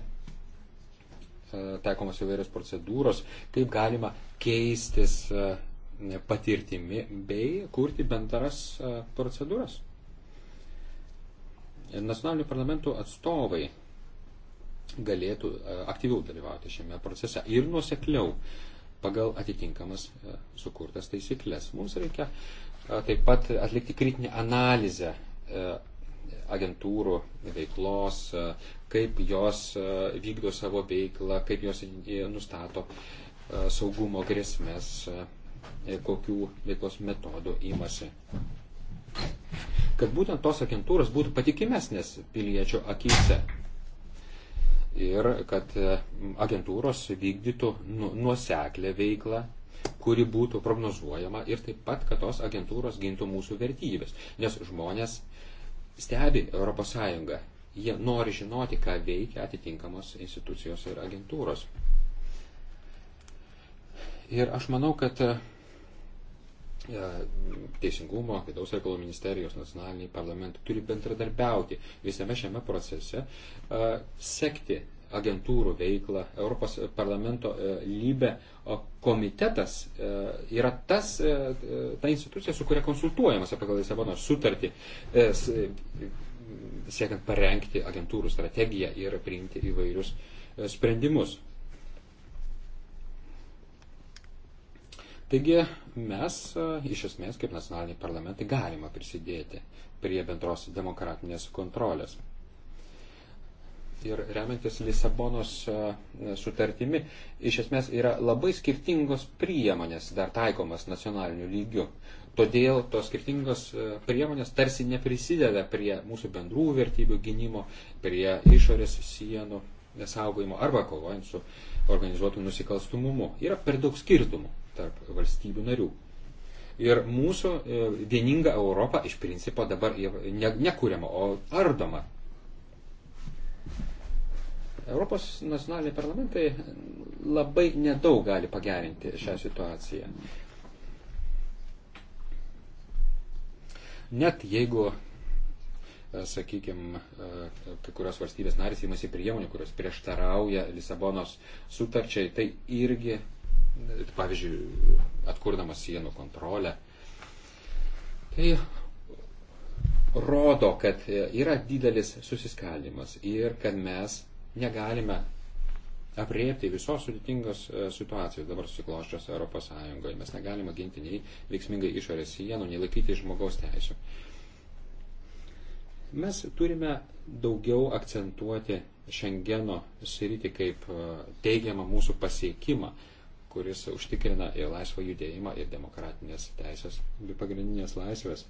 taikomas įvairios procedūros, kaip galima keistis patirtimi bei kurti bendras procedūras nacionalinių parlamentų atstovai galėtų e, aktyviau dalyvauti šiame procese ir nuosekliau pagal atitinkamas e, sukurtas taisyklės. Mums reikia e, taip pat atlikti kritinę analizę agentūrų veiklos, kaip jos vykdo savo veiklą, kaip jos nustato saugumo grėsmės, kokių veiklos metodų imasi kad būtent tos agentūros būtų patikimesnės piliečių akise ir kad e, agentūros vykdytų nu, nuoseklę veiklą, kuri būtų prognozuojama ir taip pat, kad tos agentūros gintų mūsų vertybės. Nes žmonės stebi ES, jie nori žinoti, ką veikia atitinkamos institucijos ir agentūros. Ir aš manau, kad e, E, teisingumo, vidaus reikalų ministerijos, nacionaliniai parlamentai turi bendradarbiauti visame šiame procese, e, sekti agentūrų veiklą. Europos parlamento e, lybė komitetas yra tas, ta institucija, su kuria konsultuojamas apie Lisabono sutartį, siekiant parengti agentūrų strategiją ir priimti įvairius sprendimus. Taigi mes e, iš esmės kaip nacionaliniai parlamentai galima prisidėti prie bendros demokratinės kontrolės. Ir remiantis Lisabonos e, sutartimi, iš esmės yra labai skirtingos priemonės dar taikomas nacionaliniu lygiu. Todėl tos skirtingos e, priemonės tarsi neprisideda prie mūsų bendrų vertybių gynimo, prie išorės sienų saugojimo arba kovojant su organizuotų nusikalstumumu. Yra per daug skirtumų tarp valstybių narių. Ir mūsų e, vieninga Europa iš principo dabar ne, nekūriama, o ardoma. Europos nacionaliniai parlamentai labai nedaug gali pagerinti šią situaciją. Net jeigu, e, sakykime, kai kurios valstybės narys įmasi priemonių, kurios prieštarauja Lisabonos sutarčiai, tai irgi pavyzdžiui, atkurdamas sienų kontrolę. Tai rodo, kad yra didelis susiskaldimas ir kad mes negalime apriepti visos sudėtingos e, situacijos dabar susikloščios Europos Sąjungoje. Mes negalime ginti nei veiksmingai išorės sienų, nei laikyti žmogaus teisų. Mes turime daugiau akcentuoti Šengeno sritį kaip e, teigiamą mūsų pasiekimą kuris užtikrina ir laisvą judėjimą, ir demokratinės teisės, bei pagrindinės laisvės.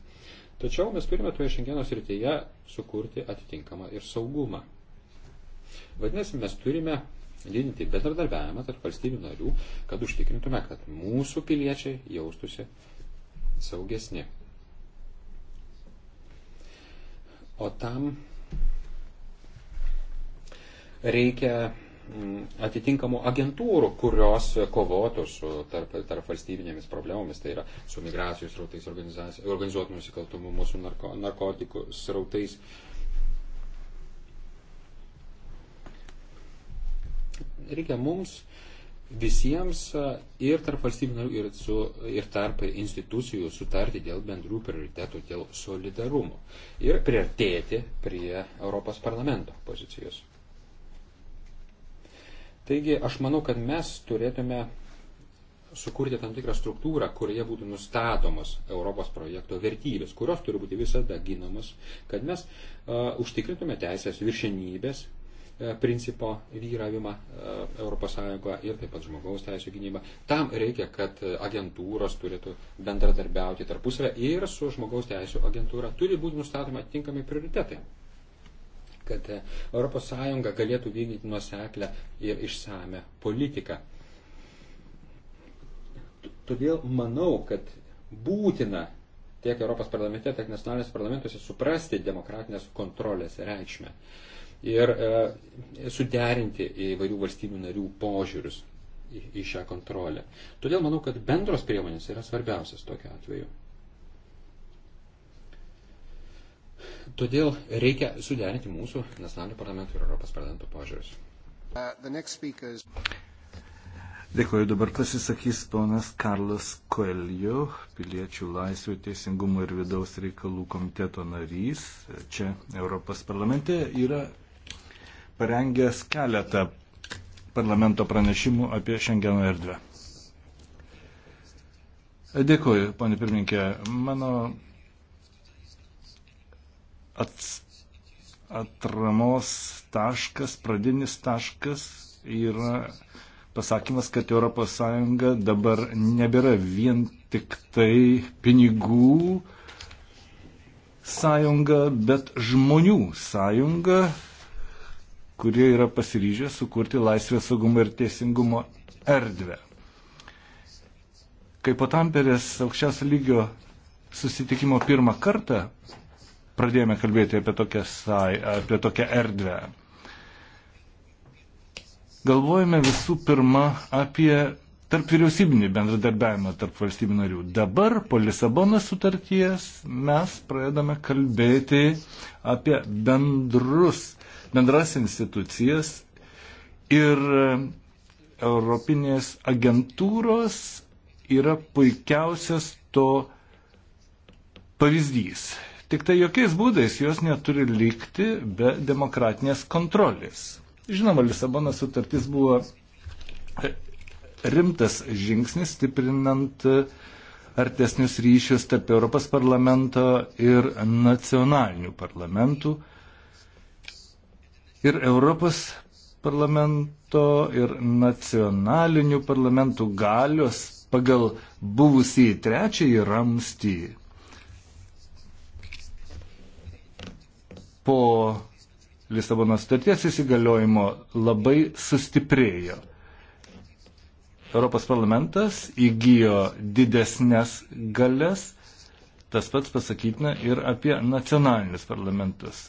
Tačiau mes turime toje šiandienos rytyje sukurti atitinkamą ir saugumą. Vadinasi, mes turime didinti bendradarbiavimą tarp valstybių narių, kad užtikrintume, kad mūsų piliečiai jaustųsi saugesni. O tam reikia Mm, atitinkamų agentūrų, kurios kovotų su tarp, tarp valstybinėmis problemomis, tai yra su migracijos srautais, organizuotų nusikaltumų, mūsų narko, narkotikų srautais. Reikia mums visiems ir tarp valstybinių, ir, su, ir tarp institucijų sutarti dėl bendrų prioritetų, dėl solidarumo ir priartėti prie Europos parlamento pozicijos. Taigi aš manau, kad mes turėtume sukurti tam tikrą struktūrą, kurioje būtų nustatomos Europos projekto vertybės, kurios turi būti visada ginamos, kad mes uh, užtikrintume teisės viršenybės uh, principo vyravimą uh, ES ir taip pat žmogaus teisų gynybą. Tam reikia, kad agentūros turėtų bendradarbiauti tarpusavę ir su žmogaus teisų agentūra turi būti nustatomi atitinkami prioritetai kad ES galėtų vykdyti nuseklę ir išsame politiką. Todėl manau, kad būtina tiek Europos parlamente, tiek nacionalinės parlamentuose suprasti demokratinės kontrolės reikšmę ir e, suderinti įvairių valstybių narių požiūrius į, į šią kontrolę. Todėl manau, kad bendros priemonės yra svarbiausias tokiu atveju. Todėl reikia suderinti mūsų nacionalinių parlamentų ir Europos parlamento požiūrius. Uh, is... Dėkuoju, dabar pasisakys ponas Karlas Koelio, piliečių laisvių, teisingumo ir vidaus reikalų komiteto narys. Čia Europos parlamente yra parengęs keletą parlamento pranešimų apie Šengeno erdvę. Dėkuoju, ponė pirmininkė. Mano ats, atramos taškas, pradinis taškas yra pasakymas, kad ES dabar nebėra vien tik tai pinigų sąjunga, bet žmonių sąjunga, kurie yra pasiryžę sukurti laisvės saugumo ir teisingumo erdvę. Kai po Tamperės aukščiausio lygio susitikimo pirmą kartą pradėjome kalbėti apie tokią, sai, apie tokią erdvę. Galvojame visų pirma apie tarp vyriausybinį bendradarbiavimą tarp valstybių narių. Dabar po Lisabonos sutarties mes pradedame kalbėti apie bendrus, bendras institucijas ir e, Europinės agentūros yra puikiausias to pavyzdys. Tik tai jokiais būdais jos neturi likti be demokratinės kontrolės. Žinoma, Lisabono sutartis buvo rimtas žingsnis stiprinant artesnius ryšius tarp Europos parlamento ir nacionalinių parlamentų. Ir Europos parlamento ir nacionalinių parlamentų galios pagal buvusį trečiąjį ramstį po Lisabono sutarties įsigaliojimo labai sustiprėjo. Europos parlamentas įgyjo didesnės galės, tas pats pasakytina ir apie nacionalinius parlamentus.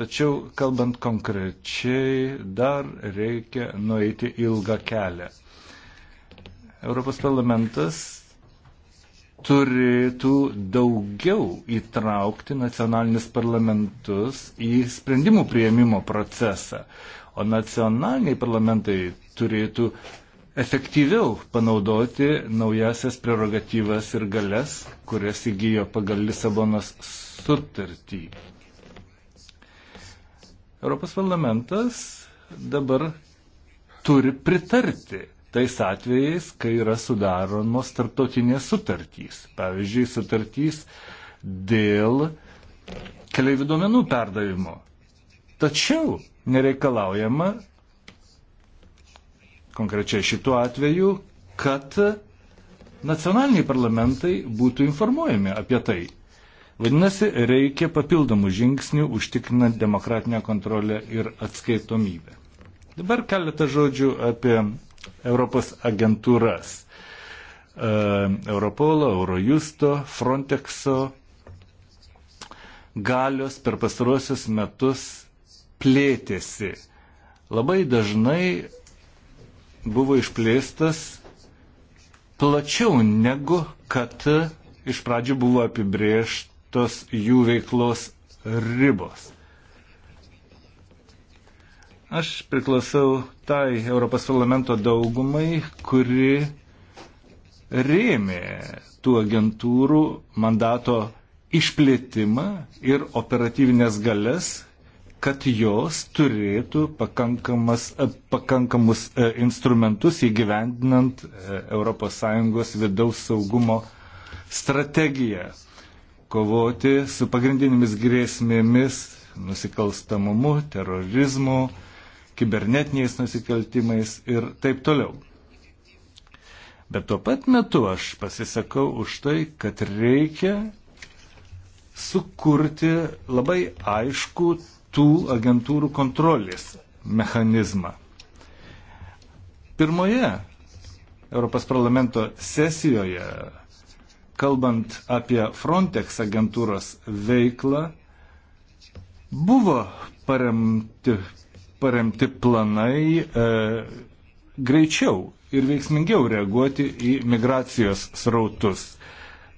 Tačiau, kalbant konkrečiai, dar reikia nueiti ilgą kelią. Europos parlamentas turėtų daugiau įtraukti nacionalinius parlamentus į sprendimų prieimimo procesą, o nacionaliniai parlamentai turėtų efektyviau panaudoti naujasias prerogatyvas ir galias, kurias įgyjo pagal Lisabonos sutartį. Europos parlamentas dabar turi pritarti tais atvejais, kai yra sudaromos tarptautinės sutartys. Pavyzdžiui, sutartys dėl keliaivių duomenų perdavimo. Tačiau nereikalaujama konkrečiai šituo atveju, kad nacionaliniai parlamentai būtų informuojami apie tai. Vadinasi, reikia papildomų žingsnių užtikrinant demokratinę kontrolę ir atskaitomybę. Dabar keletą žodžių apie Europos agentūras. E, Europolo, Eurojusto, Frontexo galios per pastaruosius metus plėtėsi. Labai dažnai buvo išplėstas plačiau negu kad iš pradžių buvo apibrėžtos jų veiklos ribos. Aš priklausau tai Europos parlamento daugumai, kuri rėmė tų agentūrų mandato išplėtimą ir operatyvinės galės, kad jos turėtų pakankamus e, instrumentus įgyvendinant ES vidaus saugumo strategiją, kovoti su pagrindinėmis grėsmėmis, nusikalstamumu, terorizmu, kibernetiniais nusikaltimais ir taip toliau. Bet tuo pat metu aš pasisakau už tai, kad reikia sukurti labai aišku tų agentūrų kontrolės mechanizmą. Pirmoje Europos parlamento sesijoje, kalbant apie Frontex agentūros veiklą, buvo paremti paremti planai e, greičiau ir veiksmingiau reaguoti į migracijos srautus.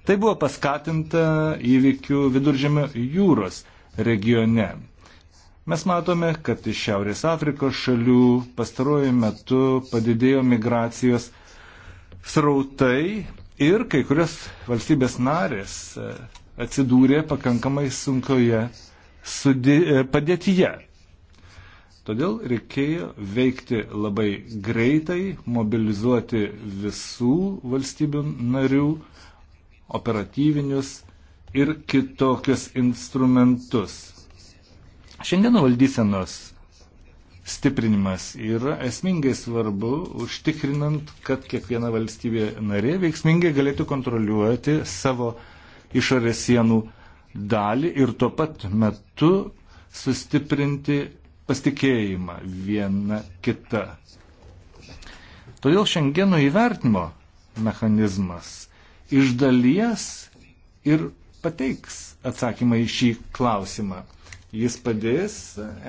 Tai buvo paskatinta įvykių viduržėmio jūros regione. Mes matome, kad iš Šiaurės Afrikos šalių pastaruoju metu padidėjo migracijos srautai ir kai kurios valstybės narės e, atsidūrė pakankamai sunkioje e, padėtyje. Todėl reikėjo veikti labai greitai, mobilizuoti visų valstybių narių operatyvinius ir kitokius instrumentus. Šiandieno valdysenos stiprinimas yra esmingai svarbu, užtikrinant, kad kiekviena valstybė narė veiksmingai galėtų kontroliuoti savo išorės sienų dalį ir tuo pat metu sustiprinti pasitikėjimą viena kita. Todėl šiandieno įvertimo mechanizmas iš dalies ir pateiks atsakymą į šį klausimą. Jis padės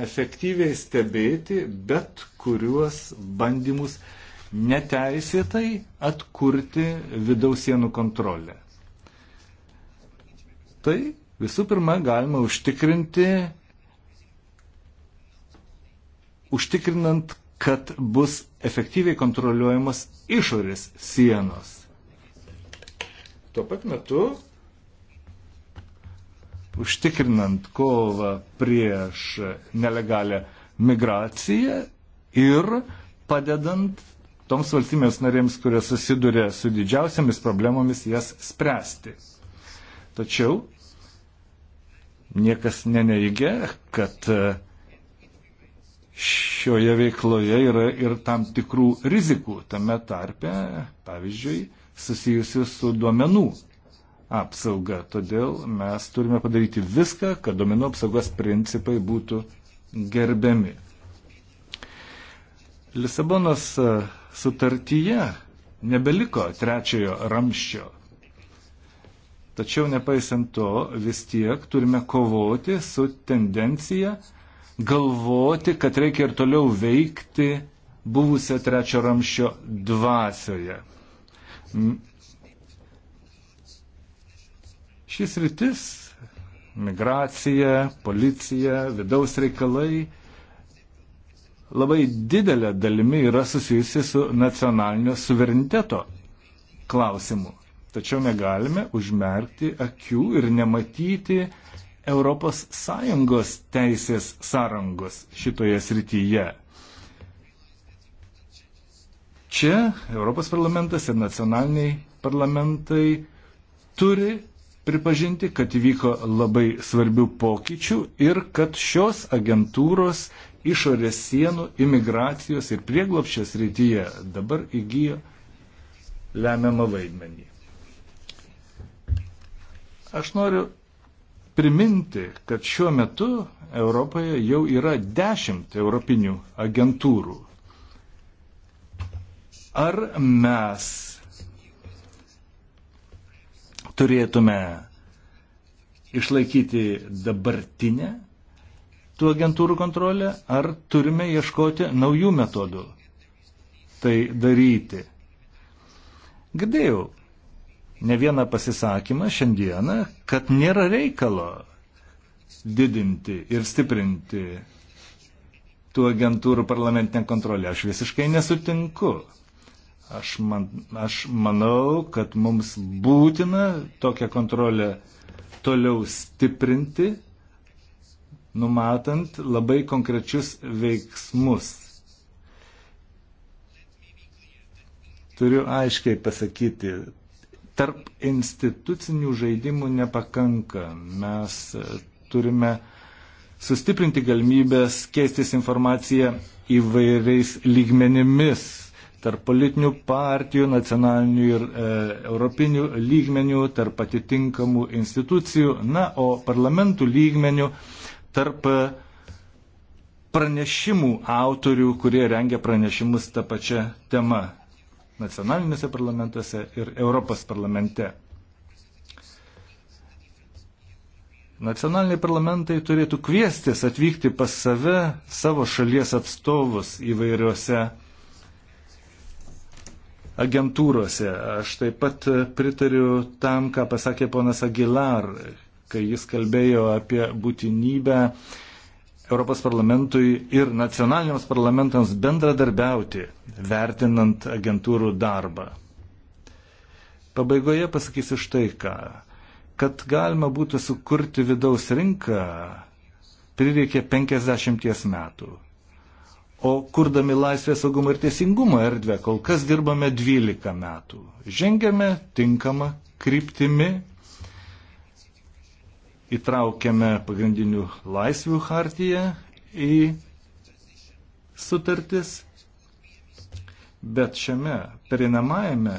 efektyviai stebėti bet kuriuos bandymus neteisėtai atkurti vidaus sienų kontrolę. Tai visų pirma galima užtikrinti užtikrinant, kad bus efektyviai kontroliuojamos išorės sienos. Tuo pat metu, užtikrinant kovą prieš nelegalę migraciją ir padedant toms valstybės narėms, kurie susiduria su didžiausiamis problemomis, jas spręsti. Tačiau niekas neneigia, kad uh, šioje veikloje yra ir tam tikrų rizikų tame tarpe, pavyzdžiui, susijusių su duomenų apsauga. Todėl mes turime padaryti viską, kad duomenų apsaugos principai būtų gerbiami. Lisabonos e, sutartyje nebeliko trečiojo ramščio. Tačiau nepaisant to, vis tiek turime kovoti su tendencija, galvoti, kad reikia ir toliau veikti buvusią trečio ramščio dvasioje. Šis rytis - migracija, policija, vidaus reikalai - labai didelė dalimi yra susijusi su nacionalinio suvereniteto klausimu. Tačiau negalime užmerkti akių ir nematyti ES teisės sąrangos šitoje srityje. Čia Europos parlamentas ir nacionaliniai parlamentai turi pripažinti, kad įvyko labai svarbių pokyčių ir kad šios agentūros išorės sienų, imigracijos ir prieglopščios rytyje dabar įgyjo lemiamą vaidmenį. Aš noriu priminti, kad šiuo metu Europoje jau yra dešimt europinių agentūrų. Ar mes turėtume išlaikyti dabartinę tų agentūrų kontrolę, ar turime ieškoti naujų metodų tai daryti? Girdėjau ne vieną pasisakymą šiandieną, kad nėra reikalo didinti ir stiprinti tų agentūrų parlamentinę kontrolę. Aš visiškai nesutinku. Aš, man, aš manau, kad mums būtina tokią kontrolę toliau stiprinti, numatant labai konkrečius veiksmus. Turiu aiškiai pasakyti, tarp institucinių žaidimų nepakanka. Mes e, turime sustiprinti galimybės keistis informaciją įvairiais lygmenimis tarp politinių partijų, nacionalinių ir e, europinių lygmenių, tarp atitinkamų institucijų, na, o parlamentų lygmenių tarp e, pranešimų autorių, kurie rengia pranešimus tą pačią temą nacionalinėse parlamentuose ir Europos parlamente. Nacionaliniai parlamentai turėtų kviestis atvykti pas save savo šalies atstovus įvairiuose agentūrose. Aš taip pat pritariu tam, ką pasakė ponas Aguilar, kai jis kalbėjo apie būtinybę uh, Europos parlamentui ir nacionaliniams parlamentams bendradarbiauti, vertinant agentūrų darbą. Pabaigoje pasakysiu štai ką. Kad galima būtų sukurti vidaus rinką, prireikė 50 metų. O kurdami laisvės saugumo ir teisingumo erdvę, kol kas dirbame 12 metų. Žengėme tinkamą kryptimi įtraukiame pagrindinių laisvių hartiją į sutartis, bet šiame perinamajame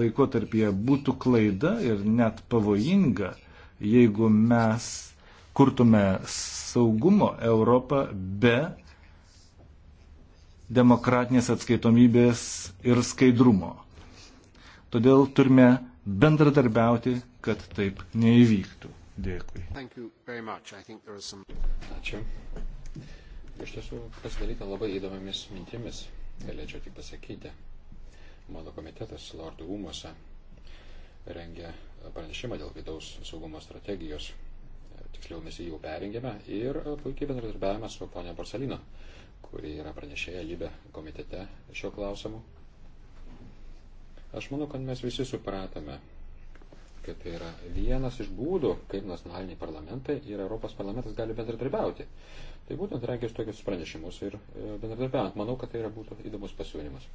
laikotarpyje būtų klaida ir net pavojinga, jeigu mes kurtume saugumo Europą be demokratinės atskaitomybės ir skaidrumo. Todėl turime bendradarbiauti, kad taip neįvyktų. Dėkui. Some... Ačiū. Iš tiesų pasidalyta labai įdomiamis mintimis, galėčiau tik pasakyti. Mano komitetas Lordų rūmose rengia pranešimą dėl vidaus saugumo strategijos. Tiksliau mes jį jau perengėme ir puikiai bendradarbiavame su ponia Borsalino, kuri yra pranešėja lybė komitete šio klausimu. Aš manau, kad mes visi supratome, kad tai yra vienas iš būdų, kaip nacionaliniai parlamentai ir Europos parlamentas gali bendradarbiauti. Tai būtent rengius tokius pranešimus ir e, bendradarbiavant. Manau, kad tai yra būtų įdomus pasiūlymas.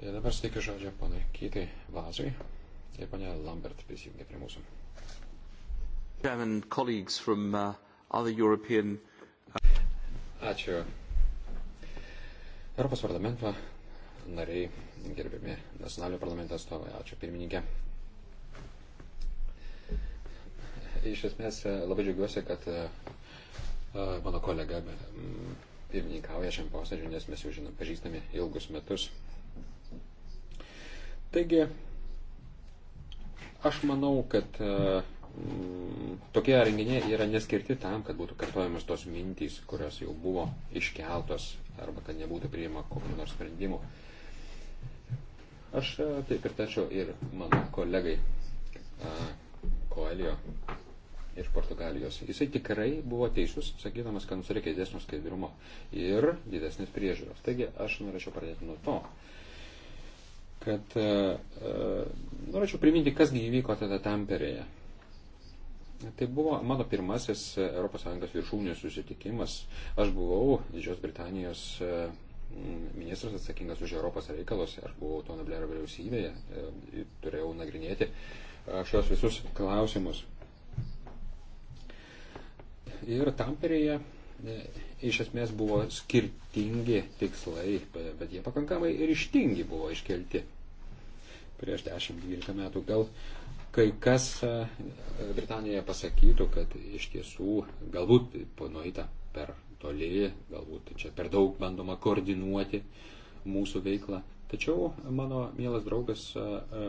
Ir e, dabar steikiu žodžią panai Kytai Vazui ir panė Lambert prisijungia prie mūsų. Uh, uh, ačiū. Europos parlamento nariai, gerbiami nacionalinio parlamento atstovai, ačiū pirmininkė. iš esmės e, labai džiaugiuosi, kad e, e, mano kolega pirmininkauja šiam posėdžiui, nes mes jau žinom, pažįstami ilgus metus. Taigi, aš manau, kad m, tokie renginiai yra neskirti tam, kad būtų kartojamas tos mintys, kurios jau buvo iškeltos arba kad nebūtų priima kokių nors sprendimų. Aš taip ir tačiau ir mano kolegai Koelio, iš Portugalijos. Jisai tikrai buvo teisus, sakydamas, kad mums reikia didesnio skaidrumo ir didesnės priežiūros. Taigi aš norėčiau pradėti nuo to, kad e, e norėčiau priminti, kas įvyko tada Tamperėje. Tai buvo mano pirmasis ES viršūnės susitikimas. Aš buvau Didžios Britanijos e, ministras atsakingas už Europos reikalus, aš buvau Tono Blero vyriausybėje, e, turėjau nagrinėti šios visus klausimus ir Tamperėje e, iš esmės buvo skirtingi tikslai, bet jie pakankamai ryštingi buvo iškelti prieš 10-12 metų. Gal kai kas e, Britanijoje pasakytų, kad iš tiesų galbūt nueita per toli, galbūt čia per daug bandoma koordinuoti mūsų veiklą. Tačiau mano mielas draugas e,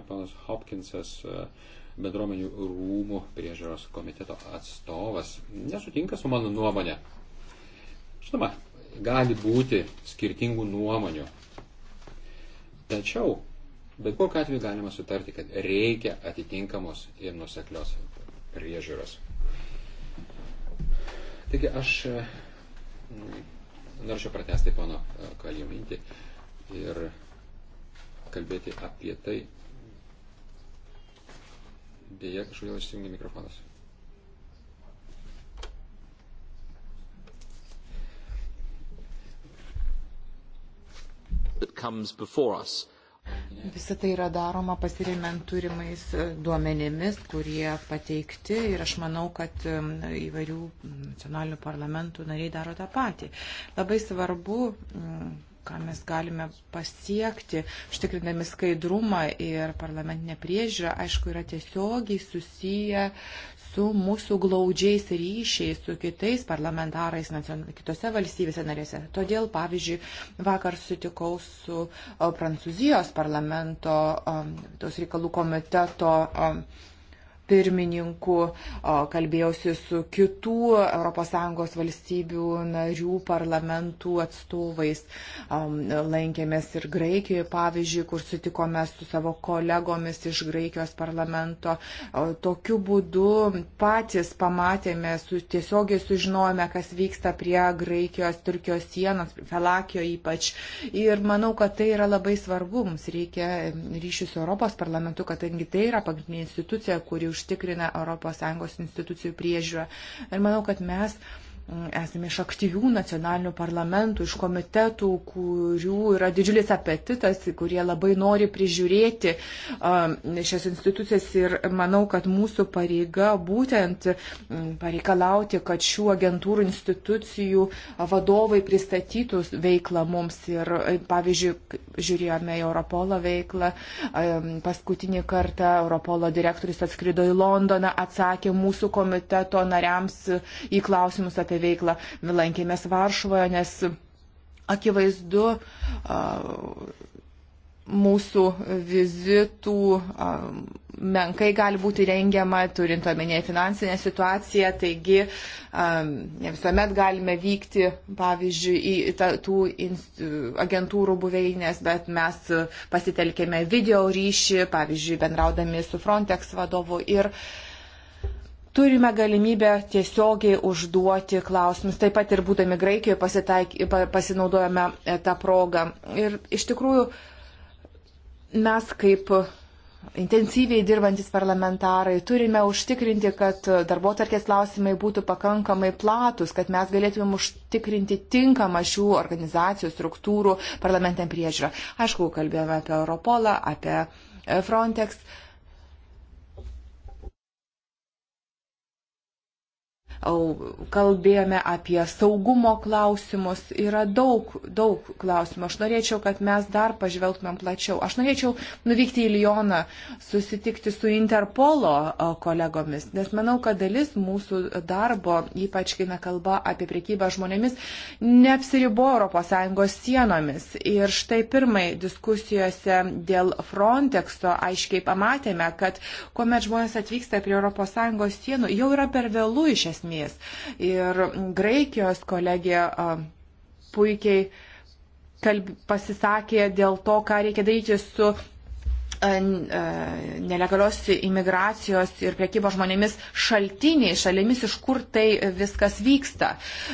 panas Hopkinsas bendruomenių rūmų priežiūros komiteto atstovas nesutinka su mano nuomonė. Žinoma, gali būti skirtingų nuomonių. Tačiau, bet kokiu atveju galima sutarti, kad reikia atitinkamos ir nuseklios priežiūros. Taigi aš mm, norėčiau pratesti pono Kalio mintį ir kalbėti apie tai, Dėja, kažkodėl išsijungia mikrofonas. Visą tai yra daroma pasiremiant turimais e, duomenimis, kurie pateikti ir aš manau, kad e, įvairių nacionalinių parlamentų nariai daro tą patį. Labai svarbu ką mes galime pasiekti, užtikrindami skaidrumą ir parlamentinę priežiūrą, aišku, yra tiesiogiai susiję su mūsų glaudžiais ryšiais su kitais parlamentarais kitose valstybėse narėse. Todėl, pavyzdžiui, vakar sutikau su Prancūzijos parlamento tos reikalų komiteto pirmininku, kalbėjausi su kitų ES valstybių narių parlamentų atstovais. Lankėmės ir Graikijoje, pavyzdžiui, kur sutikome su savo kolegomis iš Graikijos parlamento. Tokiu būdu patys pamatėme, su, tiesiogiai sužinojome, kas vyksta prie Graikijos, Turkijos sienos, Felakijoje ypač. Ir manau, kad tai yra labai svarbu. Mums reikia ryšių su Europos parlamentu, kadangi tai yra pagrindinė institucija, kuri užtikrina ES institucijų priežiūrą. Ir manau, kad mes esame iš aktyvių nacionalinių parlamentų, iš komitetų, kurių yra didžiulis apetitas, kurie labai nori prižiūrėti šias institucijas ir manau, kad mūsų pareiga būtent pareikalauti, kad šių agentūrų institucijų vadovai pristatytų veiklą mums ir, e, pavyzdžiui, žiūrėjome į Europolo veiklą, paskutinį kartą Europolo direktorius atskrido į Londoną, atsakė mūsų komiteto nariams į klausimus apie tokią veiklą. Lankėmės Varšuvoje, nes akivaizdu mūsų vizitų menkai gali būti rengiama, turint omenyje finansinę situaciją, taigi ne visuomet galime vykti, pavyzdžiui, į tų agentūrų buveinės, bet mes pasitelkėme video ryšį, pavyzdžiui, bendraudami su Frontex vadovu ir uh, turime galimybę tiesiogiai užduoti klausimus. Taip pat ir būdami Graikijoje pasitaik, pasinaudojame e, tą progą. Ir iš tikrųjų mes kaip intensyviai dirbantis parlamentarai turime užtikrinti, kad darbo tarkės klausimai būtų pakankamai platus, kad mes galėtumėm užtikrinti tinkamą šių organizacijų struktūrų parlamentam priežiūrą. Aišku, kalbėjome apie Europolą, apie Frontex. kalbėjome apie saugumo klausimus, yra daug, daug klausimų. Aš norėčiau, kad mes dar pažvelgtumėm plačiau. Aš norėčiau nuvykti į Lyoną, susitikti su Interpolo kolegomis, nes manau, kad dalis mūsų darbo, ypač kai kalba apie priekybą žmonėmis, neapsiribo ES sienomis. Ir štai pirmai diskusijose dėl Frontexo aiškiai pamatėme, kad kuomet žmonės atvyksta prie ES sienų, jau yra per vėlų iš esmės esmės. Ir Graikijos kolegė puikiai kalb, pasisakė dėl to, ką reikia daryti su E, e, nelegalios imigracijos ir priekybos žmonėmis šaltiniai, šalimis, iš kur tai viskas vyksta.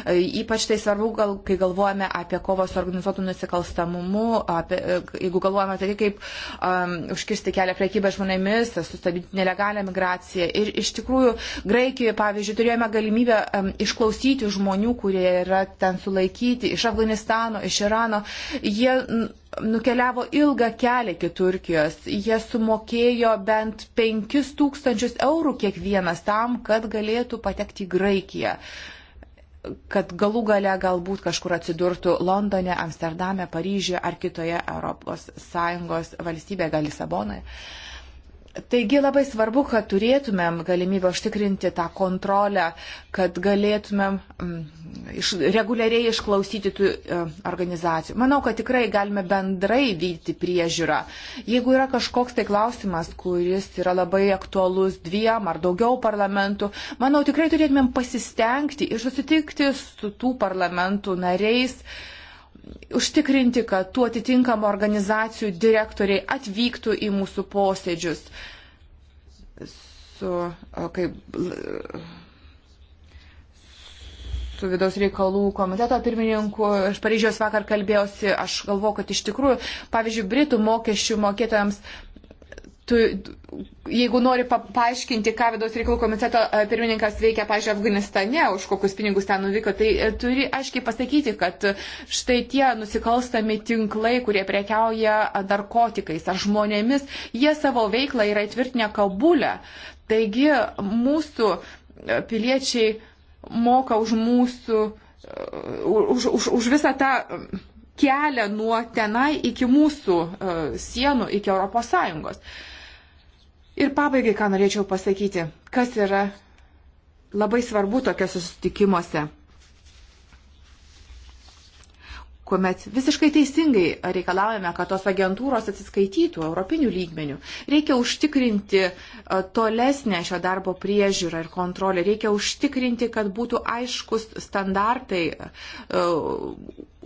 E, ypač tai svarbu, gal, kai galvojame apie kovą su organizuotu nusikalstamumu, apie, jeigu galvojame apie tai, kaip um, užkirsti kelią priekybę žmonėmis, sustabdyti nelegalią migraciją. Ir iš tikrųjų, Graikijoje, pavyzdžiui, turėjome galimybę um, išklausyti žmonių, kurie yra ten sulaikyti iš Afganistano, iš Irano. Jie nukeliavo ilgą kelią iki Turkijos. Jie sumokėjo bent 5000 eurų kiekvienas tam, kad galėtų patekti į Graikiją kad galų gale galbūt kažkur atsidurtų Londone, Amsterdame, Paryžiuje ar kitoje ES valstybėje, gal Lisabonoje. Uh, Taigi labai svarbu, kad turėtumėm galimybę užtikrinti tą kontrolę, kad galėtumėm mm, iš, reguliariai išklausyti tų e, organizacijų. Manau, kad tikrai galime bendrai vykti priežiūrą. Jeigu yra kažkoks tai klausimas, kuris yra labai aktualus dviem ar daugiau parlamentų, manau, tikrai turėtumėm pasistengti ir susitikti su tų parlamentų nariais užtikrinti, kad tų atitinkamų organizacijų direktoriai atvyktų į mūsų posėdžius su, kaip, su vidaus reikalų komiteto pirmininku. Aš Paryžiaus vakar kalbėjausi, aš galvoju, kad iš tikrųjų, pavyzdžiui, Britų mokesčių mokėtojams tu, jeigu nori pa paaiškinti, ką vidaus reikalų komiteto e, pirmininkas veikia, pažiūrėjau, Afganistane, už kokius pinigus ten nuvyko, tai e, turi aiškiai pasakyti, kad štai tie nusikalstami tinklai, kurie prekiauja narkotikais ar žmonėmis, jie savo veiklą yra įtvirtinę kabulę. Taigi mūsų e, piliečiai moka už mūsų, už, už, už visą tą kelią nuo tenai iki mūsų sienų, iki ES. Ir pabaigai, ką norėčiau pasakyti, kas yra labai svarbu tokiuose susitikimuose. kuomet visiškai teisingai reikalaujame, kad tos agentūros atsiskaitytų europinių lygmenių. Reikia užtikrinti e, tolesnę šio darbo priežiūrą ir kontrolę. Reikia užtikrinti, kad būtų aiškus standartai e,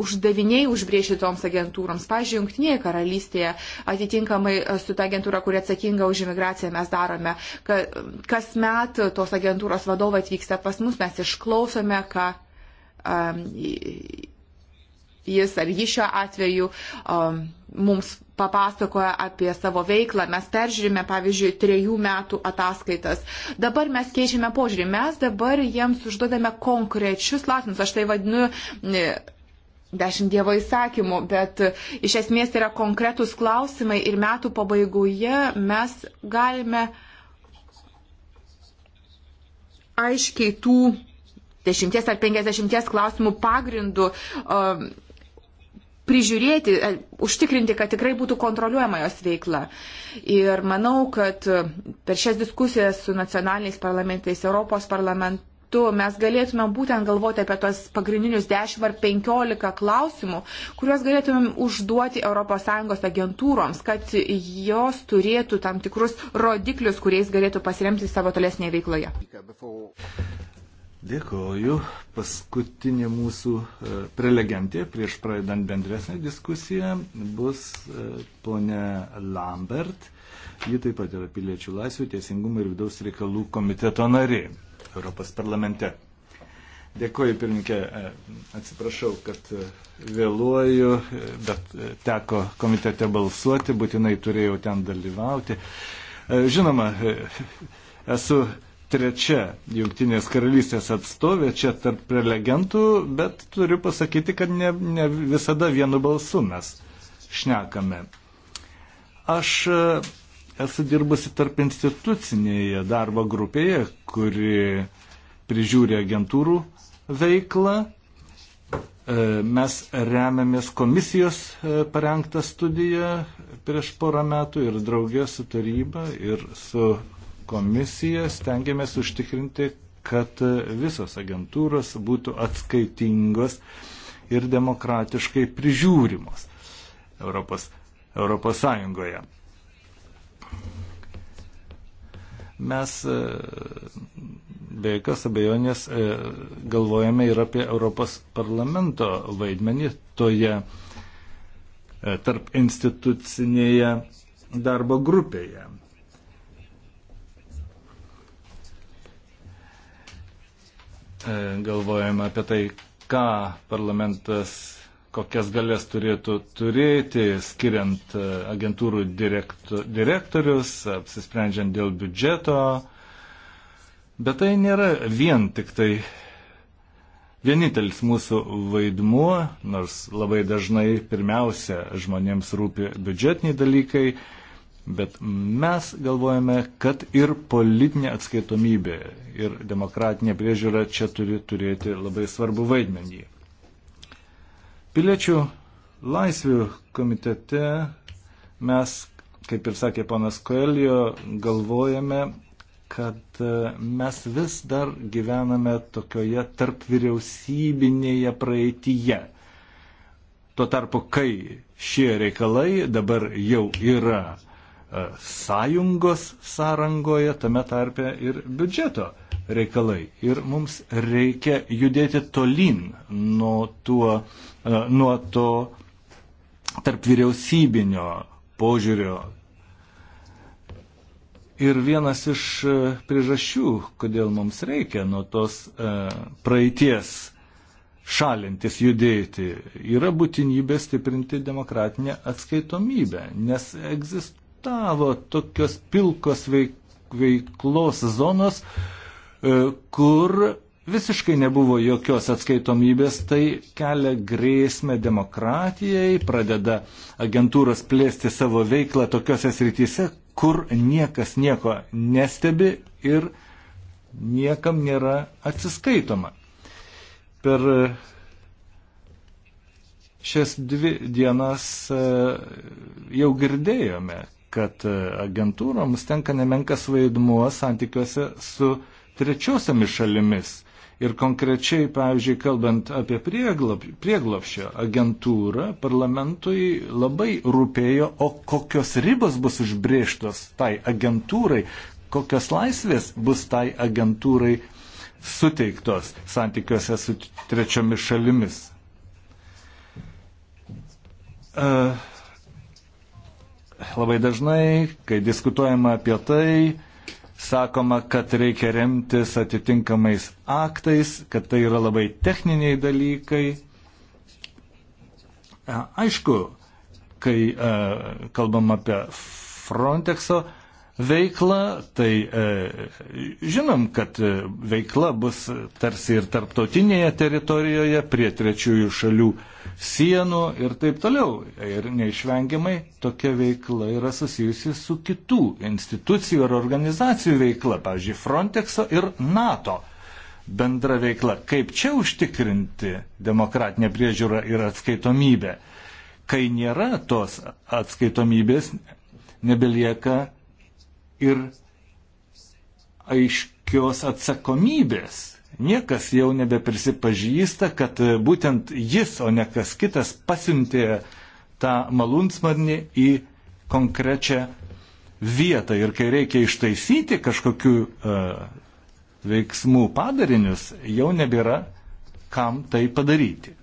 uždaviniai užbriežti toms agentūroms. Pavyzdžiui, Junktinėje karalystėje atitinkamai e, su ta agentūra, kuri atsakinga už imigraciją mes darome, kad kas met tos agentūros vadovai atvyksta pas mus, mes išklausome, ką um, jis ar ji šiuo atveju um, mums papasakoja apie savo veiklą, mes peržiūrime, pavyzdžiui, trejų metų ataskaitas. Dabar mes keičiame požiūrį, mes dabar jiems užduodame konkrečius klausimus, aš tai vadinu dešimt Dievo įsakymų, bet iš esmės tai yra konkretus klausimai ir metų pabaigoje mes galime aiškiai tų dešimties ar penkiasdešimties klausimų pagrindų um, prižiūrėti, e, užtikrinti, kad tikrai būtų kontroliuojama jos veikla. Ir manau, kad e, per šias diskusijas su nacionaliniais parlamentais, Europos parlamentu, mes galėtume būtent galvoti apie tos pagrindinius 10 ar 15 klausimų, kuriuos galėtume užduoti ES agentūroms, kad jos turėtų tam tikrus rodiklius, kuriais galėtų pasiremti savo tolesnėje veikloje. Dėkoju. Paskutinė mūsų e, prelegentė prieš pradedant bendresnę diskusiją bus e, ponia Lambert. Ji taip pat yra piliečių laisvių, teisingumo ir vidaus reikalų komiteto nari Europos parlamente. Dėkoju, pirmininkė. E, atsiprašau, kad vėluoju, bet teko komitete balsuoti, būtinai turėjau ten dalyvauti. Žinoma, esu trečia Junktinės karalystės atstovė čia tarp prelegentų, bet turiu pasakyti, kad ne, ne visada vienu balsu mes šnekame. Aš e, esu dirbusi tarp institucinėje darbo grupėje, kuri prižiūri agentūrų veiklą. E, mes remiamės komisijos e, parengtą studiją prieš porą metų ir draugė su taryba ir su komisija stengiamės užtikrinti, kad visos agentūros būtų atskaitingos ir demokratiškai prižiūrimos Europos, Europos Sąjungoje. Mes e, be jokios abejonės e, galvojame ir apie Europos parlamento vaidmenį toje e, tarp institucinėje darbo grupėje. E, galvojame apie tai, ką parlamentas, kokias galės turėtų turėti, skiriant e, agentūrų direktorius, apsisprendžiant dėl biudžeto. Bet tai nėra vien tik tai vienintelis mūsų vaidmuo, nors labai dažnai pirmiausia žmonėms rūpi biudžetiniai dalykai, Bet mes galvojame, kad ir politinė atskaitomybė ir demokratinė priežiūra čia turi turėti labai svarbu vaidmenį. Piliečių laisvių komitete mes, kaip ir sakė ponas Koelio, galvojame, kad e, mes vis dar gyvename tokioje tarp vyriausybinėje praeityje. Tuo tarpu, kai šie reikalai dabar jau yra E, sąjungos sąrangoje, tame tarpe ir biudžeto reikalai. Ir mums reikia judėti tolin nuo, tuo, e, nuo to tarp vyriausybinio požiūrio. Ir vienas iš e, priežasčių, kodėl mums reikia nuo tos praeities šalintis judėti, yra būtinybė stiprinti demokratinę atskaitomybę, nes egzist, egzistavo tokios pilkos veiklos zonos, e, kur visiškai nebuvo jokios atskaitomybės, tai kelia grėsmę demokratijai, pradeda agentūros plėsti savo veiklą tokiuose srityse, kur niekas nieko nestebi ir niekam nėra atsiskaitoma. Per e, šias dvi dienas e, jau girdėjome, kad agentūroms tenka nemenkas vaidmuo santykiuose su trečiosiomis šalimis. Ir konkrečiai, pavyzdžiui, kalbant apie prieglopšio agentūrą, parlamentui labai rūpėjo, o kokios ribos bus užbrėžtos tai agentūrai, kokios laisvės bus tai agentūrai suteiktos santykiuose su trečiomis šalimis. Uh, labai dažnai, kai diskutuojama apie tai, sakoma, kad reikia remtis atitinkamais aktais, kad tai yra labai techniniai dalykai. Aišku, kai kalbam apie Frontexo veiklą, tai e, žinom, kad e, veikla bus tarsi ir tarptautinėje teritorijoje, prie trečiųjų šalių sienų ir taip toliau. Ir neišvengiamai tokia veikla yra susijusi su kitų institucijų ar organizacijų veikla, pavyzdžiui, Frontexo ir NATO bendra veikla. Kaip čia užtikrinti demokratinę priežiūrą ir atskaitomybę? Kai nėra tos atskaitomybės, nebelieka ir aiškios atsakomybės. Niekas jau nebeprisipažįsta, kad būtent jis, o ne kas kitas, pasiuntė tą malūnsmarnį į konkrečią vietą. Ir kai reikia ištaisyti kažkokių uh, veiksmų padarinius, jau nebėra kam tai padaryti.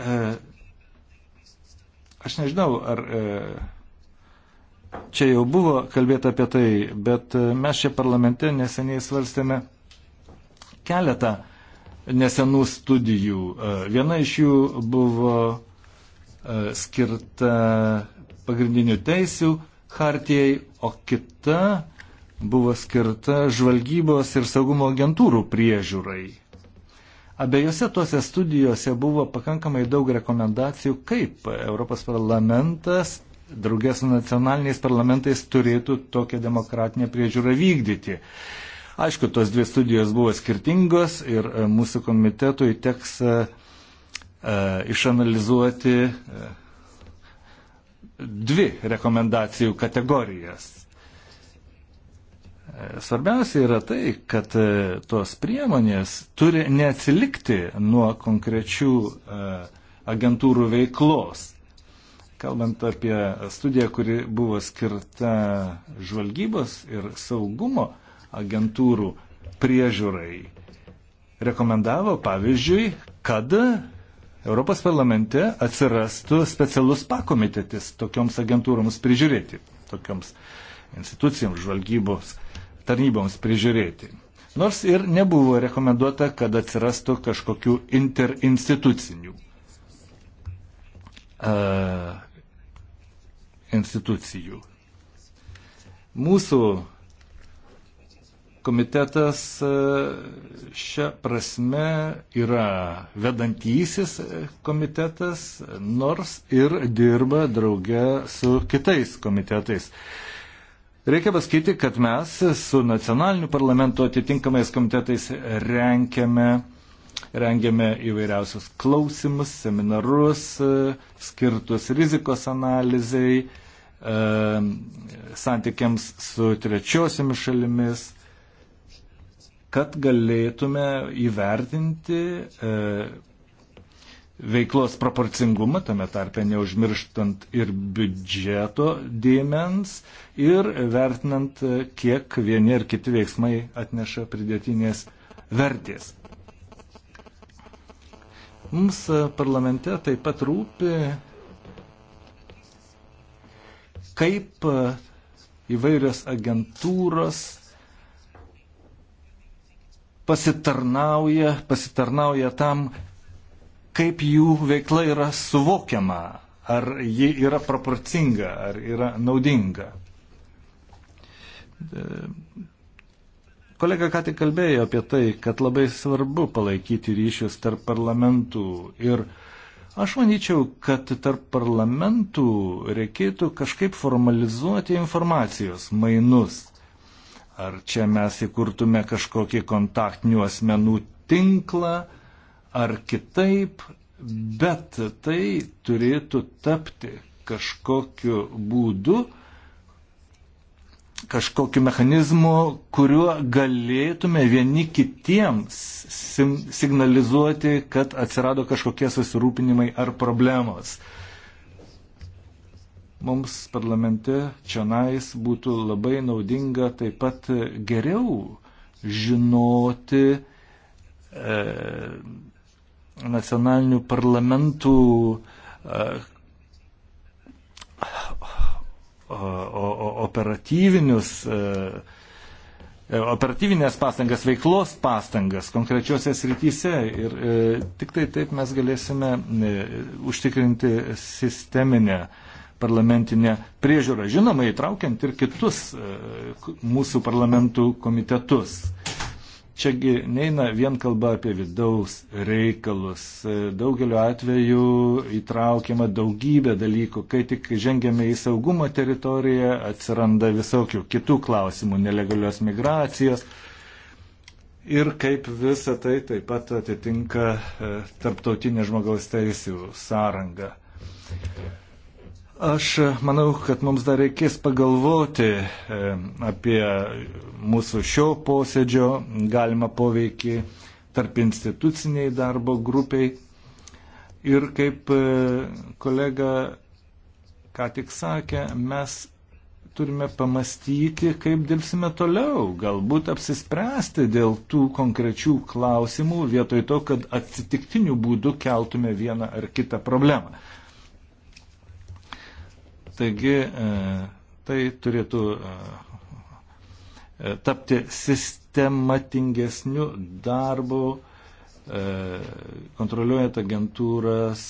Uh, Aš nežinau, ar e, čia jau buvo kalbėta apie tai, bet e, mes čia parlamente neseniai svarstėme keletą nesenų studijų. E, viena iš jų buvo skirta pagrindinių teisių hartijai, o kita buvo skirta žvalgybos ir saugumo agentūrų priežiūrai. Abiejose tuose studijose buvo pakankamai daug rekomendacijų, kaip Europos parlamentas draugės su nacionaliniais parlamentais turėtų tokią demokratinę priežiūrą vykdyti. Aišku, tos dvi studijos buvo skirtingos ir e, mūsų komitetui teks uh, išanalizuoti uh, dvi rekomendacijų kategorijas. Svarbiausia yra tai, kad e, tos priemonės turi neatsilikti nuo konkrečių e, agentūrų veiklos. Kalbant apie studiją, kuri buvo skirta žvalgybos ir saugumo agentūrų priežiūrai, rekomendavo pavyzdžiui, kad Europos parlamente atsirastų specialus pakomitetis tokioms agentūroms prižiūrėti, tokioms institucijoms žvalgybos uh, tarnyboms prižiūrėti. Nors ir nebuvo rekomenduota, kad atsirastų kažkokių interinstitucinių uh, institucijų. Mūsų komitetas e, šią prasme yra vedantysis komitetas, nors ir dirba drauge su kitais komitetais. Uh, Reikia pasakyti, kad mes su nacionaliniu parlamentu atitinkamais komitetais renkiame, rengiame įvairiausius klausimus, seminarus, e, skirtus rizikos analizai, e, santykiams su trečiosiomis šalimis, kad galėtume įvertinti e, veiklos proporcingumą, tame tarpe neužmirštant ir biudžeto dėmens ir vertinant, kiek vieni ar kiti veiksmai atneša pridėtinės vertės. Mums parlamente taip pat rūpi, kaip įvairios agentūros pasitarnauja, pasitarnauja tam, kaip jų veikla yra suvokiama, ar ji yra proporcinga, ar yra naudinga. E, kolega ką tik kalbėjo apie tai, kad labai svarbu palaikyti ryšius tarp parlamentų ir aš manyčiau, kad tarp parlamentų reikėtų kažkaip formalizuoti informacijos mainus. Ar čia mes įkurtume kažkokį kontaktinių asmenų tinklą, ar kitaip, bet tai turėtų tapti kažkokiu būdu, kažkokiu mechanizmu, kuriuo galėtume vieni kitiems signalizuoti, kad atsirado kažkokie susirūpinimai ar problemos mums parlamente čianais būtų labai naudinga taip pat geriau žinoti e, nacionalinių parlamentų, e, operatyvinius, e, e, operatyvinės pastangas, veiklos pastangas konkrečiose srityse. Ir tik tai taip mes galėsime užtikrinti sisteminę parlamentinę priežiūrą, žinoma, įtraukiant ir kitus mūsų parlamentų komitetus. Čiagi neina vien kalba apie vidaus reikalus. Daugeliu atveju įtraukiama daugybė dalykų. Kai tik žengėme į saugumo teritoriją, atsiranda visokių kitų klausimų - nelegalios migracijos. Ir kaip visa tai taip pat atitinka e, tarptautinė žmogaus teisų sąranga. Aš manau, kad mums dar reikės pagalvoti e, apie mūsų šio posėdžio galimą poveikį tarp instituciniai darbo grupiai. Ir kaip e, kolega ką tik sakė, mes turime pamastyti, kaip dirbsime toliau, galbūt apsispręsti dėl tų konkrečių klausimų, vietoj to, kad atsitiktiniu būdu keltume vieną ar kitą problemą. Taigi e, tai turėtų e, tapti sistematingesniu darbu, e, kontroliuojant agentūras,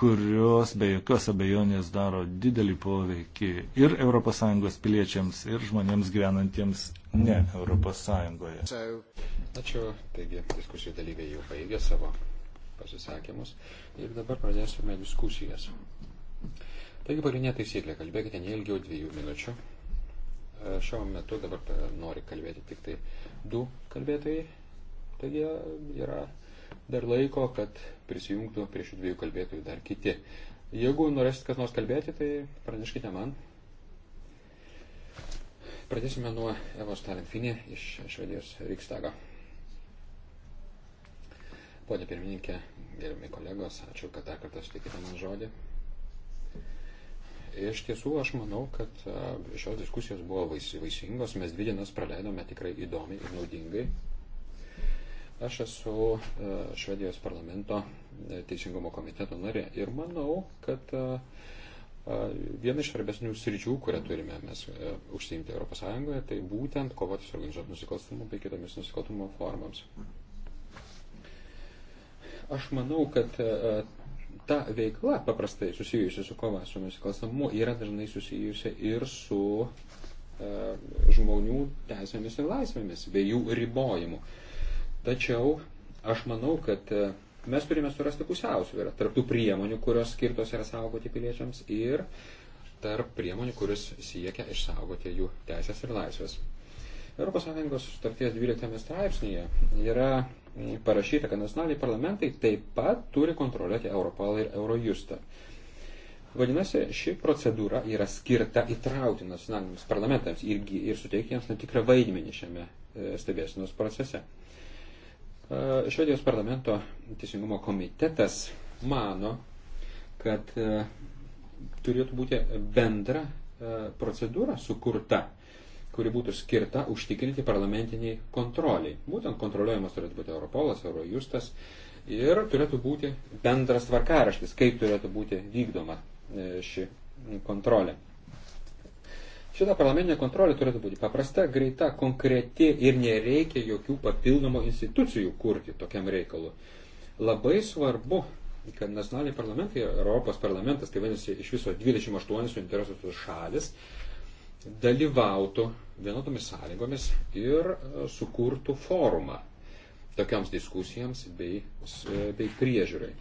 kurios be jokios abejonės daro didelį poveikį ir ES piliečiams, ir žmonėms gyvenantiems ne ES. Ačiū. Taigi, diskusijų dalyviai jau baigė savo pasisakymus ir dabar pradėsime diskusijas. Taigi pagrindinė taisyklė, kalbėkite neilgiau dviejų minučių. E, šiuo metu dabar nori kalbėti tik tai du kalbėtojai. Taigi e, yra dar laiko, kad prisijungtų prie šių dviejų kalbėtojų dar kiti. Jeigu norėsit kas nors kalbėti, tai praneškite man. Pradėsime nuo Evos Talenfinė iš Švedijos Rikstago. Pone pirmininkė, gerbiami kolegos, ačiū, kad dar kartą sutikite man žodį. Iš tiesų, aš manau, kad šios diskusijos buvo vaisingos, mes dvi dienas praleidome tikrai įdomiai ir naudingai. Aš esu Švedijos parlamento teisingumo komiteto narė ir manau, kad viena iš svarbesnių sričių, kurią turime mes užsiimti ES, tai būtent kovoti su organizuotų nusikalstamų bei kitomis nusikalstumo formams. Aš manau, kad ta veikla paprastai susijusi su kova su nusikalstamumu yra dažnai susijusi ir su e, žmonių teisėmis ir laisvėmis, bei jų ribojimu. Tačiau aš manau, kad e, mes turime surasti pusiausvyrą tarp tų priemonių, kurios skirtos yra saugoti piliečiams ir tarp priemonių, kuris siekia išsaugoti jų teisės ir laisvės. ES sutarties 12 straipsnėje yra parašyta, kad nacionaliniai parlamentai taip pat turi kontroliuoti Europolą ir Eurojustą. Vadinasi, ši procedūra yra skirta įtraukti nacionaliniams parlamentams ir, ir suteikti jiems tam tikrą vaidmenį šiame e, stebėsinos procese. E, Švedijos parlamento teisingumo komitetas mano, kad e, turėtų būti bendra procedūra sukurta kuri būtų skirta užtikrinti parlamentiniai kontroliai. Būtent kontroliuojamas turėtų būti Europolas, Eurojustas ir turėtų būti bendras tvarkaraštis, kaip turėtų būti vykdoma e, ši kontrolė. Šita parlamentinė kontrolė turėtų būti paprasta, greita, konkreti ir nereikia jokių papildomų institucijų kurti tokiam reikalu. Labai svarbu, kad nacionaliniai parlamentai, Europos parlamentas, tai vadinasi iš viso 28 suinteresuotos šalis, dalyvautų vienodomis sąlygomis ir e, sukurtų forumą tokiams diskusijams bei, e, bei priežiūrai.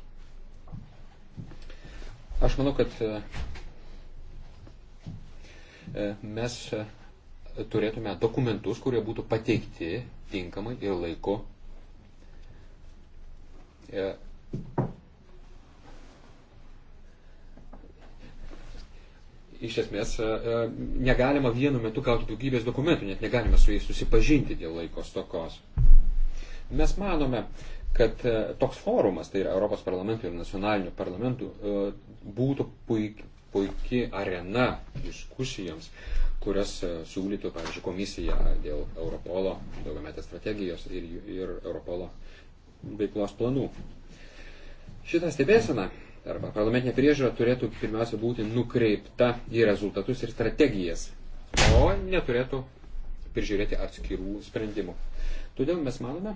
Aš manau, kad e, mes turėtume dokumentus, kurie būtų pateikti tinkamai ir laiku. iš esmės e, e, negalima vienu metu gauti daugybės dokumentų, net negalima su jais susipažinti dėl laiko stokos. Mes manome, kad e, toks forumas, tai yra Europos parlamentų ir nacionalinių parlamentų, būtų puikia puiki arena diskusijoms, kurias siūlytų, pavyzdžiui, komisija dėl Europolo daugiametės strategijos ir, ir Europolo veiklos planų. Šitą stebėseną arba parlamentinė priežiūra turėtų pirmiausia būti nukreipta į rezultatus ir strategijas, o neturėtų prižiūrėti atskirų sprendimų. Todėl mes manome,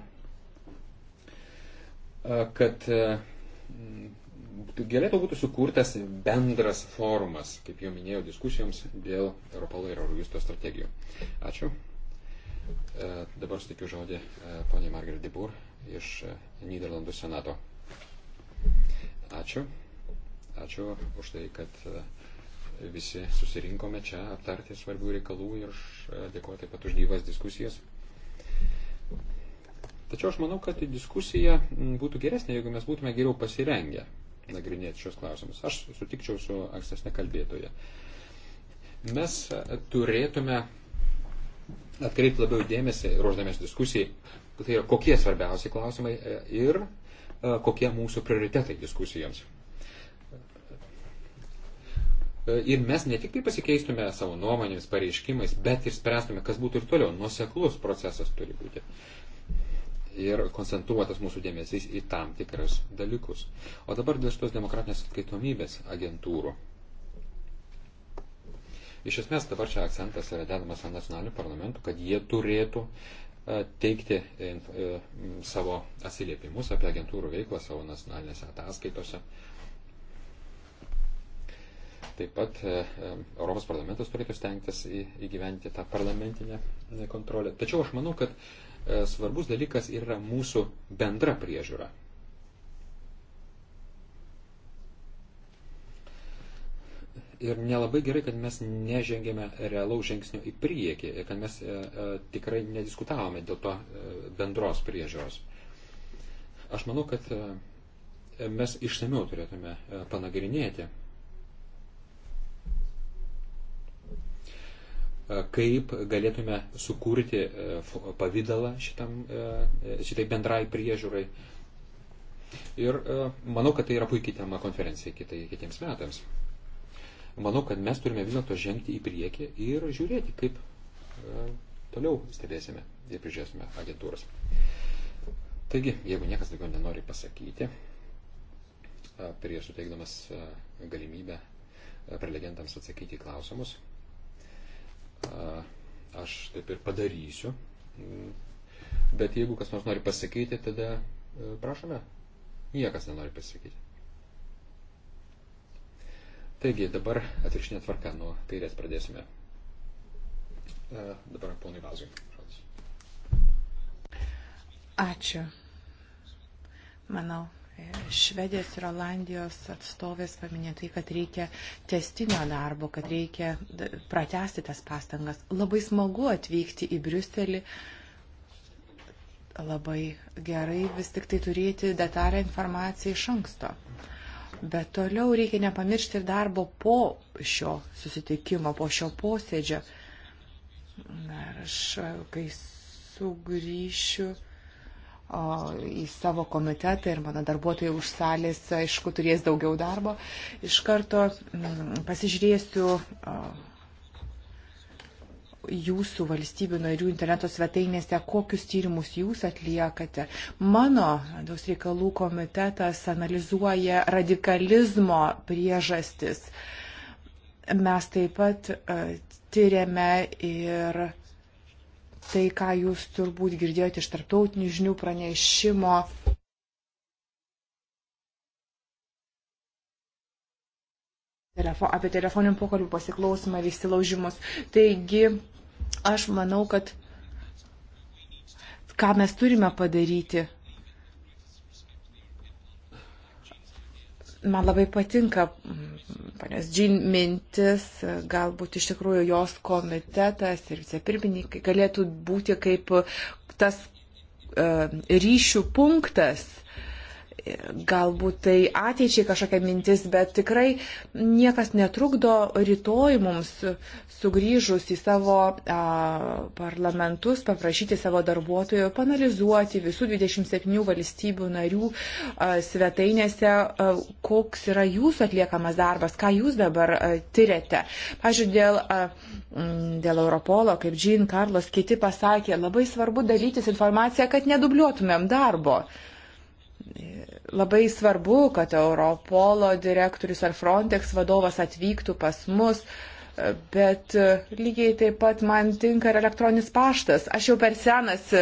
kad galėtų būti sukurtas bendras forumas, kaip jau minėjau, diskusijoms dėl Europolo ir Eurojusto strategijų. Ačiū. Dabar sutikiu žodį poniai Margaret Dibur iš Niderlandų senato. Ačiū. Ačiū už tai, kad e, visi susirinkome čia aptarti svarbių reikalų ir e, dėkuoju taip pat už gyvas diskusijas. Tačiau aš manau, kad diskusija būtų geresnė, jeigu mes būtume geriau pasirengę nagrinėti šios klausimus. Aš sutikčiau su ankstesnė kalbėtoja. Mes e, turėtume atkreipti labiau dėmesį, ruoždamės diskusijai, tai yra kokie svarbiausi klausimai ir E, kokie mūsų prioritetai diskusijams. E, ir mes ne tik tai pasikeistume savo nuomonėmis, pareiškimais, bet ir spręstume, kas būtų ir toliau. Nuseklus procesas turi būti. Ir koncentruotas mūsų dėmesys į tam tikrus dalykus. O dabar dėl šitos demokratinės atskaitomybės agentūrų. Iš esmės dabar čia akcentas yra dedamas ant nacionalinių parlamentų, kad jie turėtų teikti e, e, savo atsiliepimus apie agentūrų veiklą savo nacionalinėse ataskaitose. Taip pat e, Europos parlamentas turėtų stengtis įgyventi tą parlamentinę kontrolę. Tačiau aš manau, kad svarbus dalykas yra mūsų bendra priežiūra. ir nelabai gerai, kad mes nežengėme realaus žingsnio į priekį ir kad mes e, e, tikrai nediskutavome dėl to e, bendros priežiūros. Aš manau, kad e, mes išsamiau turėtume e, panagrinėti, e, kaip galėtume sukurti e, pavydalą šitam, e, e, šitai bendrai priežiūrai. Ir e, manau, kad tai yra puikiai tema konferencijai kitai, kitiems metams manau, kad mes turime vis dėlto žengti į priekį ir žiūrėti, kaip e, toliau stebėsime ir prižiūrėsime agentūras. Taigi, jeigu niekas daugiau nenori pasakyti, e, prieš suteikdamas e, galimybę prelegentams atsakyti į klausimus, aš taip ir padarysiu. Mm, bet jeigu kas nors nori pasakyti, tada prašome. Niekas nenori pasakyti. Taigi, dabar atvirkštinė tvarka nuo kairės pradėsime. E, dabar ponui Vazui. Ačiū. Manau, e, Švedijos ir Olandijos atstovės paminė tai, kad reikia testinio darbo, kad reikia pratesti tas pastangas. Labai smagu atvykti į Briuselį. Labai gerai vis tik tai turėti detalę informaciją iš anksto. Uh, Bet toliau reikia nepamiršti ir darbo po šio susitikimo, po šio posėdžio. Ir aš, kai sugrįšiu o, į savo komitetą ir mano darbuotojai už salės, aišku, turės daugiau darbo, iš karto m, mm, pasižiūrėsiu. O, jūsų valstybių narių interneto svetainėse, kokius tyrimus jūs atliekate. Mano vidaus reikalų komitetas analizuoja radikalizmo priežastis. Mes taip pat e, tyriame ir tai, ką jūs turbūt girdėjote iš tarptautinių žinių pranešimo. telefo, apie telefoninių pokalbių pasiklausimą ir įsilaužimus. Taigi, Aš manau, kad ką mes turime padaryti. Man labai patinka panios Džin mintis, galbūt iš tikrųjų jos komitetas ir vicepirmininkai galėtų būti kaip tas e, ryšių punktas, galbūt tai ateičiai kažkokia mintis, bet tikrai niekas netrukdo rytoj mums sugrįžus į savo a, parlamentus, paprašyti savo darbuotojų, panalizuoti visų 27 valstybių narių a, svetainėse, a, koks yra jūsų atliekamas darbas, ką jūs dabar a, tyrėte. Pavyzdžiui, dėl, a, m, dėl Europolo, kaip Džin Karlos, kiti pasakė, labai svarbu dalytis informaciją, kad nedubliuotumėm darbo. Labai svarbu, kad Europolo direktorius ar Frontex vadovas atvyktų pas mus, bet lygiai taip pat man tinka ir elektroninis paštas. Aš jau per senas e,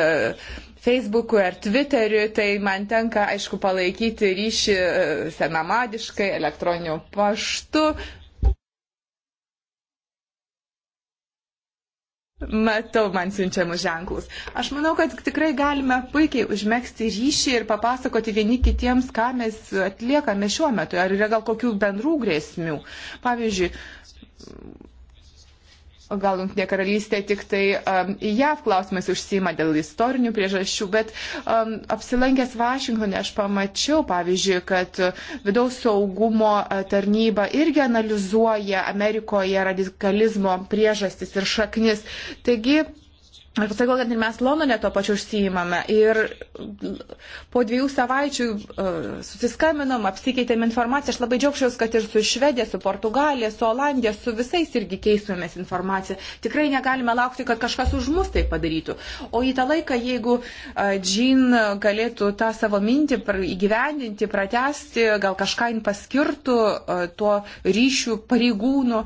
Facebook'u ar Twitter'u, tai man tenka, aišku, palaikyti ryšį e, senamadiškai, elektroniniu paštu, Matau man siunčiamus ženklus. Aš manau, kad tikrai galime puikiai užmėgsti ryšį ir papasakoti vieni kitiems, ką mes atliekame šiuo metu. Ar yra gal kokių bendrų grėsmių. Pavyzdžiui, gal Junktinė karalystė tik tai um, JAV klausimais užsima dėl istorinių priežasčių, bet um, apsilankęs Vašingtonė aš pamačiau, pavyzdžiui, kad vidaus saugumo uh, tarnyba irgi analizuoja Amerikoje radikalizmo priežastis ir šaknis. Taigi, Aš pasakau, kad ir mes Londone tuo pačiu užsijimame. Ir po dviejų savaičių uh, susiskambinom, apsikeitėm informaciją. Aš labai džiaugčiaus, kad ir su Švedija, su Portugalija, su Olandija, su visais irgi keistumėmės informaciją. Tikrai negalime laukti, kad kažkas už mus tai padarytų. O į tą laiką, jeigu uh, e, Džin galėtų tą savo mintį pr įgyvendinti, pratesti, gal kažką jin paskirtų uh, tuo ryšių pareigūnų.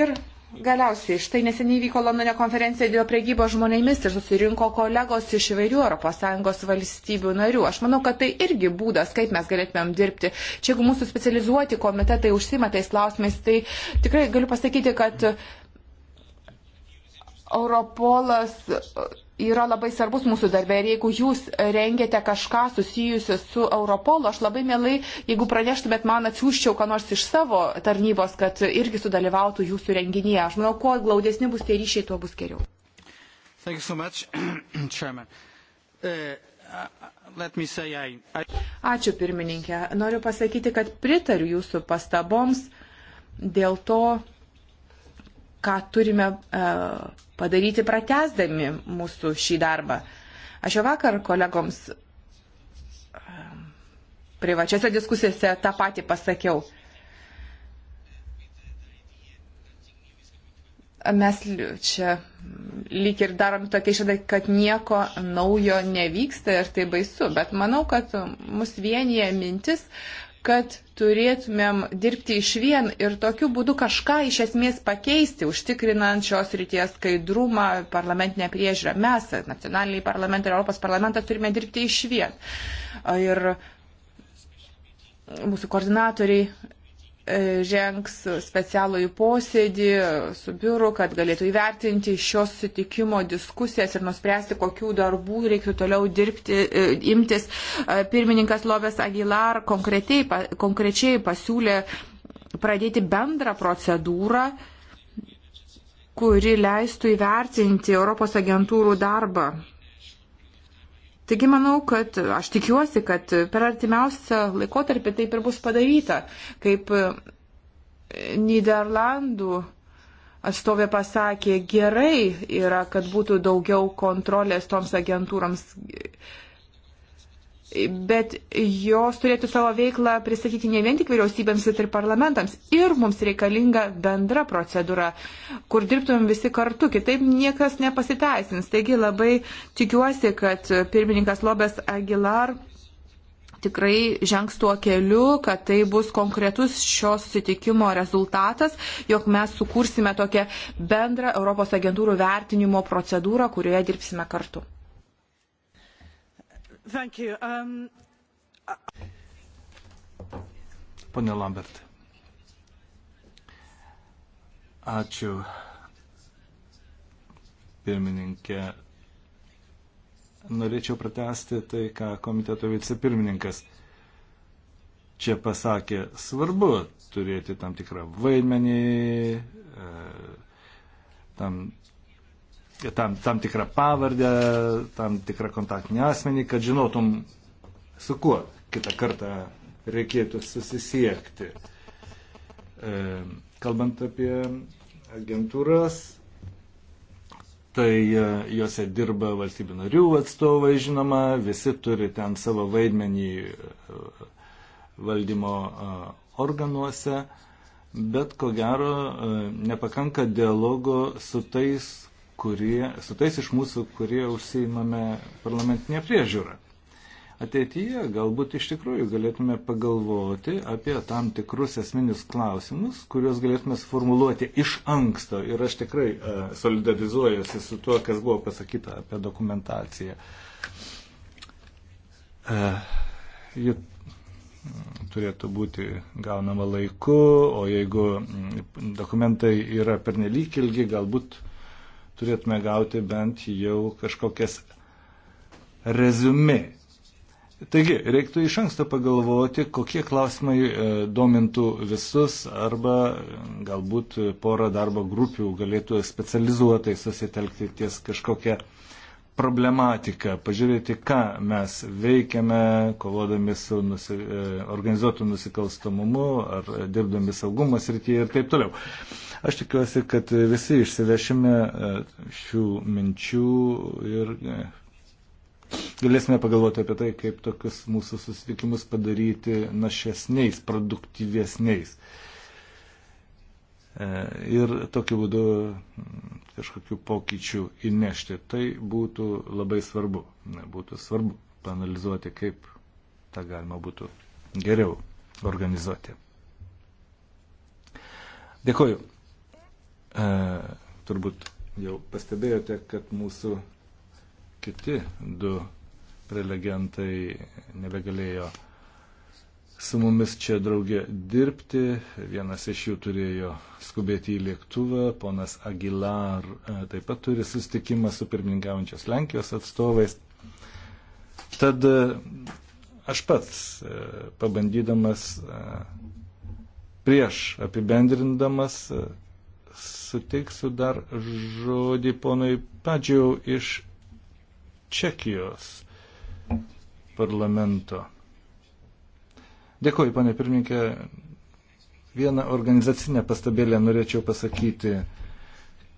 Ir Galiausiai, štai neseniai vyko Londone konferencija dėl priegybos žmonėmis ir susirinko kolegos iš įvairių ES valstybių narių. Aš manau, kad tai irgi būdas, kaip mes galėtumėm dirbti. Čia jeigu mūsų specializuoti komitetai užsima tais klausimais, tai tikrai galiu pasakyti, kad Europolas yra labai svarbus mūsų darbė. Ir jeigu jūs rengiate kažką susijusiu su Europolu, aš labai mielai, jeigu praneštumėt man, atsiųščiau, ką nors iš savo tarnybos, kad irgi sudalyvautų jūsų renginyje. Aš manau, kuo glaudesni bus tie ryšiai, tuo bus geriau. So much, uh, uh say, I, I... Ačiū pirmininkė. Noriu pasakyti, kad pritariu jūsų pastaboms dėl to, ką turime uh, padaryti pratesdami mūsų šį darbą. Aš jau vakar kolegoms um, privačiose diskusijose tą patį pasakiau. Mes čia lyg ir darom tokia išvada, kad nieko naujo nevyksta ir tai baisu, bet manau, kad mus vienyje mintis, kad turėtumėm dirbti iš vien ir tokiu būdu kažką iš esmės pakeisti, užtikrinant šios ryties skaidrumą, parlamentinę priežiūrą. Mes, nacionaliniai parlamentai ir Europos parlamentas, turime dirbti iš vien. Ir mūsų koordinatoriai žengs specialų į posėdį su biuru, kad galėtų įvertinti šios sutikimo diskusijas ir nuspręsti, kokių darbų reiktų toliau dirbti, e, imtis. E, pirmininkas Lobės Aguilar konkrečiai pasiūlė pradėti bendrą procedūrą, kuri leistų įvertinti Europos agentūrų darbą Taigi manau, kad aš tikiuosi, kad per artimiausią laikotarpį taip ir bus padaryta, kaip e, Niderlandų atstovė pasakė, gerai yra, kad būtų daugiau kontrolės toms agentūrams bet jos turėtų savo veiklą pristatyti ne vien tik vyriausybėms, bet ir parlamentams. Ir mums reikalinga bendra procedūra, kur dirbtumėm visi kartu, kitaip niekas nepasiteisins. Taigi labai tikiuosi, kad pirmininkas Lobės Aguilar tikrai žengs tuo keliu, kad tai bus konkretus šios sutikimo rezultatas, jog mes sukursime tokią bendrą Europos agentūrų vertinimo procedūrą, kurioje dirbsime kartu. Thank you. Um, Pone Lambert. Ačiū. Pirmininkė. Norėčiau pratesti tai, ką komiteto vicepirmininkas čia pasakė. Svarbu turėti tam tikrą vaidmenį, e, tam tam, tam tikrą pavardę, tam tikrą kontaktinį asmenį, kad žinotum, su kuo kitą kartą reikėtų susisiekti. E, kalbant apie agentūras, tai e, juose dirba valstybių narių atstovai, žinoma, visi turi ten savo vaidmenį e, valdymo organuose, bet ko gero nepakanka dialogo su tais, kurie, su tais iš mūsų, kurie užsiimame parlamentinė priežiūra. Ateityje galbūt iš tikrųjų galėtume pagalvoti apie tam tikrus esminius klausimus, kuriuos galėtume sformuluoti iš anksto. Ir aš tikrai e, solidarizuojuosi su tuo, kas buvo pasakyta apie dokumentaciją. E, ji turėtų būti gaunama laiku, o jeigu dokumentai yra pernelyg ilgi, galbūt turėtume gauti bent jau kažkokias rezumė. Taigi, reiktų iš anksto pagalvoti, kokie klausimai e, domintų visus arba e, galbūt porą darbo grupių galėtų specializuotai susitelkti ties kažkokią problematiką, pažiūrėti, ką mes veikiame, kovodami su nusi, e, organizuotų nusikalstamumu ar dirbdami saugumo srityje ir taip toliau. Aš tikiuosi, kad visi išsivešime e, šių minčių ir e, galėsime pagalvoti apie tai, kaip tokius mūsų susitikimus padaryti našesniais, produktyvesniais. Ir tokiu būdu kažkokių pokyčių įnešti. Tai būtų labai svarbu. Būtų svarbu panalizuoti, kaip tą galima būtų geriau organizuoti. Dėkoju. E, turbūt jau pastebėjote, kad mūsų kiti du prelegentai nebegalėjo su mumis čia draugė dirbti. Vienas iš jų turėjo skubėti į lėktuvą, ponas Aguilar e, taip pat turi sustikimą su pirmininkaujančios Lenkijos atstovais. Tad e, aš pats, e, pabandydamas prieš apibendrindamas, suteiksiu dar žodį ponui Padžiau iš Čekijos parlamento. Dėkuoju, ponė pirmininkė. Vieną organizacinę pastabėlę norėčiau pasakyti.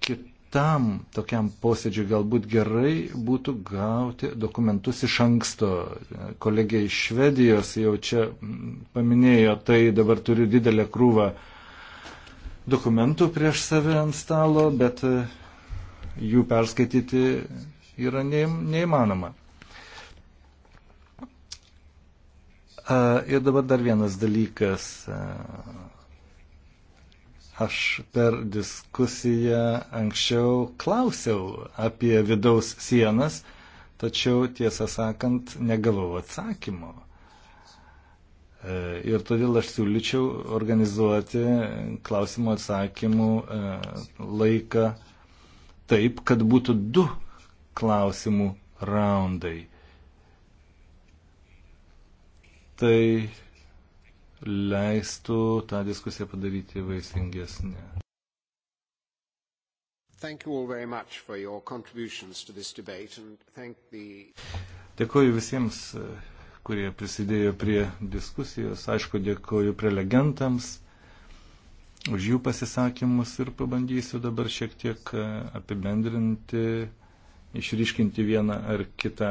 Kitam tokiam posėdžiui galbūt gerai būtų gauti dokumentus iš anksto. Kolegė iš Švedijos jau čia paminėjo, tai dabar turiu didelę krūvą dokumentų prieš save ant stalo, bet jų perskaityti yra neįmanoma. Ir dabar dar vienas dalykas. Aš per diskusiją anksčiau klausiau apie vidaus sienas, tačiau tiesą sakant negavau atsakymo. E, ir todėl aš siūlyčiau organizuoti klausimų atsakymų e, laiką taip, kad būtų du klausimų raundai tai leistų tą diskusiją padaryti vaisingesnė. The... Dėkuoju visiems, kurie prisidėjo prie diskusijos. Aišku, dėkuoju prelegentams už jų pasisakymus ir pabandysiu dabar šiek tiek e, apibendrinti, išryškinti vieną ar kitą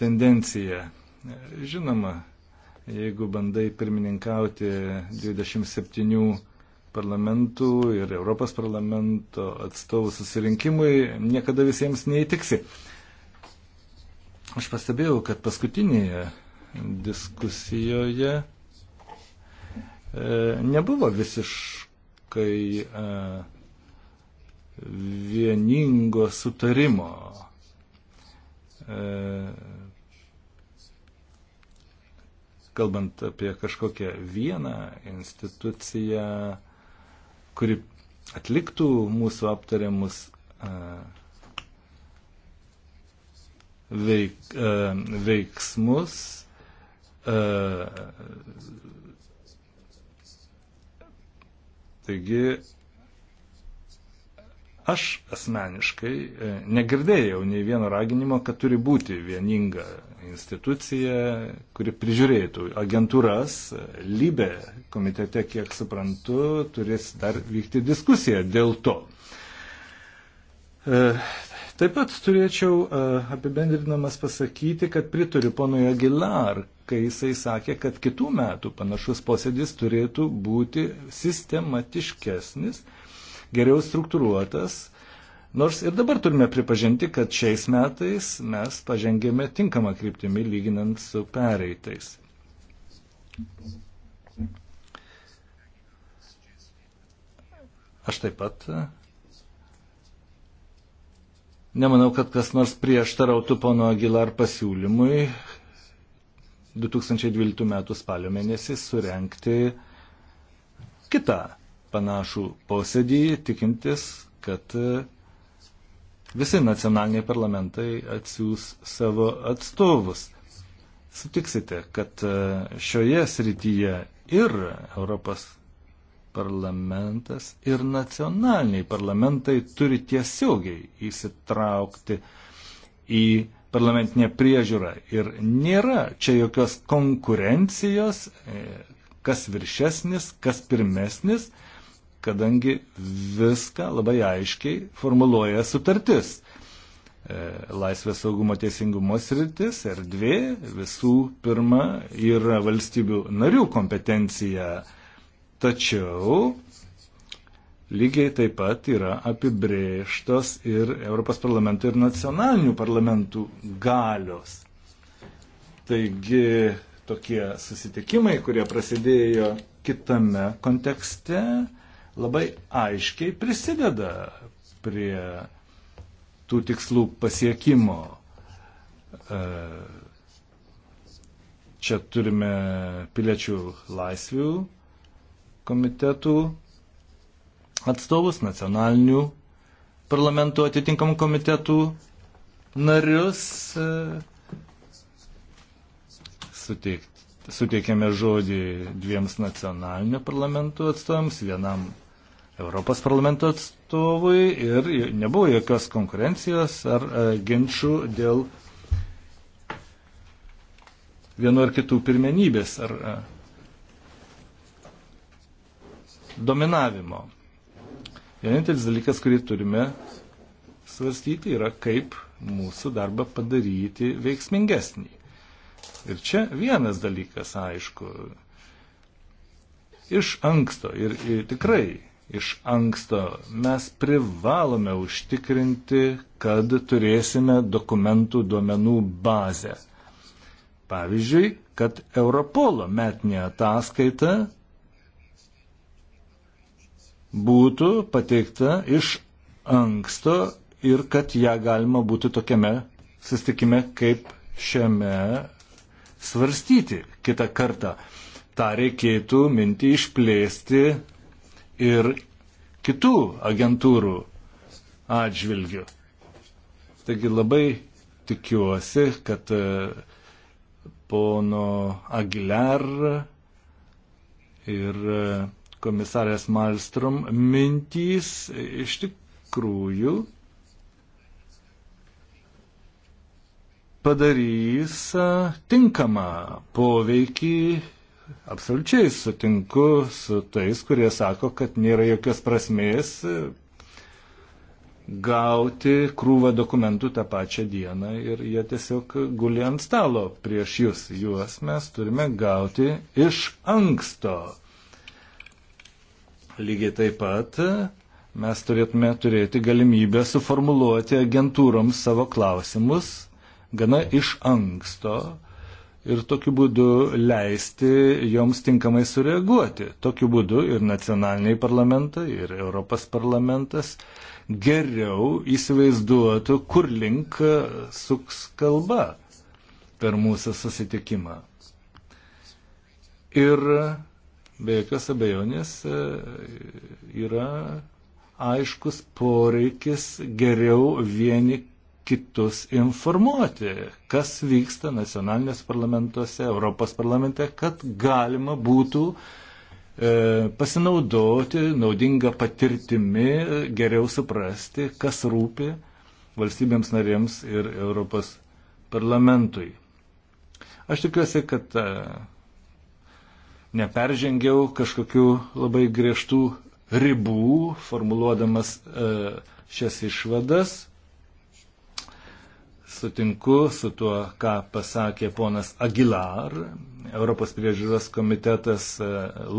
tendenciją. Žinoma, jeigu bandai pirmininkauti 27 parlamentų ir Europos parlamento atstovų susirinkimui, niekada visiems neįtiksi. Aš pastebėjau, kad paskutinėje diskusijoje e, nebuvo visiškai e, vieningo sutarimo. E, kalbant apie kažkokią vieną instituciją, kuri atliktų mūsų aptariamus veik, veiksmus, Taigi aš asmeniškai e, negirdėjau nei vieno raginimo, kad turi būti vieninga institucija, kuri prižiūrėtų agentūras, lybė komitete, kiek suprantu, turės dar vykti diskusija dėl to. E, taip pat turėčiau e, apibendrinamas pasakyti, kad pritariu ponui Agilar, kai jisai sakė, kad kitų metų panašus posėdis turėtų būti sistematiškesnis, geriau struktūruotas Nors ir dabar turime pripažinti, kad šiais metais mes pažengėme tinkamą kryptimį lyginant su pereitais. Aš taip pat e, nemanau, kad kas nors prieštarautų pono Agilar pasiūlymui 2012 m. spalio mėnesį surenkti kitą panašų posėdį, tikintis, kad e, visi nacionaliniai parlamentai atsiūs savo atstovus. Sutiksite, kad e, šioje srityje ir Europos parlamentas, ir nacionaliniai parlamentai turi tiesiogiai įsitraukti į parlamentinę priežiūrą. Ir nėra čia jokios konkurencijos, e, kas viršesnis, kas pirmesnis kadangi viską labai aiškiai formuluoja sutartis. E, laisvės saugumo teisingumo sritis, erdvė visų pirma yra valstybių narių kompetencija, tačiau lygiai taip pat yra apibrėžtos ir Europos parlamento ir nacionalinių parlamentų galios. Taigi tokie susitikimai, kurie prasidėjo kitame kontekste, labai aiškiai prisideda prie tų tikslų pasiekimo. E, čia turime piliečių laisvių komitetų atstovus, nacionalinių parlamento atitinkamų komitetų narius. E, Suteikti. Suteikėme žodį dviems nacionalinio parlamento atstovams, vienam Europos parlamento atstovui ir nebuvo jokios konkurencijos ar e, ginčių dėl vienu ar kitų pirmenybės ar e, dominavimo. Vienintelis dalykas, kurį turime svarstyti, yra kaip mūsų darbą padaryti veiksmingesnį. Ir čia vienas dalykas, aišku, iš anksto ir, ir tikrai iš anksto. Mes privalome užtikrinti, kad turėsime dokumentų duomenų bazę. Pavyzdžiui, kad Europolo metinė ataskaita būtų pateikta iš anksto ir kad ją galima būtų tokiame sustikime kaip šiame svarstyti kitą kartą. Ta reikėtų mintį išplėsti ir kitų agentūrų atžvilgių. Taigi labai tikiuosi, kad e, pono Aguilar ir e, komisarės Malstrom mintys iš tikrųjų padarys e, tinkamą poveikį absoliučiai sutinku su tais, kurie sako, kad nėra jokios prasmės e, gauti krūvą dokumentų tą pačią dieną ir jie tiesiog guli ant stalo prieš jūs. Juos mes turime gauti iš anksto. Lygiai taip pat e, mes turėtume turėti galimybę suformuluoti agentūroms savo klausimus gana iš anksto ir tokiu būdu leisti joms tinkamai sureaguoti. Tokiu būdu ir nacionaliniai parlamentai, ir Europos parlamentas geriau įsivaizduotų, kur link suks kalba per mūsų susitikimą. Ir be jokios abejonės e, yra aiškus poreikis geriau vieni kitus informuoti, kas vyksta nacionalinės parlamentuose, Europos parlamente, kad galima būtų e, pasinaudoti naudingą patirtimi, geriau suprasti, kas rūpi valstybėms narėms ir Europos parlamentui. Aš tikiuosi, kad e, neperžengiau kažkokių labai griežtų ribų, formuluodamas e, šias išvadas sutinku su tuo, ką pasakė ponas Aguilar. Europos priežiūros komitetas e,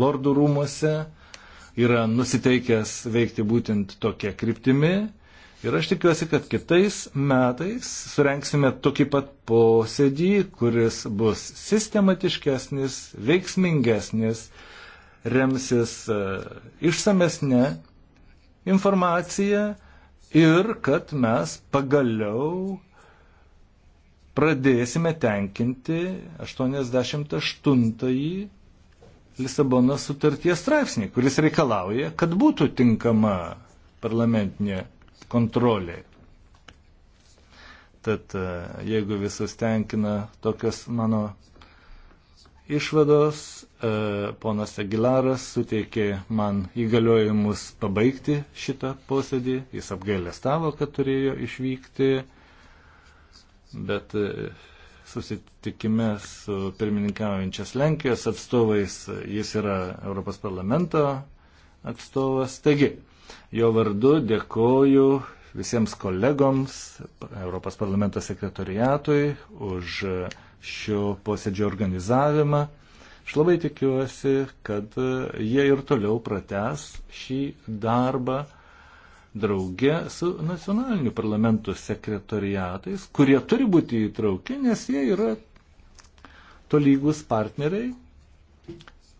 Lordų rūmose yra nusiteikęs veikti būtent tokia kryptimi. Ir aš tikiuosi, kad kitais metais surenksime tokį pat posėdį, kuris bus sistematiškesnis, veiksmingesnis, remsis e, išsamesnė informacija ir kad mes pagaliau pradėsime tenkinti 88-ąjį Lisabono sutarties straipsnį, kuris reikalauja, kad būtų tinkama parlamentinė kontrolė. Tad e, jeigu visus tenkina tokios mano išvados, e, ponas Agilaras suteikė man įgaliojimus pabaigti šitą posėdį. Jis apgailestavo, kad turėjo išvykti bet e, susitikime su pirmininkaujančias Lenkijos atstovais, jis yra Europos parlamento atstovas. Taigi, jo vardu dėkoju visiems kolegoms, Europos parlamento sekretoriatui už šio posėdžio organizavimą. Aš labai tikiuosi, kad e, jie ir toliau prates šį darbą drauge su nacionaliniu parlamentu sekretariatais, kurie turi būti įtrauki, nes jie yra tolygus partneriai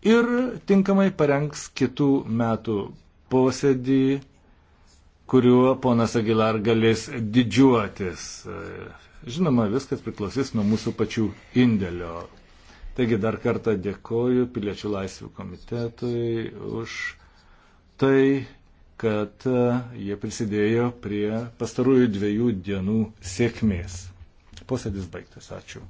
ir tinkamai parengs kitų metų posėdį, kuriuo ponas Agilar galės didžiuotis. Žinoma, viskas priklausys nuo mūsų pačių indėlio. Taigi dar kartą dėkoju Piliečių laisvių komitetui už tai, kad e, jie prisidėjo prie pastarųjų dviejų dienų sėkmės. Posėdis baigtas. Ačiū.